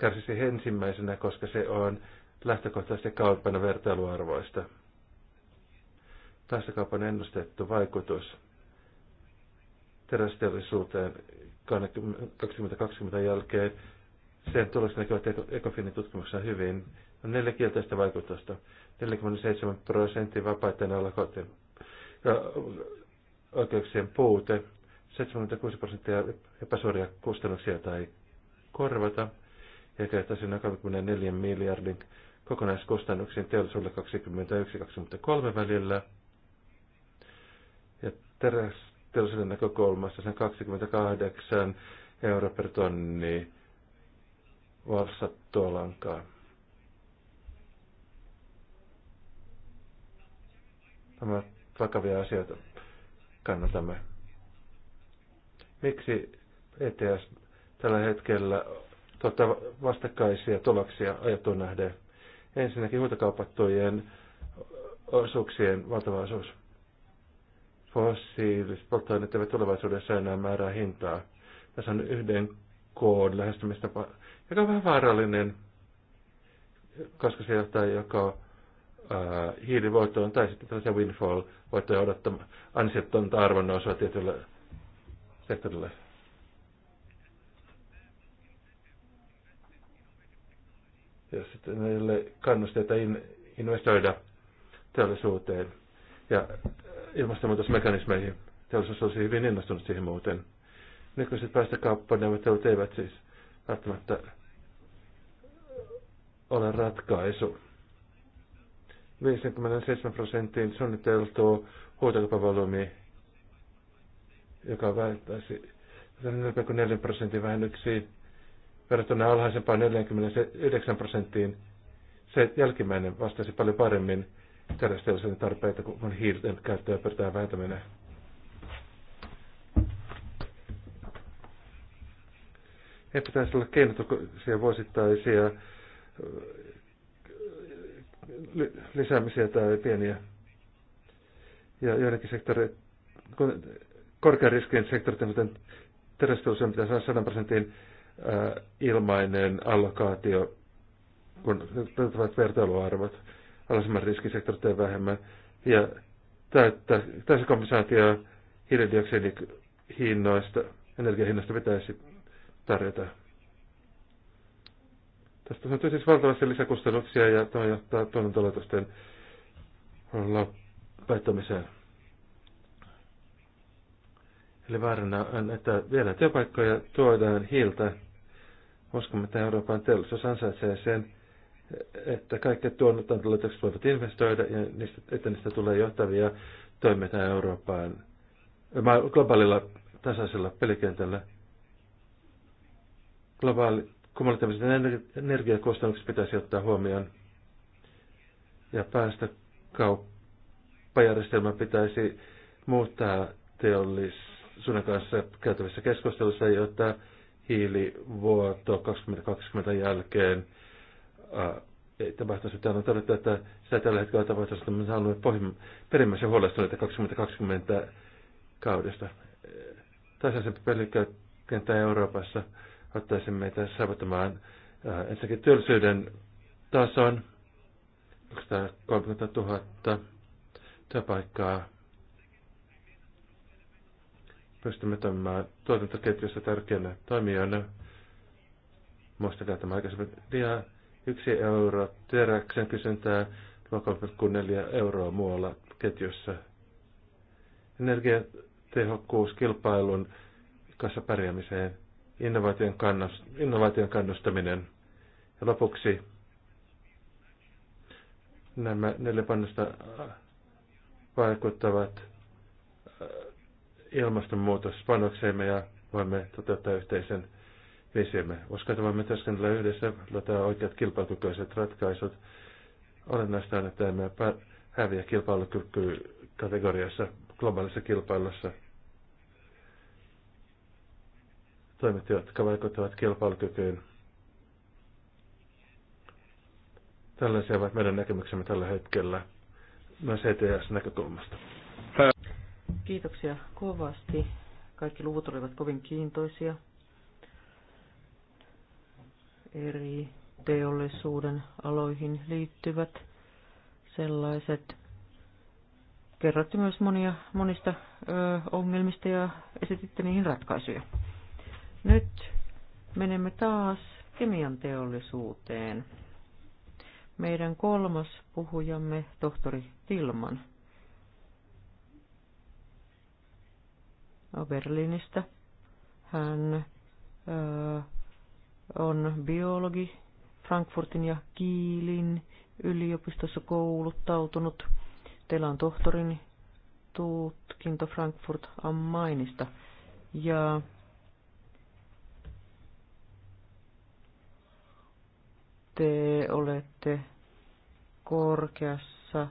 kärsisi ensimmäisenä, koska se on lähtökohtaisesti kauppana vertailuarvoista. Päästökaupan ennustettu vaikutus terästeollisuuteen 2020 jälkeen, sen tulokset näkyvät Ecofinin tutkimuksessa hyvin, on neljä kielteistä vaikutusta. 47 prosentin vapaiden alakohtien oikeuksien puute, 76 prosenttia epäsuoria kustannuksia tai korvata, että siinä 34 miljardin kokonaiskustannuksiin teollisuudelle 21-23 välillä. Ja teollisuuden näkökulmassa sen 28 euro per tonni valsattua lankaa. Nämä vakavia asioita kannatamme. Miksi ETS tällä hetkellä tuota, vastakkaisia tuloksia ajattuun nähden. Ensinnäkin huutokaupattujen osuuksien valtava osuus. Fossiiliset polttoaineet eivät tulevaisuudessa enää määrää hintaa. Tässä on yhden koon lähestymistapa, joka on vähän vaarallinen, koska se johtaa joko äh, hiilivoittoon tai sitten tällaisia windfall-voittoja odottamaan ansiottonta arvonnousua tietylle sektorille. ja sitten niille kannusteita in, investoida teollisuuteen ja ilmastonmuutosmekanismeihin. Teollisuus olisi hyvin innostunut siihen muuten. Nykyiset päästökauppaneuvottelut eivät siis välttämättä ole ratkaisu. 57 prosenttiin suunniteltu huutokapavolyymi, joka vähentäisi 4,4 prosentin vähennyksiin verrattuna alhaisempaan 49 prosenttiin. Se jälkimmäinen vastasi paljon paremmin terästeollisuuden tarpeita, kun hiilten käyttöä pyritään vähentämään. Ei pitäisi olla keinotukoisia vuosittaisia lisäämisiä tai pieniä. Ja joidenkin sektoreiden, korkean riskin sektoreiden, kuten terästeollisuuden, pitäisi olla 100 prosenttiin ilmainen allokaatio, kun ovat vertailuarvot, alasemman riskisektorit ja vähemmän, ja täyttä, kompensaatio hiilidioksidihinnoista, energiahinnoista pitäisi tarjota. Tästä on siis valtavasti lisäkustannuksia ja tämä johtaa tuotantolaitosten lopettamiseen. Eli vaarana on, että vielä työpaikkoja, tuodaan hiiltä Uskomme, että Euroopan teollisuus ansaitsee sen, että kaikki tuotantolaitokset voivat investoida ja niistä, että niistä tulee johtavia toimijoita Eurooppaan äh, globaalilla tasaisella pelikentällä. Globaali, kumulatiiviset energiakustannukset pitäisi ottaa huomioon ja päästökauppajärjestelmä pitäisi muuttaa teollisuuden kanssa käytävissä keskustelussa, jotta hiilivuoto 2020 jälkeen tapahtuisi. Täällä on todettu, että sitä tällä hetkellä tapahtuisi, että me saamme perimmäisen huolestuneita 2020 kaudesta. Tasaisempi pelikenttä Euroopassa ottaisi meitä saavuttamaan ensinnäkin työllisyyden tason 130 000 työpaikkaa pystymme toimimaan tuotantoketjussa tärkeänä toimijana. Muistakaa tämä aikaisemmin. dia. yksi euro teräksen kysyntää, 3,4 euroa muualla ketjussa. Energiatehokkuus kilpailun kanssa pärjäämiseen, innovaation, kannus, innovaation kannustaminen. Ja lopuksi nämä neljä pannasta vaikuttavat äh, ilmastonmuutos panokseemme ja voimme toteuttaa yhteisen visiomme. Uskon, että voimme työskennellä yhdessä, löytää oikeat kilpailukykyiset ratkaisut. Olennaista on, että emme häviä kilpailukyky kategoriassa, globaalissa kilpailussa. Toimet, jotka vaikuttavat kilpailukykyyn. Tällaisia ovat meidän näkemyksemme tällä hetkellä myös ETS-näkökulmasta. Kiitoksia kovasti. Kaikki luvut olivat kovin kiintoisia. Eri teollisuuden aloihin liittyvät sellaiset. Kerroitte myös monia, monista ö, ongelmista ja esititte niihin ratkaisuja. Nyt menemme taas kemian teollisuuteen. Meidän kolmas puhujamme, tohtori Tilman. Berliinistä. Hän ö, on biologi Frankfurtin ja Kiilin yliopistossa kouluttautunut. Teillä on tohtorin tutkinto Frankfurt am Mainista. Ja te olette korkeassa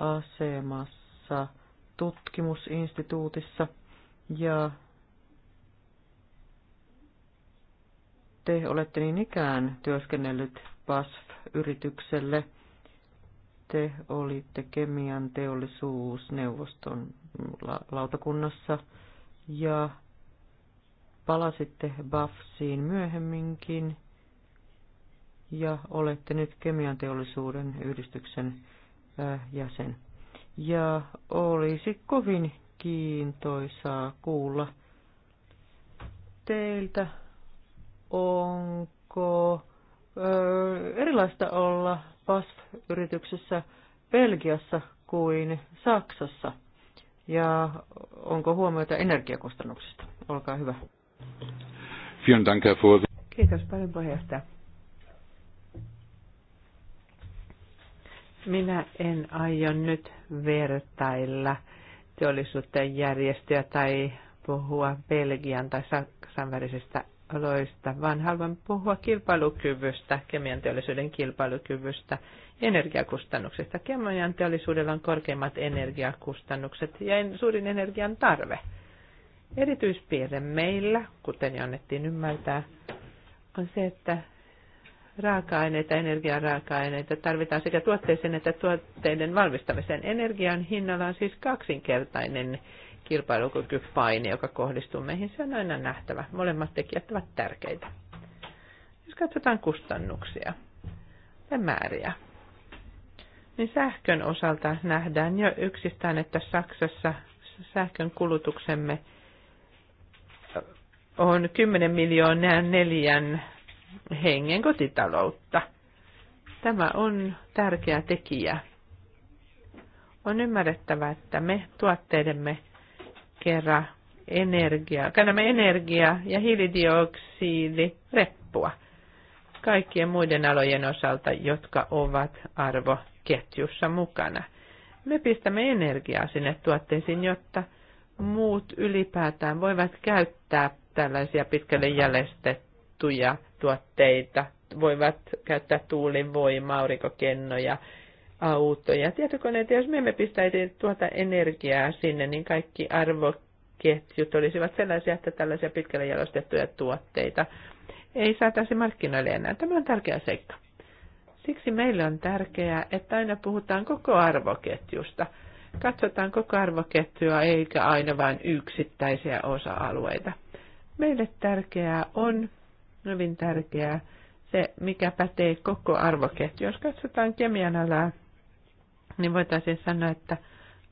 asemassa tutkimusinstituutissa – ja te olette niin ikään työskennellyt PASF-yritykselle. Te olitte kemian teollisuusneuvoston lautakunnassa ja palasitte BAFSiin myöhemminkin ja olette nyt kemian teollisuuden yhdistyksen äh, jäsen. Ja olisi kovin kiintoisaa kuulla teiltä, onko ö, erilaista olla PASF-yrityksessä Belgiassa kuin Saksassa? Ja onko huomioita energiakustannuksista? Olkaa hyvä. Kiitos paljon puheenjohtaja. Minä en aio nyt vertailla – teollisuuden järjestöä tai puhua Belgian tai Saksan välisistä aloista, vaan haluan puhua kilpailukyvystä, kemian teollisuuden kilpailukyvystä, energiakustannuksista. Kemian teollisuudella on korkeimmat energiakustannukset ja suurin energian tarve. Erityispiirre meillä, kuten jo annettiin ymmärtää, on se, että raaka-aineita, energian raaka-aineita tarvitaan sekä tuotteeseen että tuotteiden valmistamiseen. Energian hinnalla on siis kaksinkertainen kilpailukykypaine, joka kohdistuu meihin. Se on aina nähtävä. Molemmat tekijät ovat tärkeitä. Jos katsotaan kustannuksia ja määriä, niin sähkön osalta nähdään jo yksistään, että Saksassa sähkön kulutuksemme on 10 miljoonaa neljän hengen kotitaloutta. Tämä on tärkeä tekijä. On ymmärrettävä, että me tuotteidemme kerran energiaa, kannamme energiaa ja hiilidioksidi reppua kaikkien muiden alojen osalta, jotka ovat arvoketjussa mukana. Me pistämme energiaa sinne tuotteisiin, jotta muut ylipäätään voivat käyttää tällaisia pitkälle jäljestettyjä tuotteita, voivat käyttää tuulivoimaa, aurinkokennoja, autoja, tietokoneita. Jos me emme pistäisi tuota energiaa sinne, niin kaikki arvoketjut olisivat sellaisia, että tällaisia pitkälle jalostettuja tuotteita ei saataisi markkinoille enää. Tämä on tärkeä seikka. Siksi meille on tärkeää, että aina puhutaan koko arvoketjusta. Katsotaan koko arvoketjua eikä aina vain yksittäisiä osa-alueita. Meille tärkeää on, hyvin tärkeää se, mikä pätee koko arvoketju. Jos katsotaan kemian alaa, niin voitaisiin sanoa, että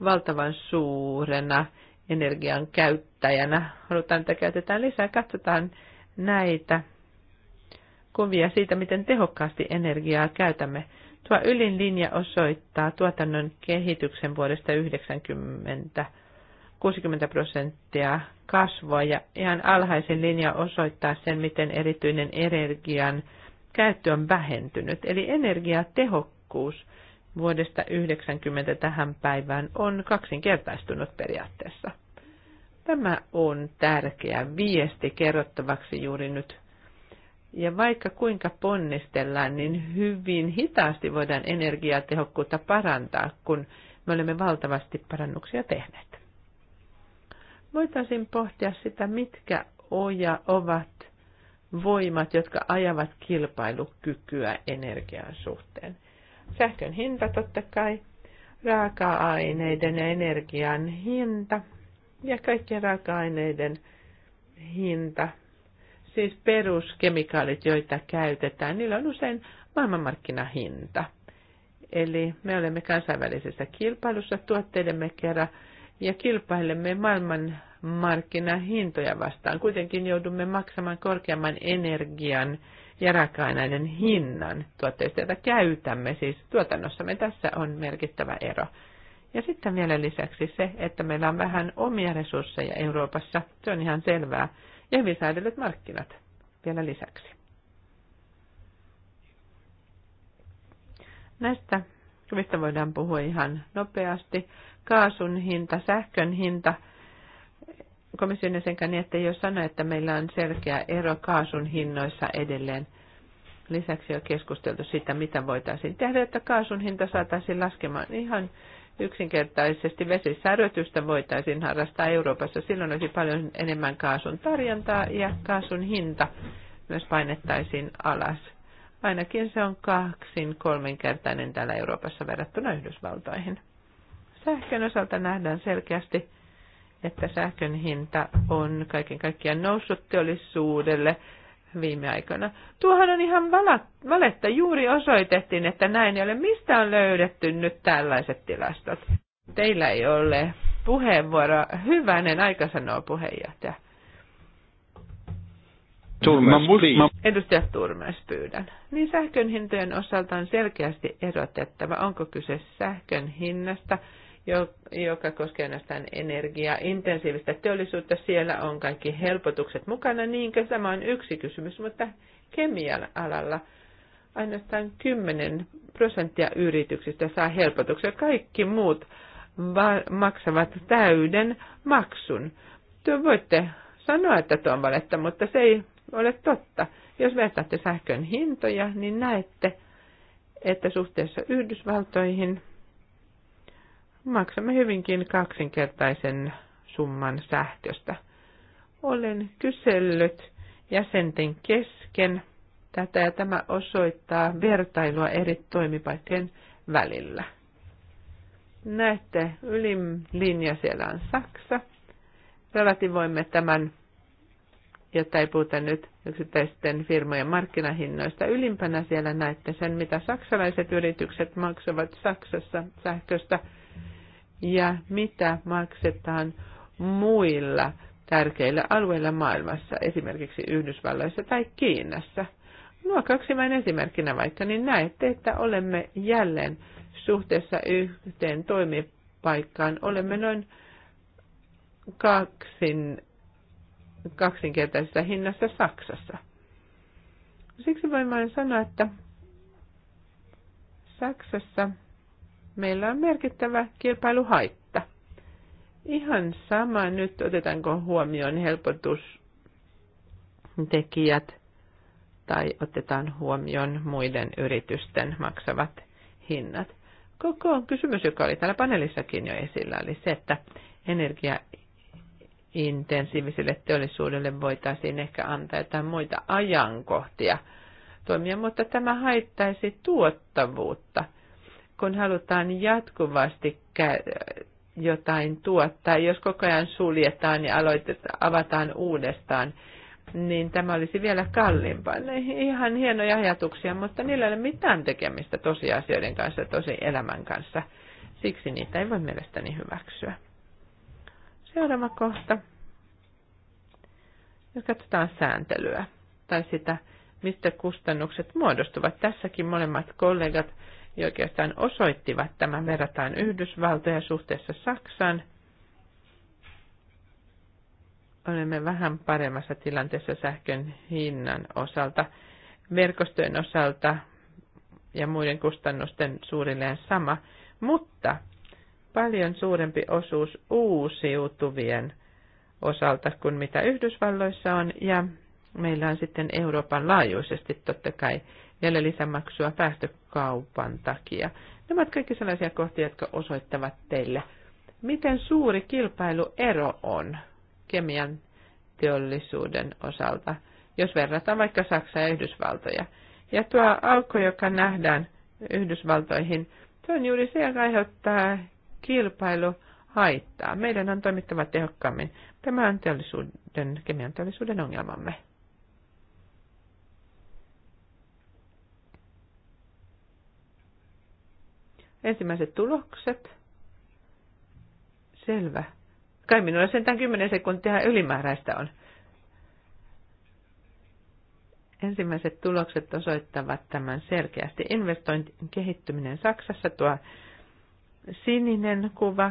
valtavan suurena energian käyttäjänä halutaan, että käytetään lisää. Katsotaan näitä kuvia siitä, miten tehokkaasti energiaa käytämme. Tuo ylin linja osoittaa tuotannon kehityksen vuodesta 1990 60 prosenttia kasvua ja ihan alhaisin linja osoittaa sen, miten erityinen energian käyttö on vähentynyt. Eli energiatehokkuus vuodesta 90 tähän päivään on kaksinkertaistunut periaatteessa. Tämä on tärkeä viesti kerrottavaksi juuri nyt. Ja vaikka kuinka ponnistellaan, niin hyvin hitaasti voidaan energiatehokkuutta parantaa, kun me olemme valtavasti parannuksia tehneet. Voitaisiin pohtia sitä, mitkä oja ovat voimat, jotka ajavat kilpailukykyä energian suhteen. Sähkön hinta totta kai, raaka-aineiden ja energian hinta ja kaikkien raaka-aineiden hinta, siis peruskemikaalit, joita käytetään, niillä on usein maailmanmarkkinahinta. Eli me olemme kansainvälisessä kilpailussa tuotteidemme kerran ja kilpailemme maailman markkinahintoja vastaan. Kuitenkin joudumme maksamaan korkeamman energian ja raaka-aineiden hinnan tuotteista, joita käytämme siis tuotannossamme. Tässä on merkittävä ero. Ja sitten vielä lisäksi se, että meillä on vähän omia resursseja Euroopassa, se on ihan selvää, ja hyvin säädellyt markkinat vielä lisäksi. Näistä kuvista voidaan puhua ihan nopeasti. Kaasun hinta, sähkön hinta – komission jäsenkään niin, että jos sano, että meillä on selkeä ero kaasun hinnoissa edelleen. Lisäksi on keskusteltu siitä, mitä voitaisiin tehdä, että kaasun hinta saataisiin laskemaan ihan yksinkertaisesti vesisärötystä voitaisiin harrastaa Euroopassa. Silloin olisi paljon enemmän kaasun tarjontaa ja kaasun hinta myös painettaisiin alas. Ainakin se on kaksin kolminkertainen täällä Euroopassa verrattuna Yhdysvaltoihin. Sähkön osalta nähdään selkeästi, että sähkön hinta on kaiken kaikkiaan noussut teollisuudelle viime aikoina. Tuohan on ihan valetta. Juuri osoitettiin, että näin ei ole. Mistä on löydetty nyt tällaiset tilastot? Teillä ei ole puheenvuoro. Hyvänen aika sanoo puheenjohtaja. Edustaja Turmes pyydän. Niin sähkön hintojen osalta on selkeästi erotettava, onko kyse sähkön hinnasta, joka koskee ainoastaan energiaa, intensiivistä teollisuutta. Siellä on kaikki helpotukset mukana, niinkö tämä on yksi kysymys, mutta kemian alalla ainoastaan 10 prosenttia yrityksistä saa helpotuksia. Kaikki muut maksavat täyden maksun. Te voitte sanoa, että tuo on valetta, mutta se ei ole totta. Jos vertaatte sähkön hintoja, niin näette, että suhteessa Yhdysvaltoihin – maksamme hyvinkin kaksinkertaisen summan sähköstä. Olen kysellyt jäsenten kesken tätä ja tämä osoittaa vertailua eri toimipaikkojen välillä. Näette, ylin linja siellä on Saksa. Relativoimme tämän, jotta ei puhuta nyt yksittäisten firmojen markkinahinnoista. Ylimpänä siellä näette sen, mitä saksalaiset yritykset maksavat Saksassa sähköstä – ja mitä maksetaan muilla tärkeillä alueilla maailmassa, esimerkiksi Yhdysvalloissa tai Kiinassa. Nuo kaksi vain esimerkkinä vaikka, niin näette, että olemme jälleen suhteessa yhteen toimipaikkaan. Olemme noin kaksin, kaksinkertaisessa hinnassa Saksassa. Siksi voin vain sanoa, että Saksassa meillä on merkittävä kilpailuhaitta. Ihan sama nyt otetaanko huomioon helpotustekijät tai otetaan huomioon muiden yritysten maksavat hinnat. Koko on kysymys, joka oli täällä paneelissakin jo esillä, oli se, että energia intensiiviselle teollisuudelle voitaisiin ehkä antaa jotain muita ajankohtia toimia, mutta tämä haittaisi tuottavuutta – kun halutaan jatkuvasti jotain tuottaa, jos koko ajan suljetaan ja aloitetaan, avataan uudestaan, niin tämä olisi vielä kalliimpaa. Ne ihan hienoja ajatuksia, mutta niillä ei ole mitään tekemistä tosiasioiden kanssa, tosi elämän kanssa. Siksi niitä ei voi mielestäni hyväksyä. Seuraava kohta. Jos katsotaan sääntelyä tai sitä, mistä kustannukset muodostuvat. Tässäkin molemmat kollegat oikeastaan osoittivat tämän verrataan Yhdysvaltoja suhteessa Saksaan. Olemme vähän paremmassa tilanteessa sähkön hinnan osalta, verkostojen osalta ja muiden kustannusten suurilleen sama, mutta paljon suurempi osuus uusiutuvien osalta kuin mitä Yhdysvalloissa on, ja meillä on sitten Euroopan laajuisesti totta kai vielä lisämaksua päästökaupan takia. Nämä ovat kaikki sellaisia kohtia, jotka osoittavat teille, miten suuri kilpailuero on kemian teollisuuden osalta, jos verrataan vaikka Saksaa ja Yhdysvaltoja. Ja tuo aukko, joka nähdään Yhdysvaltoihin, se on juuri se, joka aiheuttaa haittaa. Meidän on toimittava tehokkaammin. Tämä on teollisuuden, kemian teollisuuden ongelmamme. ensimmäiset tulokset. Selvä. Kai minulla sentään 10 sekuntia ylimääräistä on. Ensimmäiset tulokset osoittavat tämän selkeästi. Investointin kehittyminen Saksassa tuo sininen kuva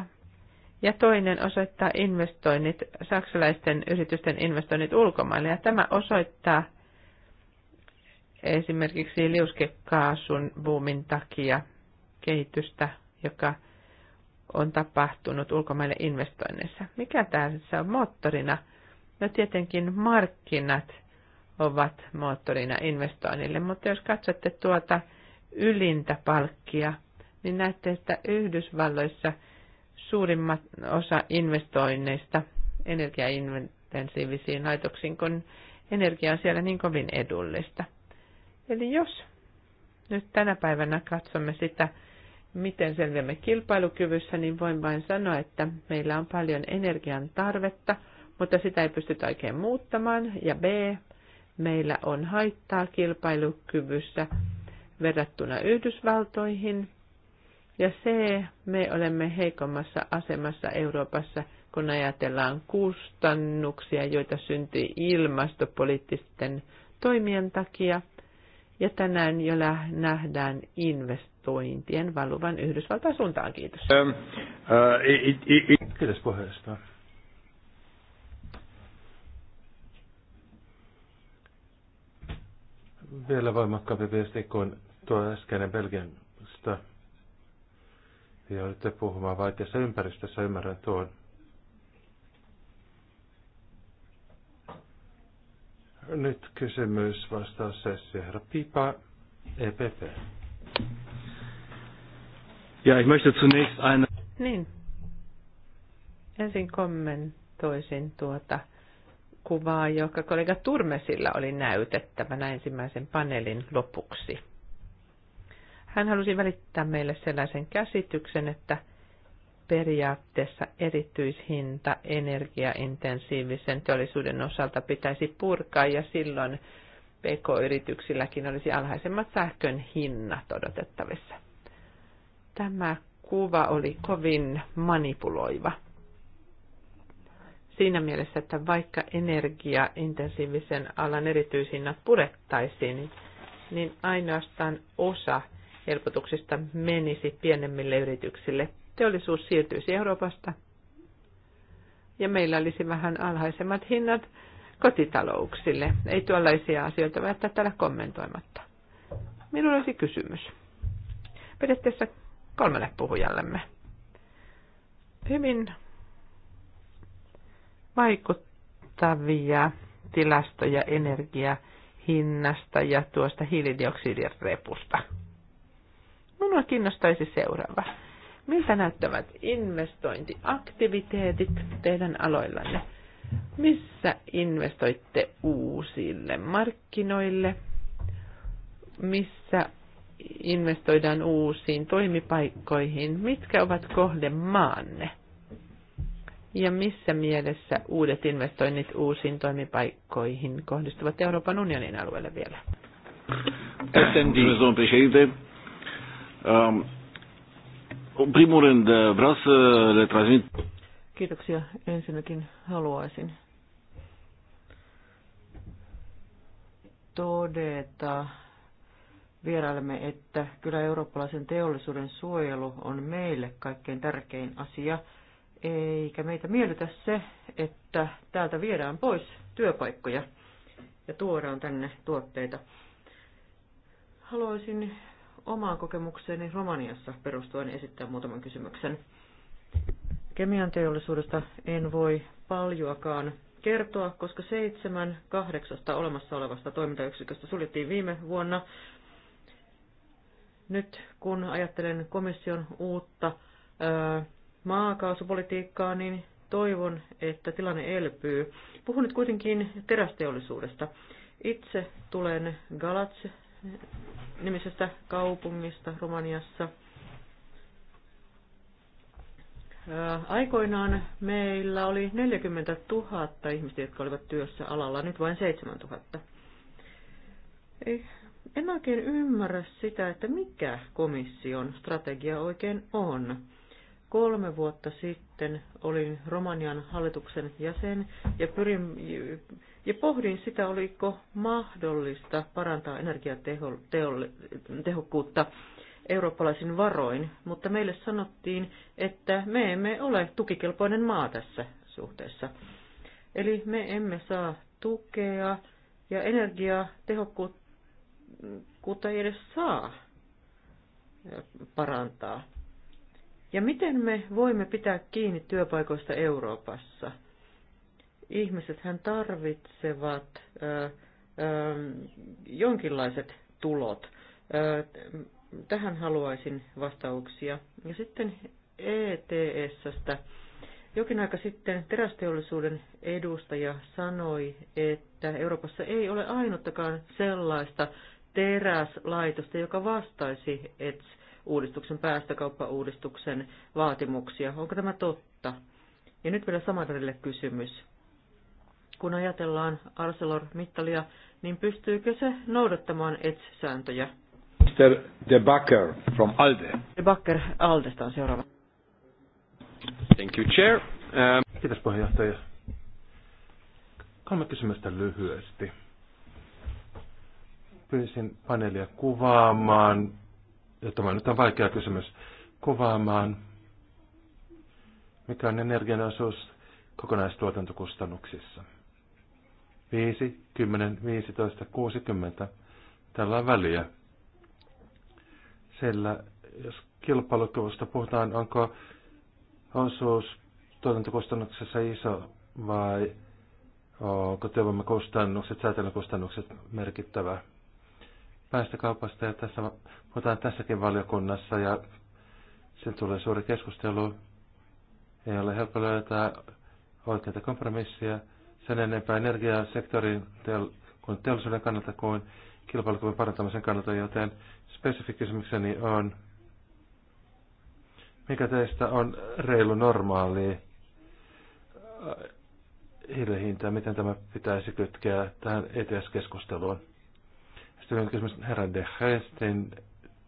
ja toinen osoittaa investoinnit, saksalaisten yritysten investoinnit ulkomaille. Ja tämä osoittaa esimerkiksi liuskekaasun boomin takia kehitystä, joka on tapahtunut ulkomaille investoinneissa. Mikä tässä on moottorina? No tietenkin markkinat ovat moottorina investoinnille, mutta jos katsotte tuota ylintä palkkia, niin näette, että Yhdysvalloissa suurimmat osa investoinneista energiaintensiivisiin laitoksiin, kun energia on siellä niin kovin edullista. Eli jos nyt tänä päivänä katsomme sitä, miten selviämme kilpailukyvyssä, niin voin vain sanoa, että meillä on paljon energian tarvetta, mutta sitä ei pystytä oikein muuttamaan. Ja B, meillä on haittaa kilpailukyvyssä verrattuna Yhdysvaltoihin. Ja C, me olemme heikommassa asemassa Euroopassa, kun ajatellaan kustannuksia, joita syntyi ilmastopoliittisten toimien takia. Ja tänään jo nähdään investointeja investointien valuvan Yhdysvaltain suuntaan. Kiitos. Um, ähm, uh, äh, it, it, it. Kiitos puheesta. Vielä voimakkaampi viesti kuin tuo äskeinen Belgiasta. te puhumaan vaikeassa ympäristössä, ymmärrän tuon. Nyt kysymys vastaussessio. Herra Pipa, EPP. Ja, ich möchte zunächst eine... Niin. Ensin kommentoisin tuota kuvaa, joka kollega Turmesilla oli näytettävänä ensimmäisen paneelin lopuksi. Hän halusi välittää meille sellaisen käsityksen, että periaatteessa erityishinta energiaintensiivisen teollisuuden osalta pitäisi purkaa ja silloin PK-yrityksilläkin olisi alhaisemmat sähkön hinnat odotettavissa. Tämä kuva oli kovin manipuloiva. Siinä mielessä, että vaikka energiaintensiivisen alan erityisinnat purettaisiin, niin ainoastaan osa helpotuksista menisi pienemmille yrityksille. Teollisuus siirtyisi Euroopasta ja meillä olisi vähän alhaisemmat hinnat kotitalouksille. Ei tuollaisia asioita välttää täällä kommentoimatta. Minulla olisi kysymys. Periaatteessa kolmelle puhujallemme. Hyvin vaikuttavia tilastoja energiahinnasta ja tuosta repusta. Minua kiinnostaisi seuraava. Miltä näyttävät investointiaktiviteetit teidän aloillanne? Missä investoitte uusille markkinoille? Missä investoidaan uusiin toimipaikkoihin, mitkä ovat kohdemaanne? Ja missä mielessä uudet investoinnit uusiin toimipaikkoihin kohdistuvat Euroopan unionin alueelle vielä? Um, Kiitoksia. Ensinnäkin haluaisin todeta, vierailemme, että kyllä eurooppalaisen teollisuuden suojelu on meille kaikkein tärkein asia, eikä meitä miellytä se, että täältä viedään pois työpaikkoja ja tuodaan tänne tuotteita. Haluaisin omaan kokemukseeni Romaniassa perustuen esittää muutaman kysymyksen. Kemian teollisuudesta en voi paljoakaan kertoa, koska seitsemän kahdeksasta olemassa olevasta toimintayksiköstä suljettiin viime vuonna. Nyt kun ajattelen komission uutta ää, maakaasupolitiikkaa, niin toivon, että tilanne elpyy. Puhun nyt kuitenkin terästeollisuudesta. Itse tulen Galats nimisestä kaupungista Romaniassa. Aikoinaan meillä oli 40 000 ihmistä, jotka olivat työssä alalla, nyt vain 7 000. Ei, en oikein ymmärrä sitä, että mikä komission strategia oikein on. Kolme vuotta sitten olin Romanian hallituksen jäsen ja, pyrin, ja pohdin sitä, oliko mahdollista parantaa energiatehokkuutta eurooppalaisin varoin, mutta meille sanottiin, että me emme ole tukikelpoinen maa tässä suhteessa. Eli me emme saa tukea ja energiatehokkuutta kuta ei edes saa parantaa. Ja miten me voimme pitää kiinni työpaikoista Euroopassa? Ihmiset hän tarvitsevat ö, ö, jonkinlaiset tulot. Ö, tähän haluaisin vastauksia. Ja sitten ETS-stä. Jokin aika sitten terästeollisuuden edustaja sanoi, että Euroopassa ei ole ainuttakaan sellaista teräslaitosta, joka vastaisi ETS-uudistuksen, päästökauppauudistuksen vaatimuksia. Onko tämä totta? Ja nyt vielä Samarille kysymys. Kun ajatellaan ArcelorMittalia, niin pystyykö se noudattamaan ETS-sääntöjä? Mr. De Backer from ALDE. De Backer ALDEsta on seuraava. Thank you, Chair. Um... Kiitos puheenjohtaja. Kolme kysymystä lyhyesti Pyysin paneelia kuvaamaan, ja tämä nyt on vaikea kysymys, kuvaamaan, mikä on energian osuus kokonaistuotantokustannuksissa. 5, 10, 15, 60. Tällä on väliä. Sillä, jos kilpailukyvystä puhutaan, onko osuus tuotantokustannuksessa iso vai onko työvoimakustannukset, säätelykustannukset merkittävä? päästökaupasta ja tässä puhutaan tässäkin valiokunnassa ja sen tulee suuri keskustelu. Ei ole helppo löytää oikeita kompromissia sen enempää energiasektorin teol- kuin teollisuuden kannalta kuin kilpailukyvyn parantamisen kannalta, joten spesifi kysymykseni on, mikä teistä on reilu normaali äh, hiilehinta, miten tämä pitäisi kytkeä tähän ETS-keskusteluun? Sitten on kysymys herra de Hestin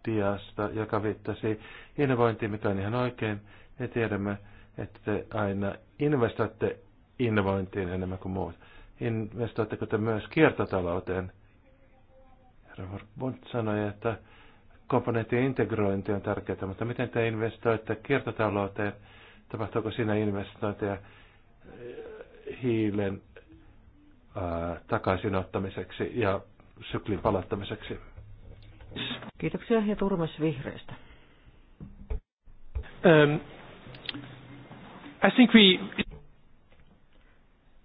diasta, joka viittasi innovointiin, mikä on ihan oikein. Me tiedämme, että te aina investoitte innovointiin enemmän kuin muut. Investoitteko te myös kiertotalouteen? Herra Bunt sanoi, että komponentin integrointi on tärkeää, mutta miten te investoitte kiertotalouteen? Tapahtuuko siinä investointeja äh, hiilen ää, äh, takaisinottamiseksi ja syklin palauttamiseksi. Kiitoksia ja Turmes vihreistä. Um, I think we...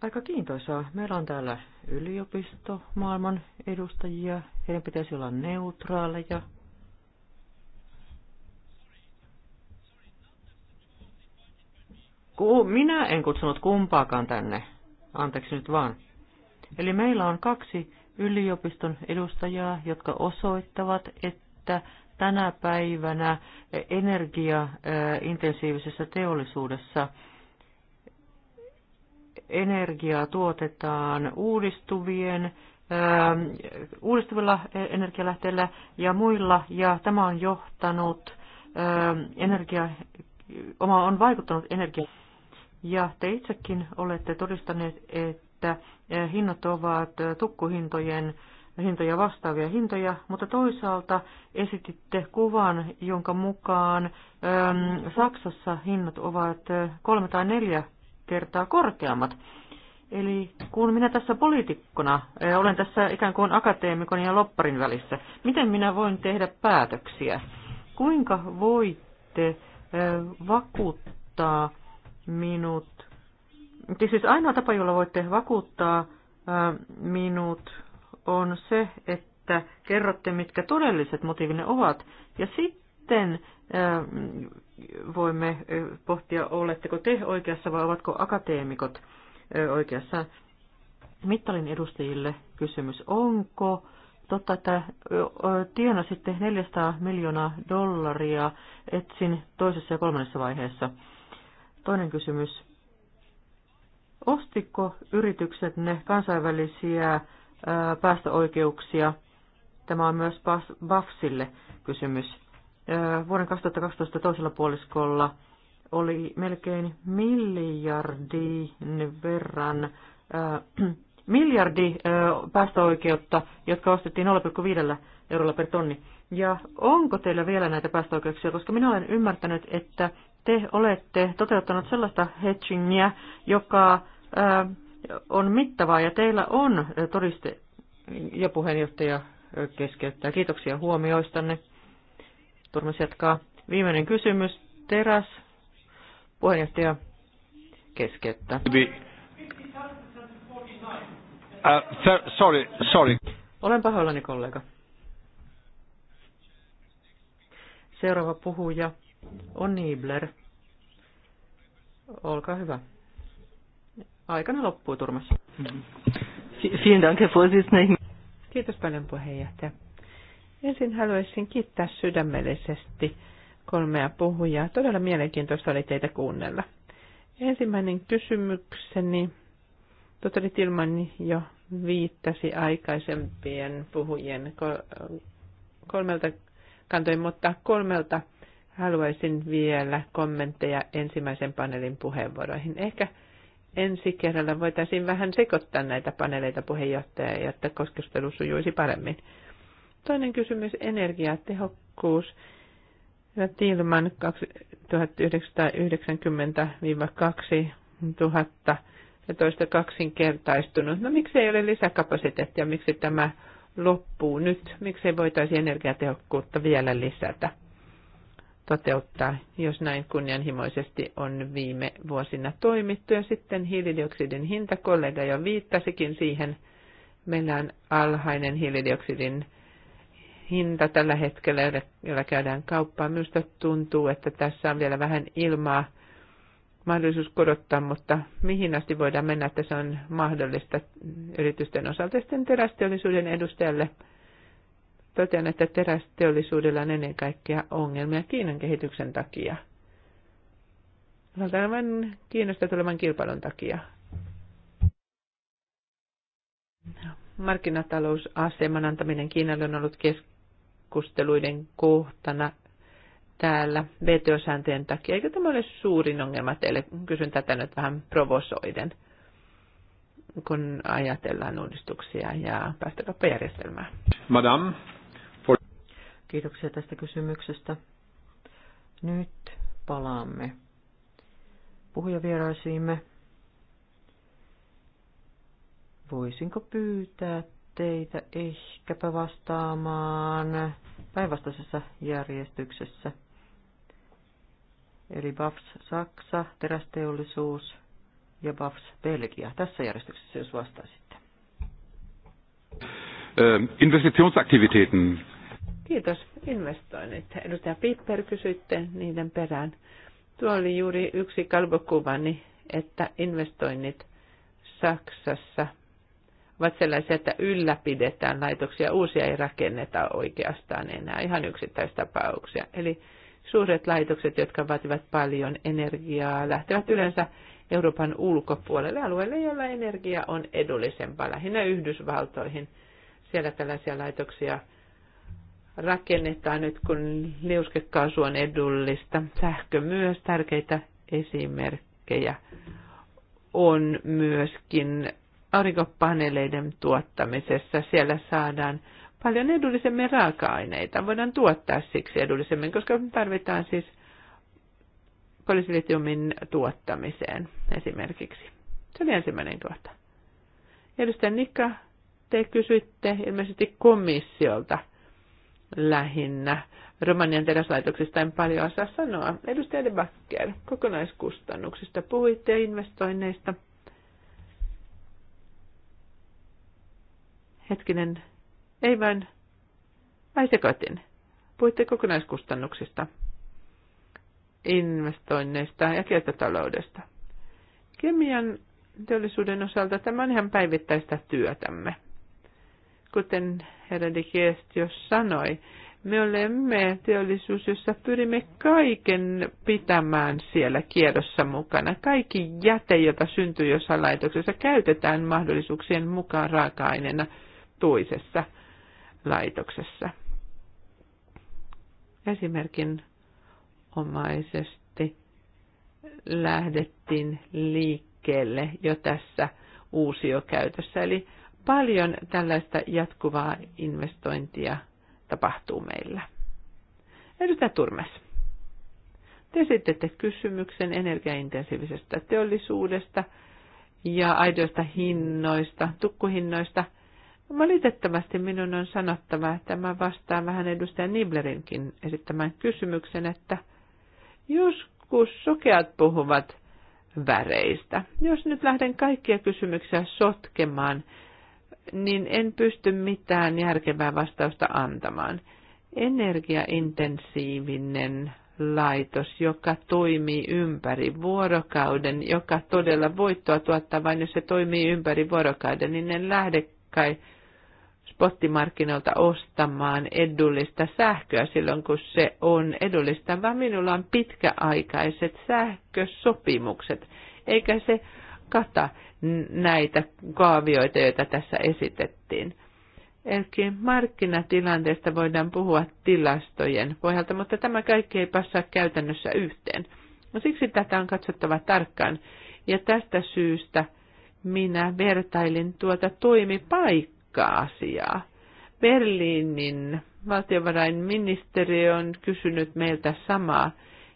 Aika kiintoisaa. Meillä on täällä yliopisto, maailman edustajia. Heidän pitäisi olla neutraaleja. Ku, minä en kutsunut kumpaakaan tänne. Anteeksi nyt vaan. Eli meillä on kaksi yliopiston edustajaa, jotka osoittavat, että tänä päivänä energiaintensiivisessä teollisuudessa energiaa tuotetaan uudistuvien uudistuvilla energialähteillä ja muilla, ja tämä on johtanut energia, oma on vaikuttanut energia. Ja te itsekin olette todistaneet, että että eh, hinnat ovat eh, tukkuhintojen hintoja vastaavia hintoja, mutta toisaalta esititte kuvan, jonka mukaan äm, ehm, Saksassa hinnat ovat eh, kolme tai neljä kertaa korkeammat. Eli kun minä tässä poliitikkona, olen tässä ikään kuin akateemikon ja lopparin välissä, miten minä voin tehdä päätöksiä? Kuinka voitte vakuuttaa minut siis ainoa tapa, jolla voitte vakuuttaa minut, on se, että kerrotte, mitkä todelliset motiivinne ovat, ja sitten voimme pohtia, oletteko te oikeassa vai ovatko akateemikot oikeassa. Mittalin edustajille kysymys, onko totta, että tienasitte 400 miljoonaa dollaria etsin toisessa ja kolmannessa vaiheessa. Toinen kysymys Ostiko yritykset ne kansainvälisiä päästöoikeuksia? Tämä on myös BAFSille kysymys. Vuoden 2012 toisella puoliskolla oli melkein miljardin verran, äh, miljardi äh, päästöoikeutta, jotka ostettiin 0,5 eurolla per tonni. Ja onko teillä vielä näitä päästöoikeuksia, koska minä olen ymmärtänyt, että te olette toteuttanut sellaista hedgingiä, joka on mittavaa ja teillä on todiste ja puheenjohtaja keskeyttää. Kiitoksia huomioistanne. Turmas jatkaa. Viimeinen kysymys. Teräs. Puheenjohtaja keskeyttää. Uh, sorry, sorry. Olen pahoillani kollega. Seuraava puhuja on Niebler. Olkaa hyvä aikana loppuu turmassa. Vielen Dank, Herr Kiitos paljon puheenjohtaja. Ensin haluaisin kiittää sydämellisesti kolmea puhujaa. Todella mielenkiintoista oli teitä kuunnella. Ensimmäinen kysymykseni, tohtori Tilman jo viittasi aikaisempien puhujien kolmelta kantoin, mutta kolmelta haluaisin vielä kommentteja ensimmäisen paneelin puheenvuoroihin. Ehkä ensi kerralla voitaisiin vähän sekoittaa näitä paneeleita puheenjohtaja, jotta keskustelu sujuisi paremmin. Toinen kysymys, energiatehokkuus. Ja Tilman 1990-2000 ja toista kaksinkertaistunut. No miksi ei ole lisäkapasiteettia, miksi tämä loppuu nyt, miksi ei voitaisiin energiatehokkuutta vielä lisätä toteuttaa, jos näin kunnianhimoisesti on viime vuosina toimittu. Ja sitten hiilidioksidin hinta, kollega jo viittasikin siihen, meillä on alhainen hiilidioksidin hinta tällä hetkellä, jolla käydään kauppaa. Minusta tuntuu, että tässä on vielä vähän ilmaa mahdollisuus korottaa, mutta mihin asti voidaan mennä, että se on mahdollista yritysten osalta. Sitten terästeollisuuden edustajalle totean, että terästeollisuudella on ennen kaikkea ongelmia Kiinan kehityksen takia. Valtavan Kiinasta tulevan kilpailun takia. Markkinatalousaseman antaminen Kiinalle on ollut keskusteluiden kohtana täällä VTO-sääntöjen takia. Eikö tämä ole suurin ongelma teille? Kysyn tätä nyt vähän provosoiden, kun ajatellaan uudistuksia ja päästökauppajärjestelmää. Madame. Kiitoksia tästä kysymyksestä. Nyt palaamme puhujavieraisiimme. Voisinko pyytää teitä ehkäpä vastaamaan päinvastaisessa järjestyksessä? Eli BAFS Saksa, terästeollisuus ja BAFS Belgia. Tässä järjestyksessä, jos vastaisitte. Ähm, Investitionsaktiviteetin Kiitos. Investoinnit. Edustaja Piper kysytte niiden perään. Tuo oli juuri yksi kalvokuvani, että investoinnit Saksassa ovat sellaisia, että ylläpidetään laitoksia, uusia ei rakenneta oikeastaan enää, ihan yksittäistapauksia. Eli suuret laitokset, jotka vaativat paljon energiaa, lähtevät yleensä Euroopan ulkopuolelle alueelle, jolla energia on edullisempaa, lähinnä Yhdysvaltoihin. Siellä tällaisia laitoksia – rakennetaan nyt, kun liuskekaasu on edullista. Sähkö myös tärkeitä esimerkkejä on myöskin aurinkopaneeleiden tuottamisessa. Siellä saadaan paljon edullisemmin raaka-aineita. Voidaan tuottaa siksi edullisemmin, koska tarvitaan siis polysilitiumin tuottamiseen esimerkiksi. Se oli ensimmäinen kohta. Edustaja Nikka, te kysytte ilmeisesti komissiolta – lähinnä Romanian teräslaitoksista en paljon osaa sanoa. Edustaja De Backer, kokonaiskustannuksista puhuitte ja investoinneista. Hetkinen, ei vain, vai sekoitin. Puhuitte kokonaiskustannuksista, investoinneista ja kiertotaloudesta. Kemian teollisuuden osalta tämä on ihan päivittäistä työtämme. Kuten herra de Geest jo sanoi, me olemme teollisuus, jossa pyrimme kaiken pitämään siellä kierrossa mukana. Kaikki jäte, jota syntyy jossain laitoksessa, käytetään mahdollisuuksien mukaan raaka-aineena toisessa laitoksessa. Esimerkin omaisesti lähdettiin liikkeelle jo tässä uusiokäytössä, eli paljon tällaista jatkuvaa investointia tapahtuu meillä. Edustaja Turmes, te esitette kysymyksen energiaintensiivisestä teollisuudesta ja aidoista hinnoista, tukkuhinnoista. Valitettavasti minun on sanottava, että mä vastaan vähän edustaja Niblerinkin esittämään kysymyksen, että joskus sokeat puhuvat väreistä. Jos nyt lähden kaikkia kysymyksiä sotkemaan, niin en pysty mitään järkevää vastausta antamaan. Energiaintensiivinen laitos, joka toimii ympäri vuorokauden, joka todella voittoa tuottaa vain, jos se toimii ympäri vuorokauden, niin en lähde kai spottimarkkinoilta ostamaan edullista sähköä silloin, kun se on edullista, vaan minulla on pitkäaikaiset sähkösopimukset, eikä se kata näitä kaavioita, joita tässä esitettiin. Eli markkinatilanteesta voidaan puhua tilastojen pohjalta, mutta tämä kaikki ei passaa käytännössä yhteen. No siksi tätä on katsottava tarkkaan. Ja tästä syystä minä vertailin tuota toimipaikka-asiaa. Berliinin valtiovarainministeriö on kysynyt meiltä samaa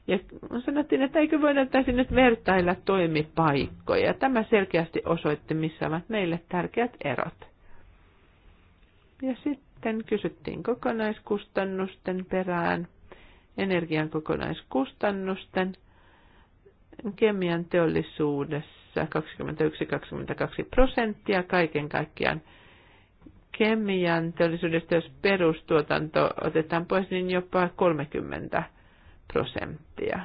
ja sanottiin, että eikö voitaisiin nyt vertailla toimipaikkoja. Tämä selkeästi osoitti, missä ovat meille tärkeät erot. Ja sitten kysyttiin kokonaiskustannusten perään, energian kokonaiskustannusten, kemian teollisuudessa 21-22 prosenttia kaiken kaikkiaan kemian teollisuudesta, jos perustuotanto otetaan pois, niin jopa 30 prosenttia.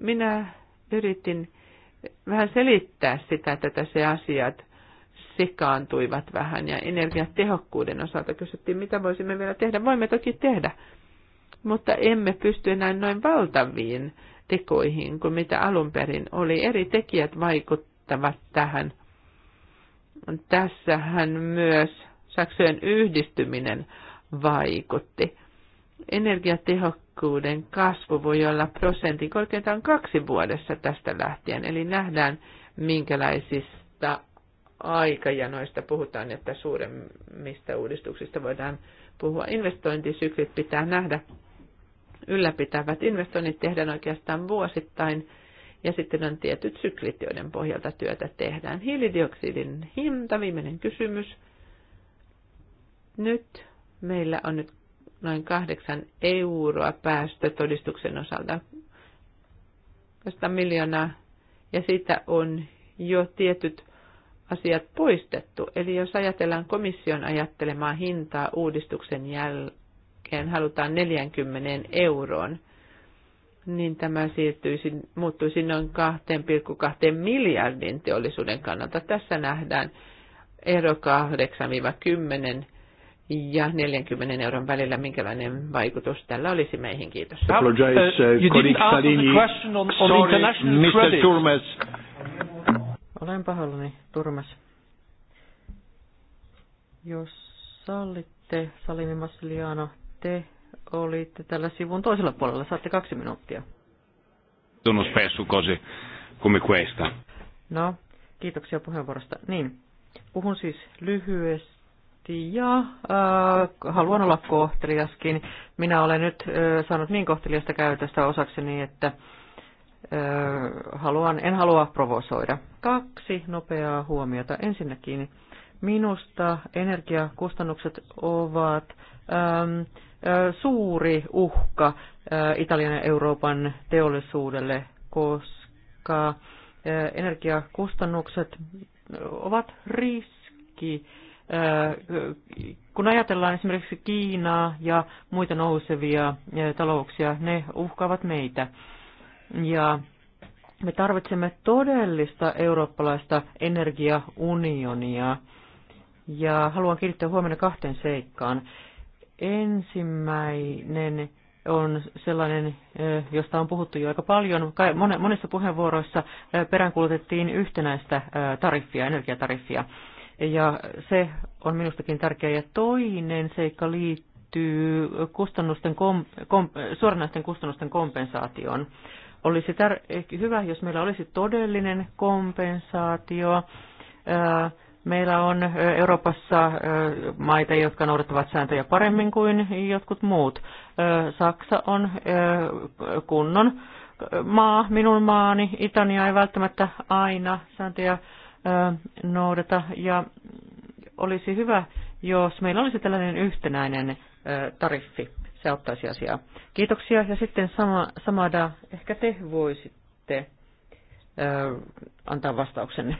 Minä yritin vähän selittää sitä, että tässä asiat sekaantuivat vähän ja energiatehokkuuden osalta kysyttiin, mitä voisimme vielä tehdä. Voimme toki tehdä, mutta emme pysty enää noin valtaviin tekoihin kuin mitä alun perin oli. Eri tekijät vaikuttavat tähän. Tässähän myös Saksojen yhdistyminen vaikutti energiatehokkuuden kasvu voi olla prosentin korkeintaan kaksi vuodessa tästä lähtien. Eli nähdään, minkälaisista aikajanoista puhutaan, että suuremmista uudistuksista voidaan puhua. Investointisyklit pitää nähdä ylläpitävät investoinnit tehdään oikeastaan vuosittain, ja sitten on tietyt syklit, joiden pohjalta työtä tehdään. Hiilidioksidin hinta, viimeinen kysymys. Nyt meillä on nyt noin kahdeksan euroa päästötodistuksen osalta. 100 miljoonaa ja siitä on jo tietyt asiat poistettu. Eli jos ajatellaan komission ajattelemaa hintaa uudistuksen jälkeen, halutaan 40 euroon, niin tämä siirtyisi, muuttuisi noin 2,2 miljardin teollisuuden kannalta. Tässä nähdään ero 8-10 ja 40 euron välillä, minkälainen vaikutus tällä olisi meihin. Kiitos. Olen pahoillani, Turmes. Jos sallitte, Salimi Massiliano, te olitte tällä sivun toisella puolella. Saatte kaksi minuuttia. Tunnu spesso cose come questa. No, kiitoksia puheenvuorosta. Niin, puhun siis lyhyesti ja äh, haluan olla kohteliaskin. Minä olen nyt äh, saanut niin kohteliasta käytöstä osakseni, että äh, haluan, en halua provosoida. Kaksi nopeaa huomiota. Ensinnäkin minusta energiakustannukset ovat ähm, äh, suuri uhka äh, Italian ja Euroopan teollisuudelle, koska äh, energiakustannukset ovat riski äh, kun ajatellaan esimerkiksi Kiinaa ja muita nousevia talouksia, ne uhkaavat meitä. Ja me tarvitsemme todellista eurooppalaista energiaunionia. Ja haluan kiinnittää huomenna kahteen seikkaan. Ensimmäinen on sellainen, josta on puhuttu jo aika paljon. Monessa puheenvuoroissa peräänkuulutettiin yhtenäistä tariffia, energiatariffia ja se on minustakin tärkeä. Ja toinen seikka liittyy kustannusten kom, kom, suoranaisten kustannusten kompensaatioon. Olisi tär, eh, hyvä, jos meillä olisi todellinen kompensaatio. Äh, meillä on eh, Euroopassa eh, maita, jotka noudattavat sääntöjä paremmin kuin jotkut muut. Äh, Saksa on kunnon maa, minun maani, Itania ei välttämättä aina sääntöjä noudata. Ja olisi hyvä, jos meillä olisi tällainen yhtenäinen tariffi. Se auttaisi asiaa. Kiitoksia. Ja sitten sama, Samada, ehkä te voisitte antaa vastauksenne.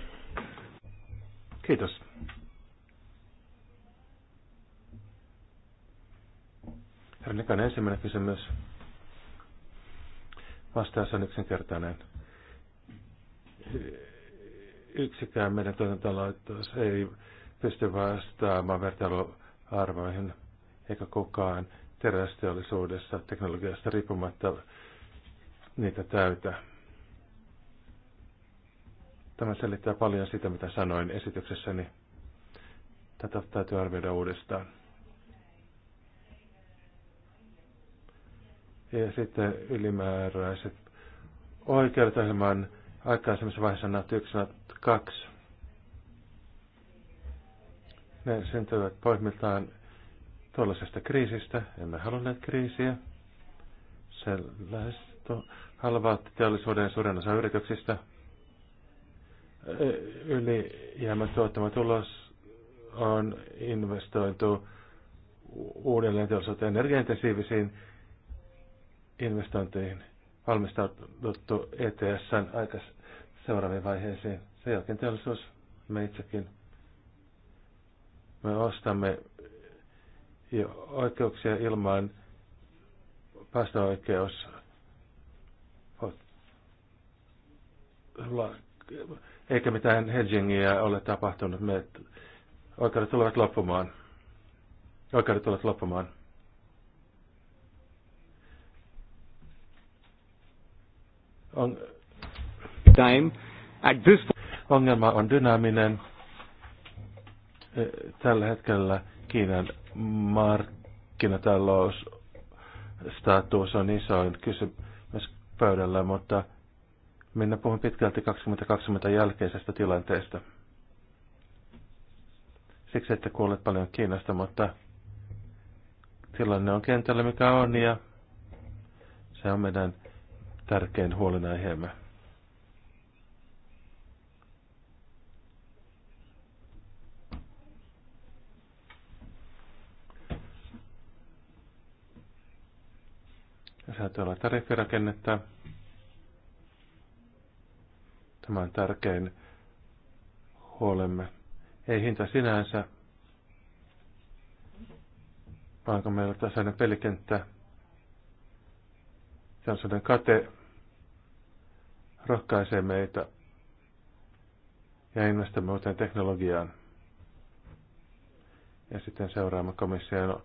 Kiitos. Herra Nikainen, ensimmäinen kysymys. Vastaus on yksinkertainen yksikään meidän tuotantolaitos ei pysty vastaamaan vertailuarvoihin, eikä kukaan terästeollisuudessa teknologiasta riippumatta niitä täytä. Tämä selittää paljon sitä, mitä sanoin esityksessäni. Tätä täytyy arvioida uudestaan. Ja sitten ylimääräiset oikeudet ohjelman aikaisemmissa vaiheissa nähty yksinä kaksi. Ne syntyvät pohjimmiltaan tuollaisesta kriisistä. Emme halunneet kriisiä. Sellaista halvaat teollisuuden suurin osa yrityksistä. Ylijäämän tuottama tulos on investoitu uudelleen teollisuuteen energiaintensiivisiin investointeihin valmistauduttu ETSn aikaisemmin seuraaviin vaiheisiin. Sen jälkeen teollisuus, me itsekin, me ostamme jo oikeuksia ilman päästöoikeus eikä mitään hedgingiä ole tapahtunut. Me oikeudet tulevat loppumaan. Oikeudet tulevat loppumaan. On, time at this Ongelma on dynaaminen. E, tällä hetkellä Kiinan markkinatalousstatus on isoin kysymys pöydällä, mutta minä puhun pitkälti 2020 jälkeisestä tilanteesta. Siksi että kuulet paljon Kiinasta, mutta tilanne on kentällä mikä on ja se on meidän tärkein huolenaiheemme. Säätöllä olla tariffirakennetta. Tämä on tärkein huolemme. Ei hinta sinänsä, vaan kun meillä on tasainen pelikenttä, teollisuuden kate rohkaisee meitä ja investoimme uuteen teknologiaan. Ja sitten seuraamme komission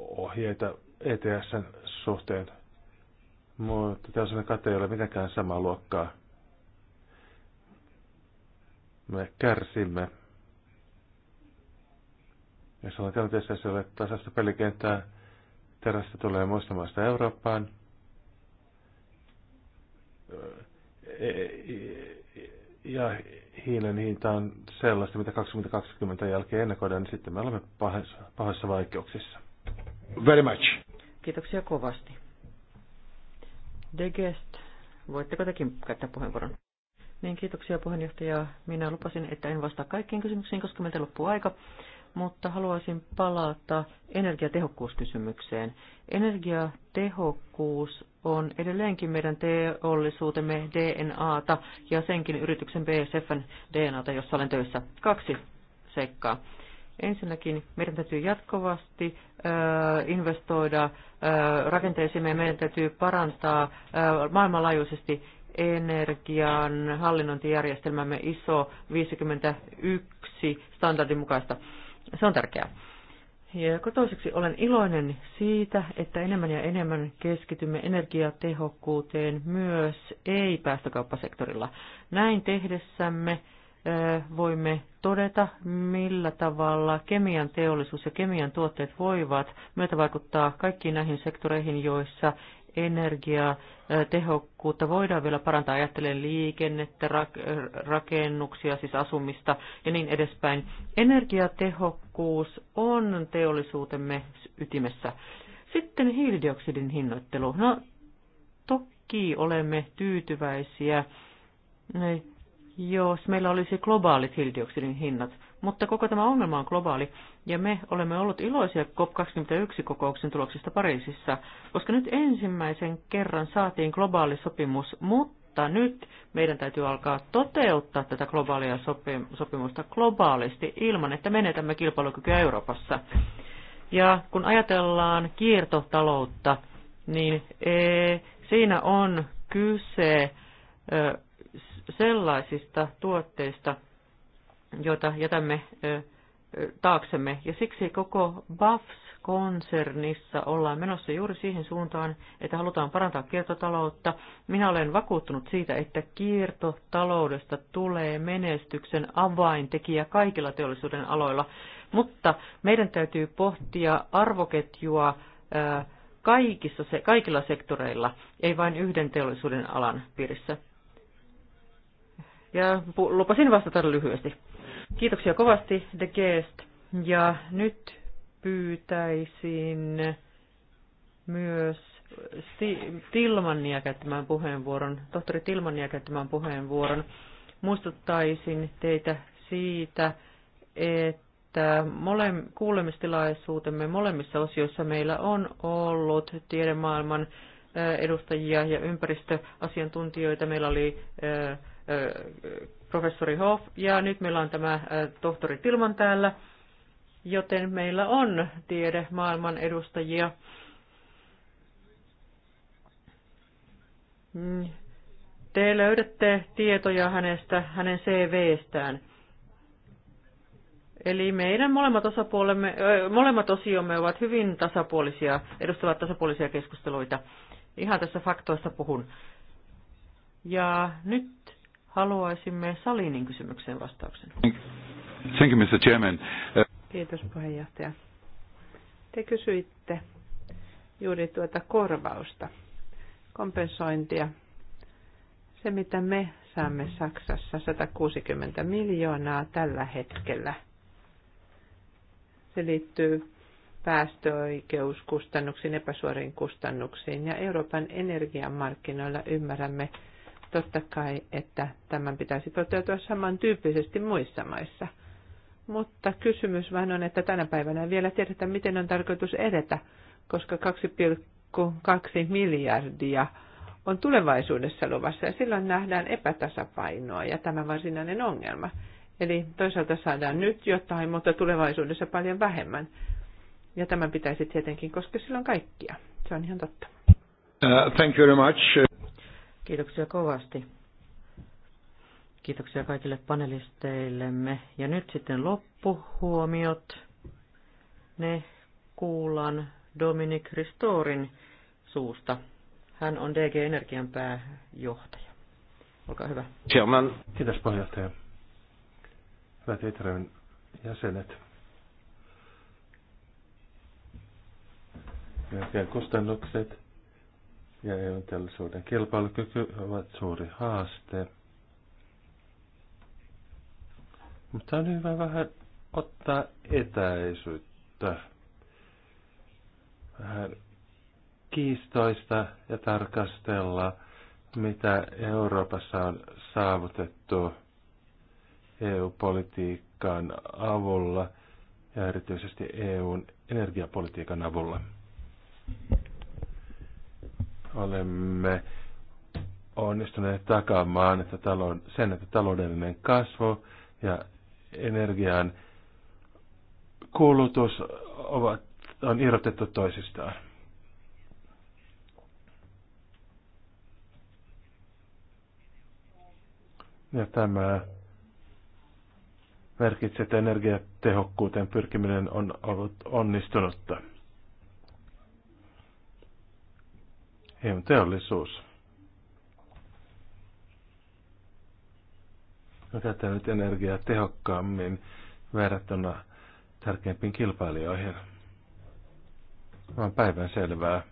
ohjeita ETSn suhteen, mutta tällainen kate ei ole mitenkään samaa luokkaa. Me kärsimme. se on tilanteessa, jos ei ole tasasta pelikenttää, terästä tulee muista maista Eurooppaan. E, e, ja hiilen hinta on sellaista, mitä 2020 jälkeen ennakoidaan, niin sitten me olemme pahassa vaikeuksissa. Very much. Kiitoksia kovasti. Degest, voitteko tekin käyttää puheenvuoron? Niin, kiitoksia puheenjohtaja. Minä lupasin, että en vastaa kaikkiin kysymyksiin, koska meiltä loppuu aika, mutta haluaisin palata energiatehokkuuskysymykseen. Energiatehokkuus on edelleenkin meidän teollisuutemme DNAta ja senkin yrityksen BSFn DNAta, jossa olen töissä. Kaksi seikkaa. Ensinnäkin meidän täytyy jatkuvasti investoida rakenteisiin ja meidän täytyy parantaa maailmanlaajuisesti energian hallinnointijärjestelmämme ISO 51 standardin mukaista. Se on tärkeää. Ja toiseksi olen iloinen siitä, että enemmän ja enemmän keskitymme energiatehokkuuteen myös ei-päästökauppasektorilla. Näin tehdessämme voimme todeta, millä tavalla kemian teollisuus ja kemian tuotteet voivat vaikuttaa kaikkiin näihin sektoreihin, joissa energiaa, tehokkuutta voidaan vielä parantaa, ajattelen liikennettä, rakennuksia, siis asumista ja niin edespäin. Energiatehokkuus on teollisuutemme ytimessä. Sitten hiilidioksidin hinnoittelu. No, toki olemme tyytyväisiä jos meillä olisi globaalit hiilidioksidin hinnat. Mutta koko tämä ongelma on globaali, ja me olemme olleet iloisia COP21-kokouksen tuloksista Pariisissa, koska nyt ensimmäisen kerran saatiin globaali sopimus, mutta nyt meidän täytyy alkaa toteuttaa tätä globaalia sopimusta globaalisti ilman, että menetämme kilpailukykyä Euroopassa. Ja kun ajatellaan kiertotaloutta, niin ee, siinä on kyse sellaisista tuotteista, joita jätämme taaksemme. Ja siksi koko BAFS-konsernissa ollaan menossa juuri siihen suuntaan, että halutaan parantaa kiertotaloutta. Minä olen vakuuttunut siitä, että kiertotaloudesta tulee menestyksen avaintekijä kaikilla teollisuuden aloilla. Mutta meidän täytyy pohtia arvoketjua kaikissa, kaikilla sektoreilla, ei vain yhden teollisuuden alan piirissä ja lupasin vastata lyhyesti. Kiitoksia kovasti, The Guest. Ja nyt pyytäisin myös Tilmannia käyttämään puheenvuoron, tohtori Tilmannia käyttämään puheenvuoron. Muistuttaisin teitä siitä, että mole, kuulemistilaisuutemme molemmissa osioissa meillä on ollut tiedemaailman edustajia ja ympäristöasiantuntijoita. Meillä oli professori Hoff, ja nyt meillä on tämä tohtori Tilman täällä, joten meillä on tiede maailman edustajia. Mm, te löydätte tietoja hänestä, hänen CV: stään, Eli meidän molemmat, osapuolemme, molemmat osiomme ovat hyvin tasapuolisia, edustavat tasapuolisia keskusteluita. Ihan tässä faktoista puhun. Ja nyt Haluaisimme Salinin kysymykseen vastauksen. Thank you, Mr. Chairman. Kiitos puheenjohtaja. Te kysyitte juuri tuota korvausta, kompensointia. Se, mitä me saamme Saksassa, 160 miljoonaa tällä hetkellä. Se liittyy päästöoikeuskustannuksiin, epäsuoriin kustannuksiin ja Euroopan energiamarkkinoilla ymmärrämme totta kai, että tämän pitäisi toteutua samantyyppisesti muissa maissa. Mutta kysymys vain on, että tänä päivänä vielä tiedetään, miten on tarkoitus edetä, koska 2,2 miljardia on tulevaisuudessa luvassa ja silloin nähdään epätasapainoa ja tämä varsinainen ongelma. Eli toisaalta saadaan nyt jotain, mutta tulevaisuudessa paljon vähemmän. Ja tämän pitäisi tietenkin koskea silloin kaikkia. Se on ihan totta. Uh, thank you very much. Kiitoksia kovasti. Kiitoksia kaikille panelisteillemme. Ja nyt sitten loppuhuomiot. Ne kuullaan Dominic Ristorin suusta. Hän on DG Energian pääjohtaja. Olkaa hyvä. Chairman. Kiitos puheenjohtaja. Hyvät Itrevin jäsenet. Energian kustannukset ja eu teollisuuden kilpailukyky ovat suuri haaste. Mutta on hyvä vähän ottaa etäisyyttä vähän kiistoista ja tarkastella, mitä Euroopassa on saavutettu EU-politiikan avulla ja erityisesti EUn energiapolitiikan avulla olemme onnistuneet takaamaan että talon, sen, että taloudellinen kasvu ja energian kulutus ovat, on irrotettu toisistaan. Ja tämä merkitsee, että energiatehokkuuteen pyrkiminen on ollut onnistunutta. EUn teollisuus. on nyt energiaa tehokkaammin verrattuna tärkeimpiin kilpailijoihin. On päivän selvää.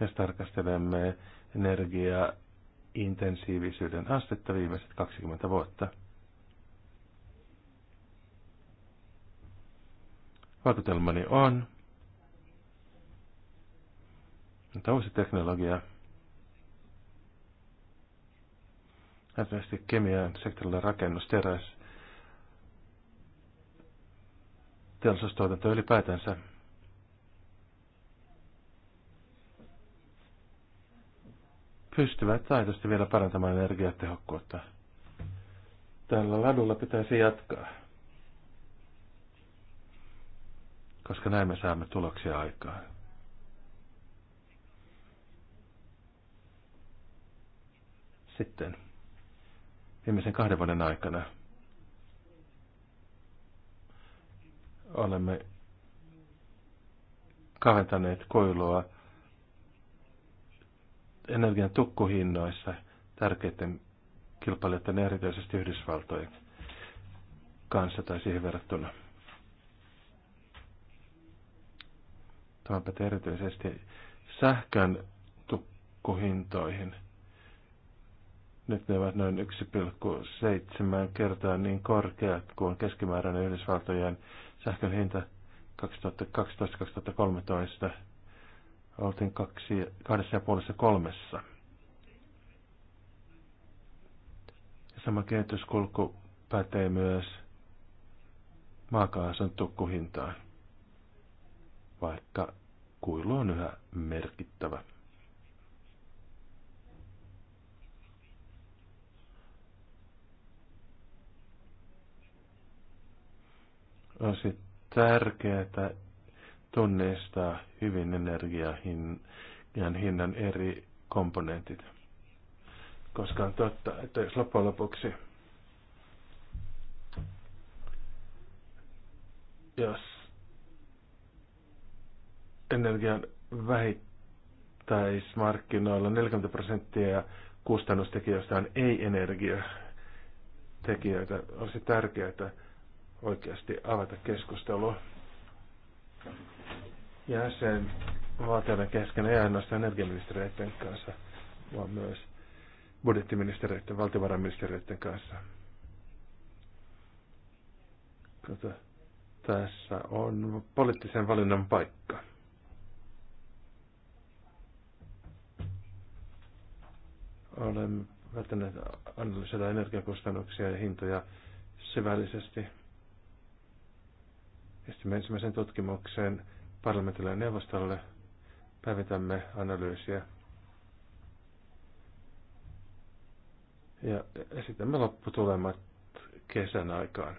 Jos tarkastelemme energiaa intensiivisyyden astetta viimeiset 20 vuotta – Vaikutelmani on, että uusi teknologia, erityisesti kemian sektorilla rakennus, teräs, teollisuustuotanto ylipäätänsä, pystyvät taitosti vielä parantamaan energiatehokkuutta. Tällä ladulla pitäisi jatkaa. koska näin me saamme tuloksia aikaan. Sitten viimeisen kahden vuoden aikana olemme kaventaneet koilua energian tukkuhinnoissa tärkeiden kilpailijoiden erityisesti Yhdysvaltojen kanssa tai siihen verrattuna. Tämä erityisesti sähkön tukkuhintoihin. Nyt ne ovat noin 1,7 kertaa niin korkeat kuin keskimääräinen Yhdysvaltojen sähkön hinta 2012-2013. Oltiin kaksi, kahdessa ja puolessa kolmessa. Ja sama kehityskulku pätee myös maakaasun tukkuhintaan, vaikka kuilu on yhä merkittävä. Olisi tärkeää tunnistaa hyvin energian hinnan eri komponentit. Koska on totta, että jos loppujen lopuksi jos energian vähittäismarkkinoilla 40 prosenttia kustannustekijöistä on ei-energiatekijöitä. Olisi tärkeää oikeasti avata keskustelua jäsenvaltioiden kesken, ei ainoastaan energiaministeriöiden kanssa, vaan myös budjettiministeriöiden, valtiovarainministeriöiden kanssa. Kato, tässä on poliittisen valinnan paikka. Olen välttäneet analysoida energiakustannuksia ja hintoja syvällisesti. Estimme ensimmäisen tutkimuksen parlamentille ja neuvostolle. Päivitämme analyysiä. Ja esitämme lopputulemat kesän aikaan.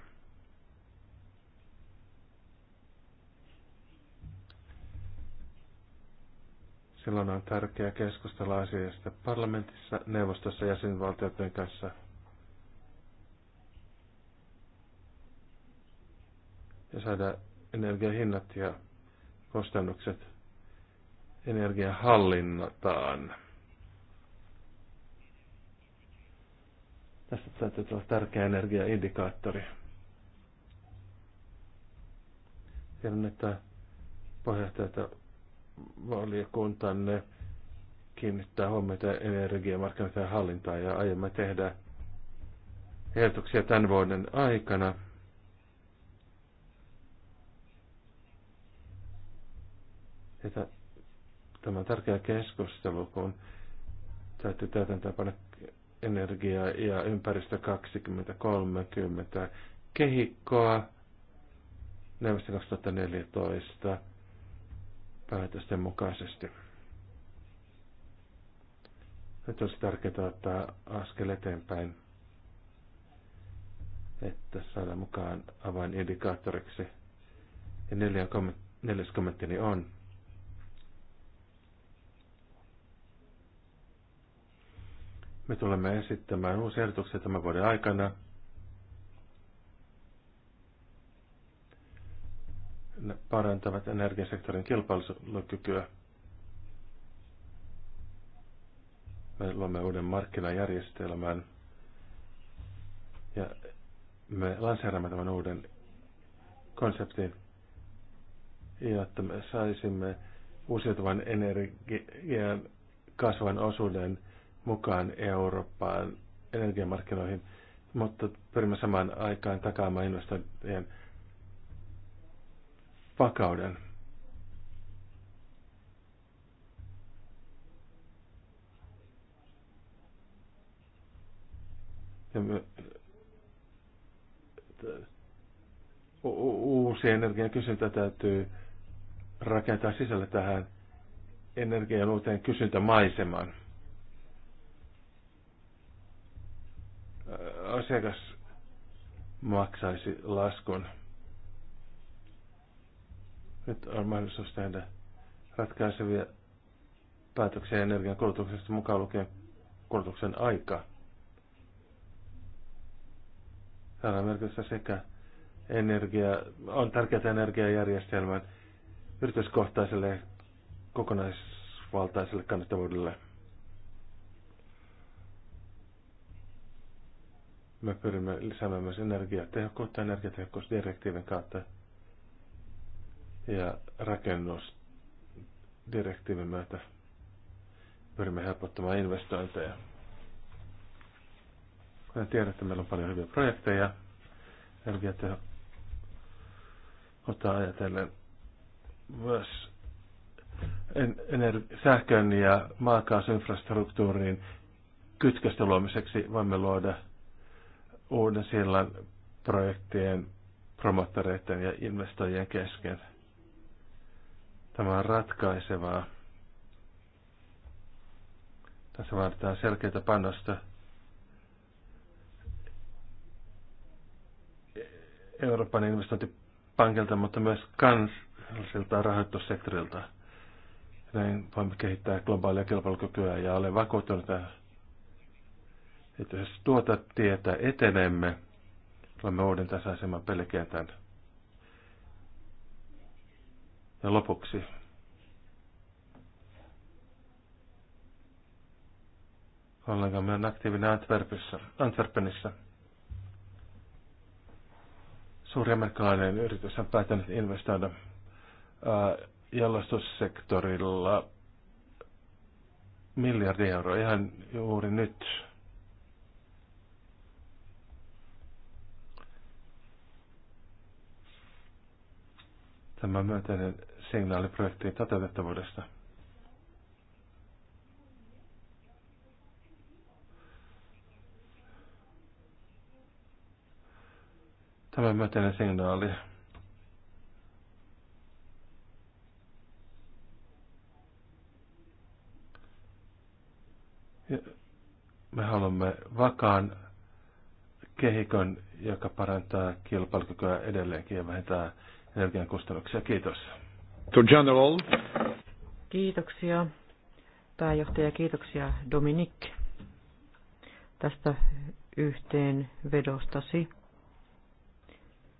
Silloin on tärkeää keskustella asiasta parlamentissa, neuvostossa ja jäsenvaltioiden kanssa. Ja saada energiahinnat ja kustannukset energiahallinnataan. Tästä täytyy tulla tärkeä energiaindikaattori. Tiedän, että puheenjohtajalta valiokuntanne kiinnittää huomiota energiamarkkinoita ja hallintaan ja aiomme tehdä ehdotuksia tämän vuoden aikana. Ja tämä on tärkeä keskustelu, kun täytyy täytäntöönpanna energia- ja ympäristö 2030 kehikkoa neuvosto 2014 päätösten mukaisesti. Nyt olisi tärkeää ottaa askel eteenpäin, että saadaan mukaan avainindikaattoriksi. Ja neljän neljäs kommenttini on, me tulemme esittämään uusia ehdotuksia tämän vuoden aikana – ne parantavat energiasektorin kilpailukykyä. Me luomme uuden markkinajärjestelmän ja me lanseeramme tämän uuden konseptin, jotta me saisimme uusiutuvan energian kasvan osuuden mukaan Eurooppaan energiamarkkinoihin, mutta pyrimme samaan aikaan takaamaan investointien vakauden. Ja me, uusi energian kysyntä täytyy rakentaa sisälle tähän energian uuteen kysyntämaisemaan. Asiakas maksaisi laskun. Nyt on mahdollisuus tehdä ratkaisevia päätöksiä energian kulutuksesta mukaan lukien kulutuksen aika. Tällä on merkitystä sekä energia, on tärkeää energiajärjestelmän yrityskohtaiselle ja kokonaisvaltaiselle kannattavuudelle. Me pyrimme lisäämään myös energiatehokkuutta energiatehokkuusdirektiivin kautta ja rakennusdirektiivin myötä pyrimme helpottamaan investointeja. Kuten tiedätte, meillä on paljon hyviä projekteja. Energiateho ottaa ajatellen myös sähkön ja maakaasuinfrastruktuurin kytköstä luomiseksi voimme luoda uuden sillan projektien promottoreiden ja investoijien kesken – Tämä on ratkaisevaa. Tässä vaaditaan selkeitä panosta Euroopan investointipankilta, mutta myös kansallisilta rahoitussektorilta. Näin voimme kehittää globaalia kilpailukykyä ja olen vakuuttunut, että jos tuota tietä etenemme, olemme uuden tasaisemman pelikentän ja lopuksi me on aktiivinen Antwerpissa, Antwerpenissa. Suuri amerikkalainen yritys on päättänyt investoida ää, äh, jalostussektorilla miljardi euroa ihan juuri nyt. Tämä myönteinen signaaliprojektiin toteutettavuudesta. Tämä myönteinen signaali. Me haluamme vakaan kehikon, joka parantaa kilpailukykyä edelleenkin ja vähentää energian kustannuksia. Kiitos to General. Kiitoksia pääjohtaja, kiitoksia Dominik tästä yhteenvedostasi.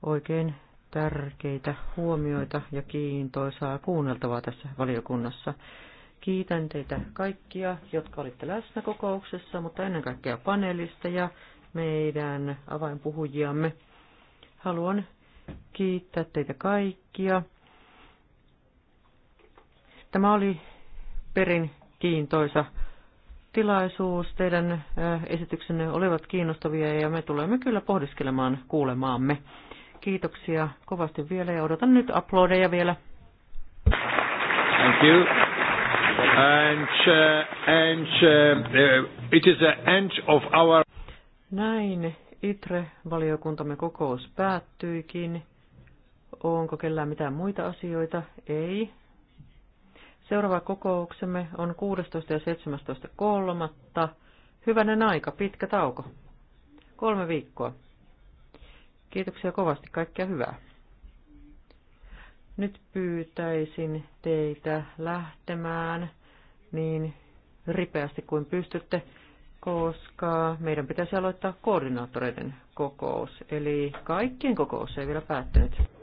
Oikein tärkeitä huomioita ja kiintoisaa kuunneltavaa tässä valiokunnassa. Kiitän teitä kaikkia, jotka olitte läsnä kokouksessa, mutta ennen kaikkea panelista ja meidän avainpuhujiamme. Haluan kiittää teitä kaikkia. Tämä oli perin kiintoisa tilaisuus. Teidän esityksenne olivat kiinnostavia ja me tulemme kyllä pohdiskelemaan kuulemaamme. Kiitoksia kovasti vielä ja odotan nyt aplodeja vielä. Thank you. And, uh, and uh, uh it is the end of our... Näin ITRE-valiokuntamme kokous päättyikin. Onko kellään mitään muita asioita? Ei. Seuraava kokouksemme on 16. ja 17. kolmatta. Hyvänen aika, pitkä tauko. Kolme viikkoa. Kiitoksia kovasti, kaikkea hyvää. Nyt pyytäisin teitä lähtemään niin ripeästi kuin pystytte, koska meidän pitäisi aloittaa koordinaattoreiden kokous. Eli kaikkien kokous ei vielä päättynyt.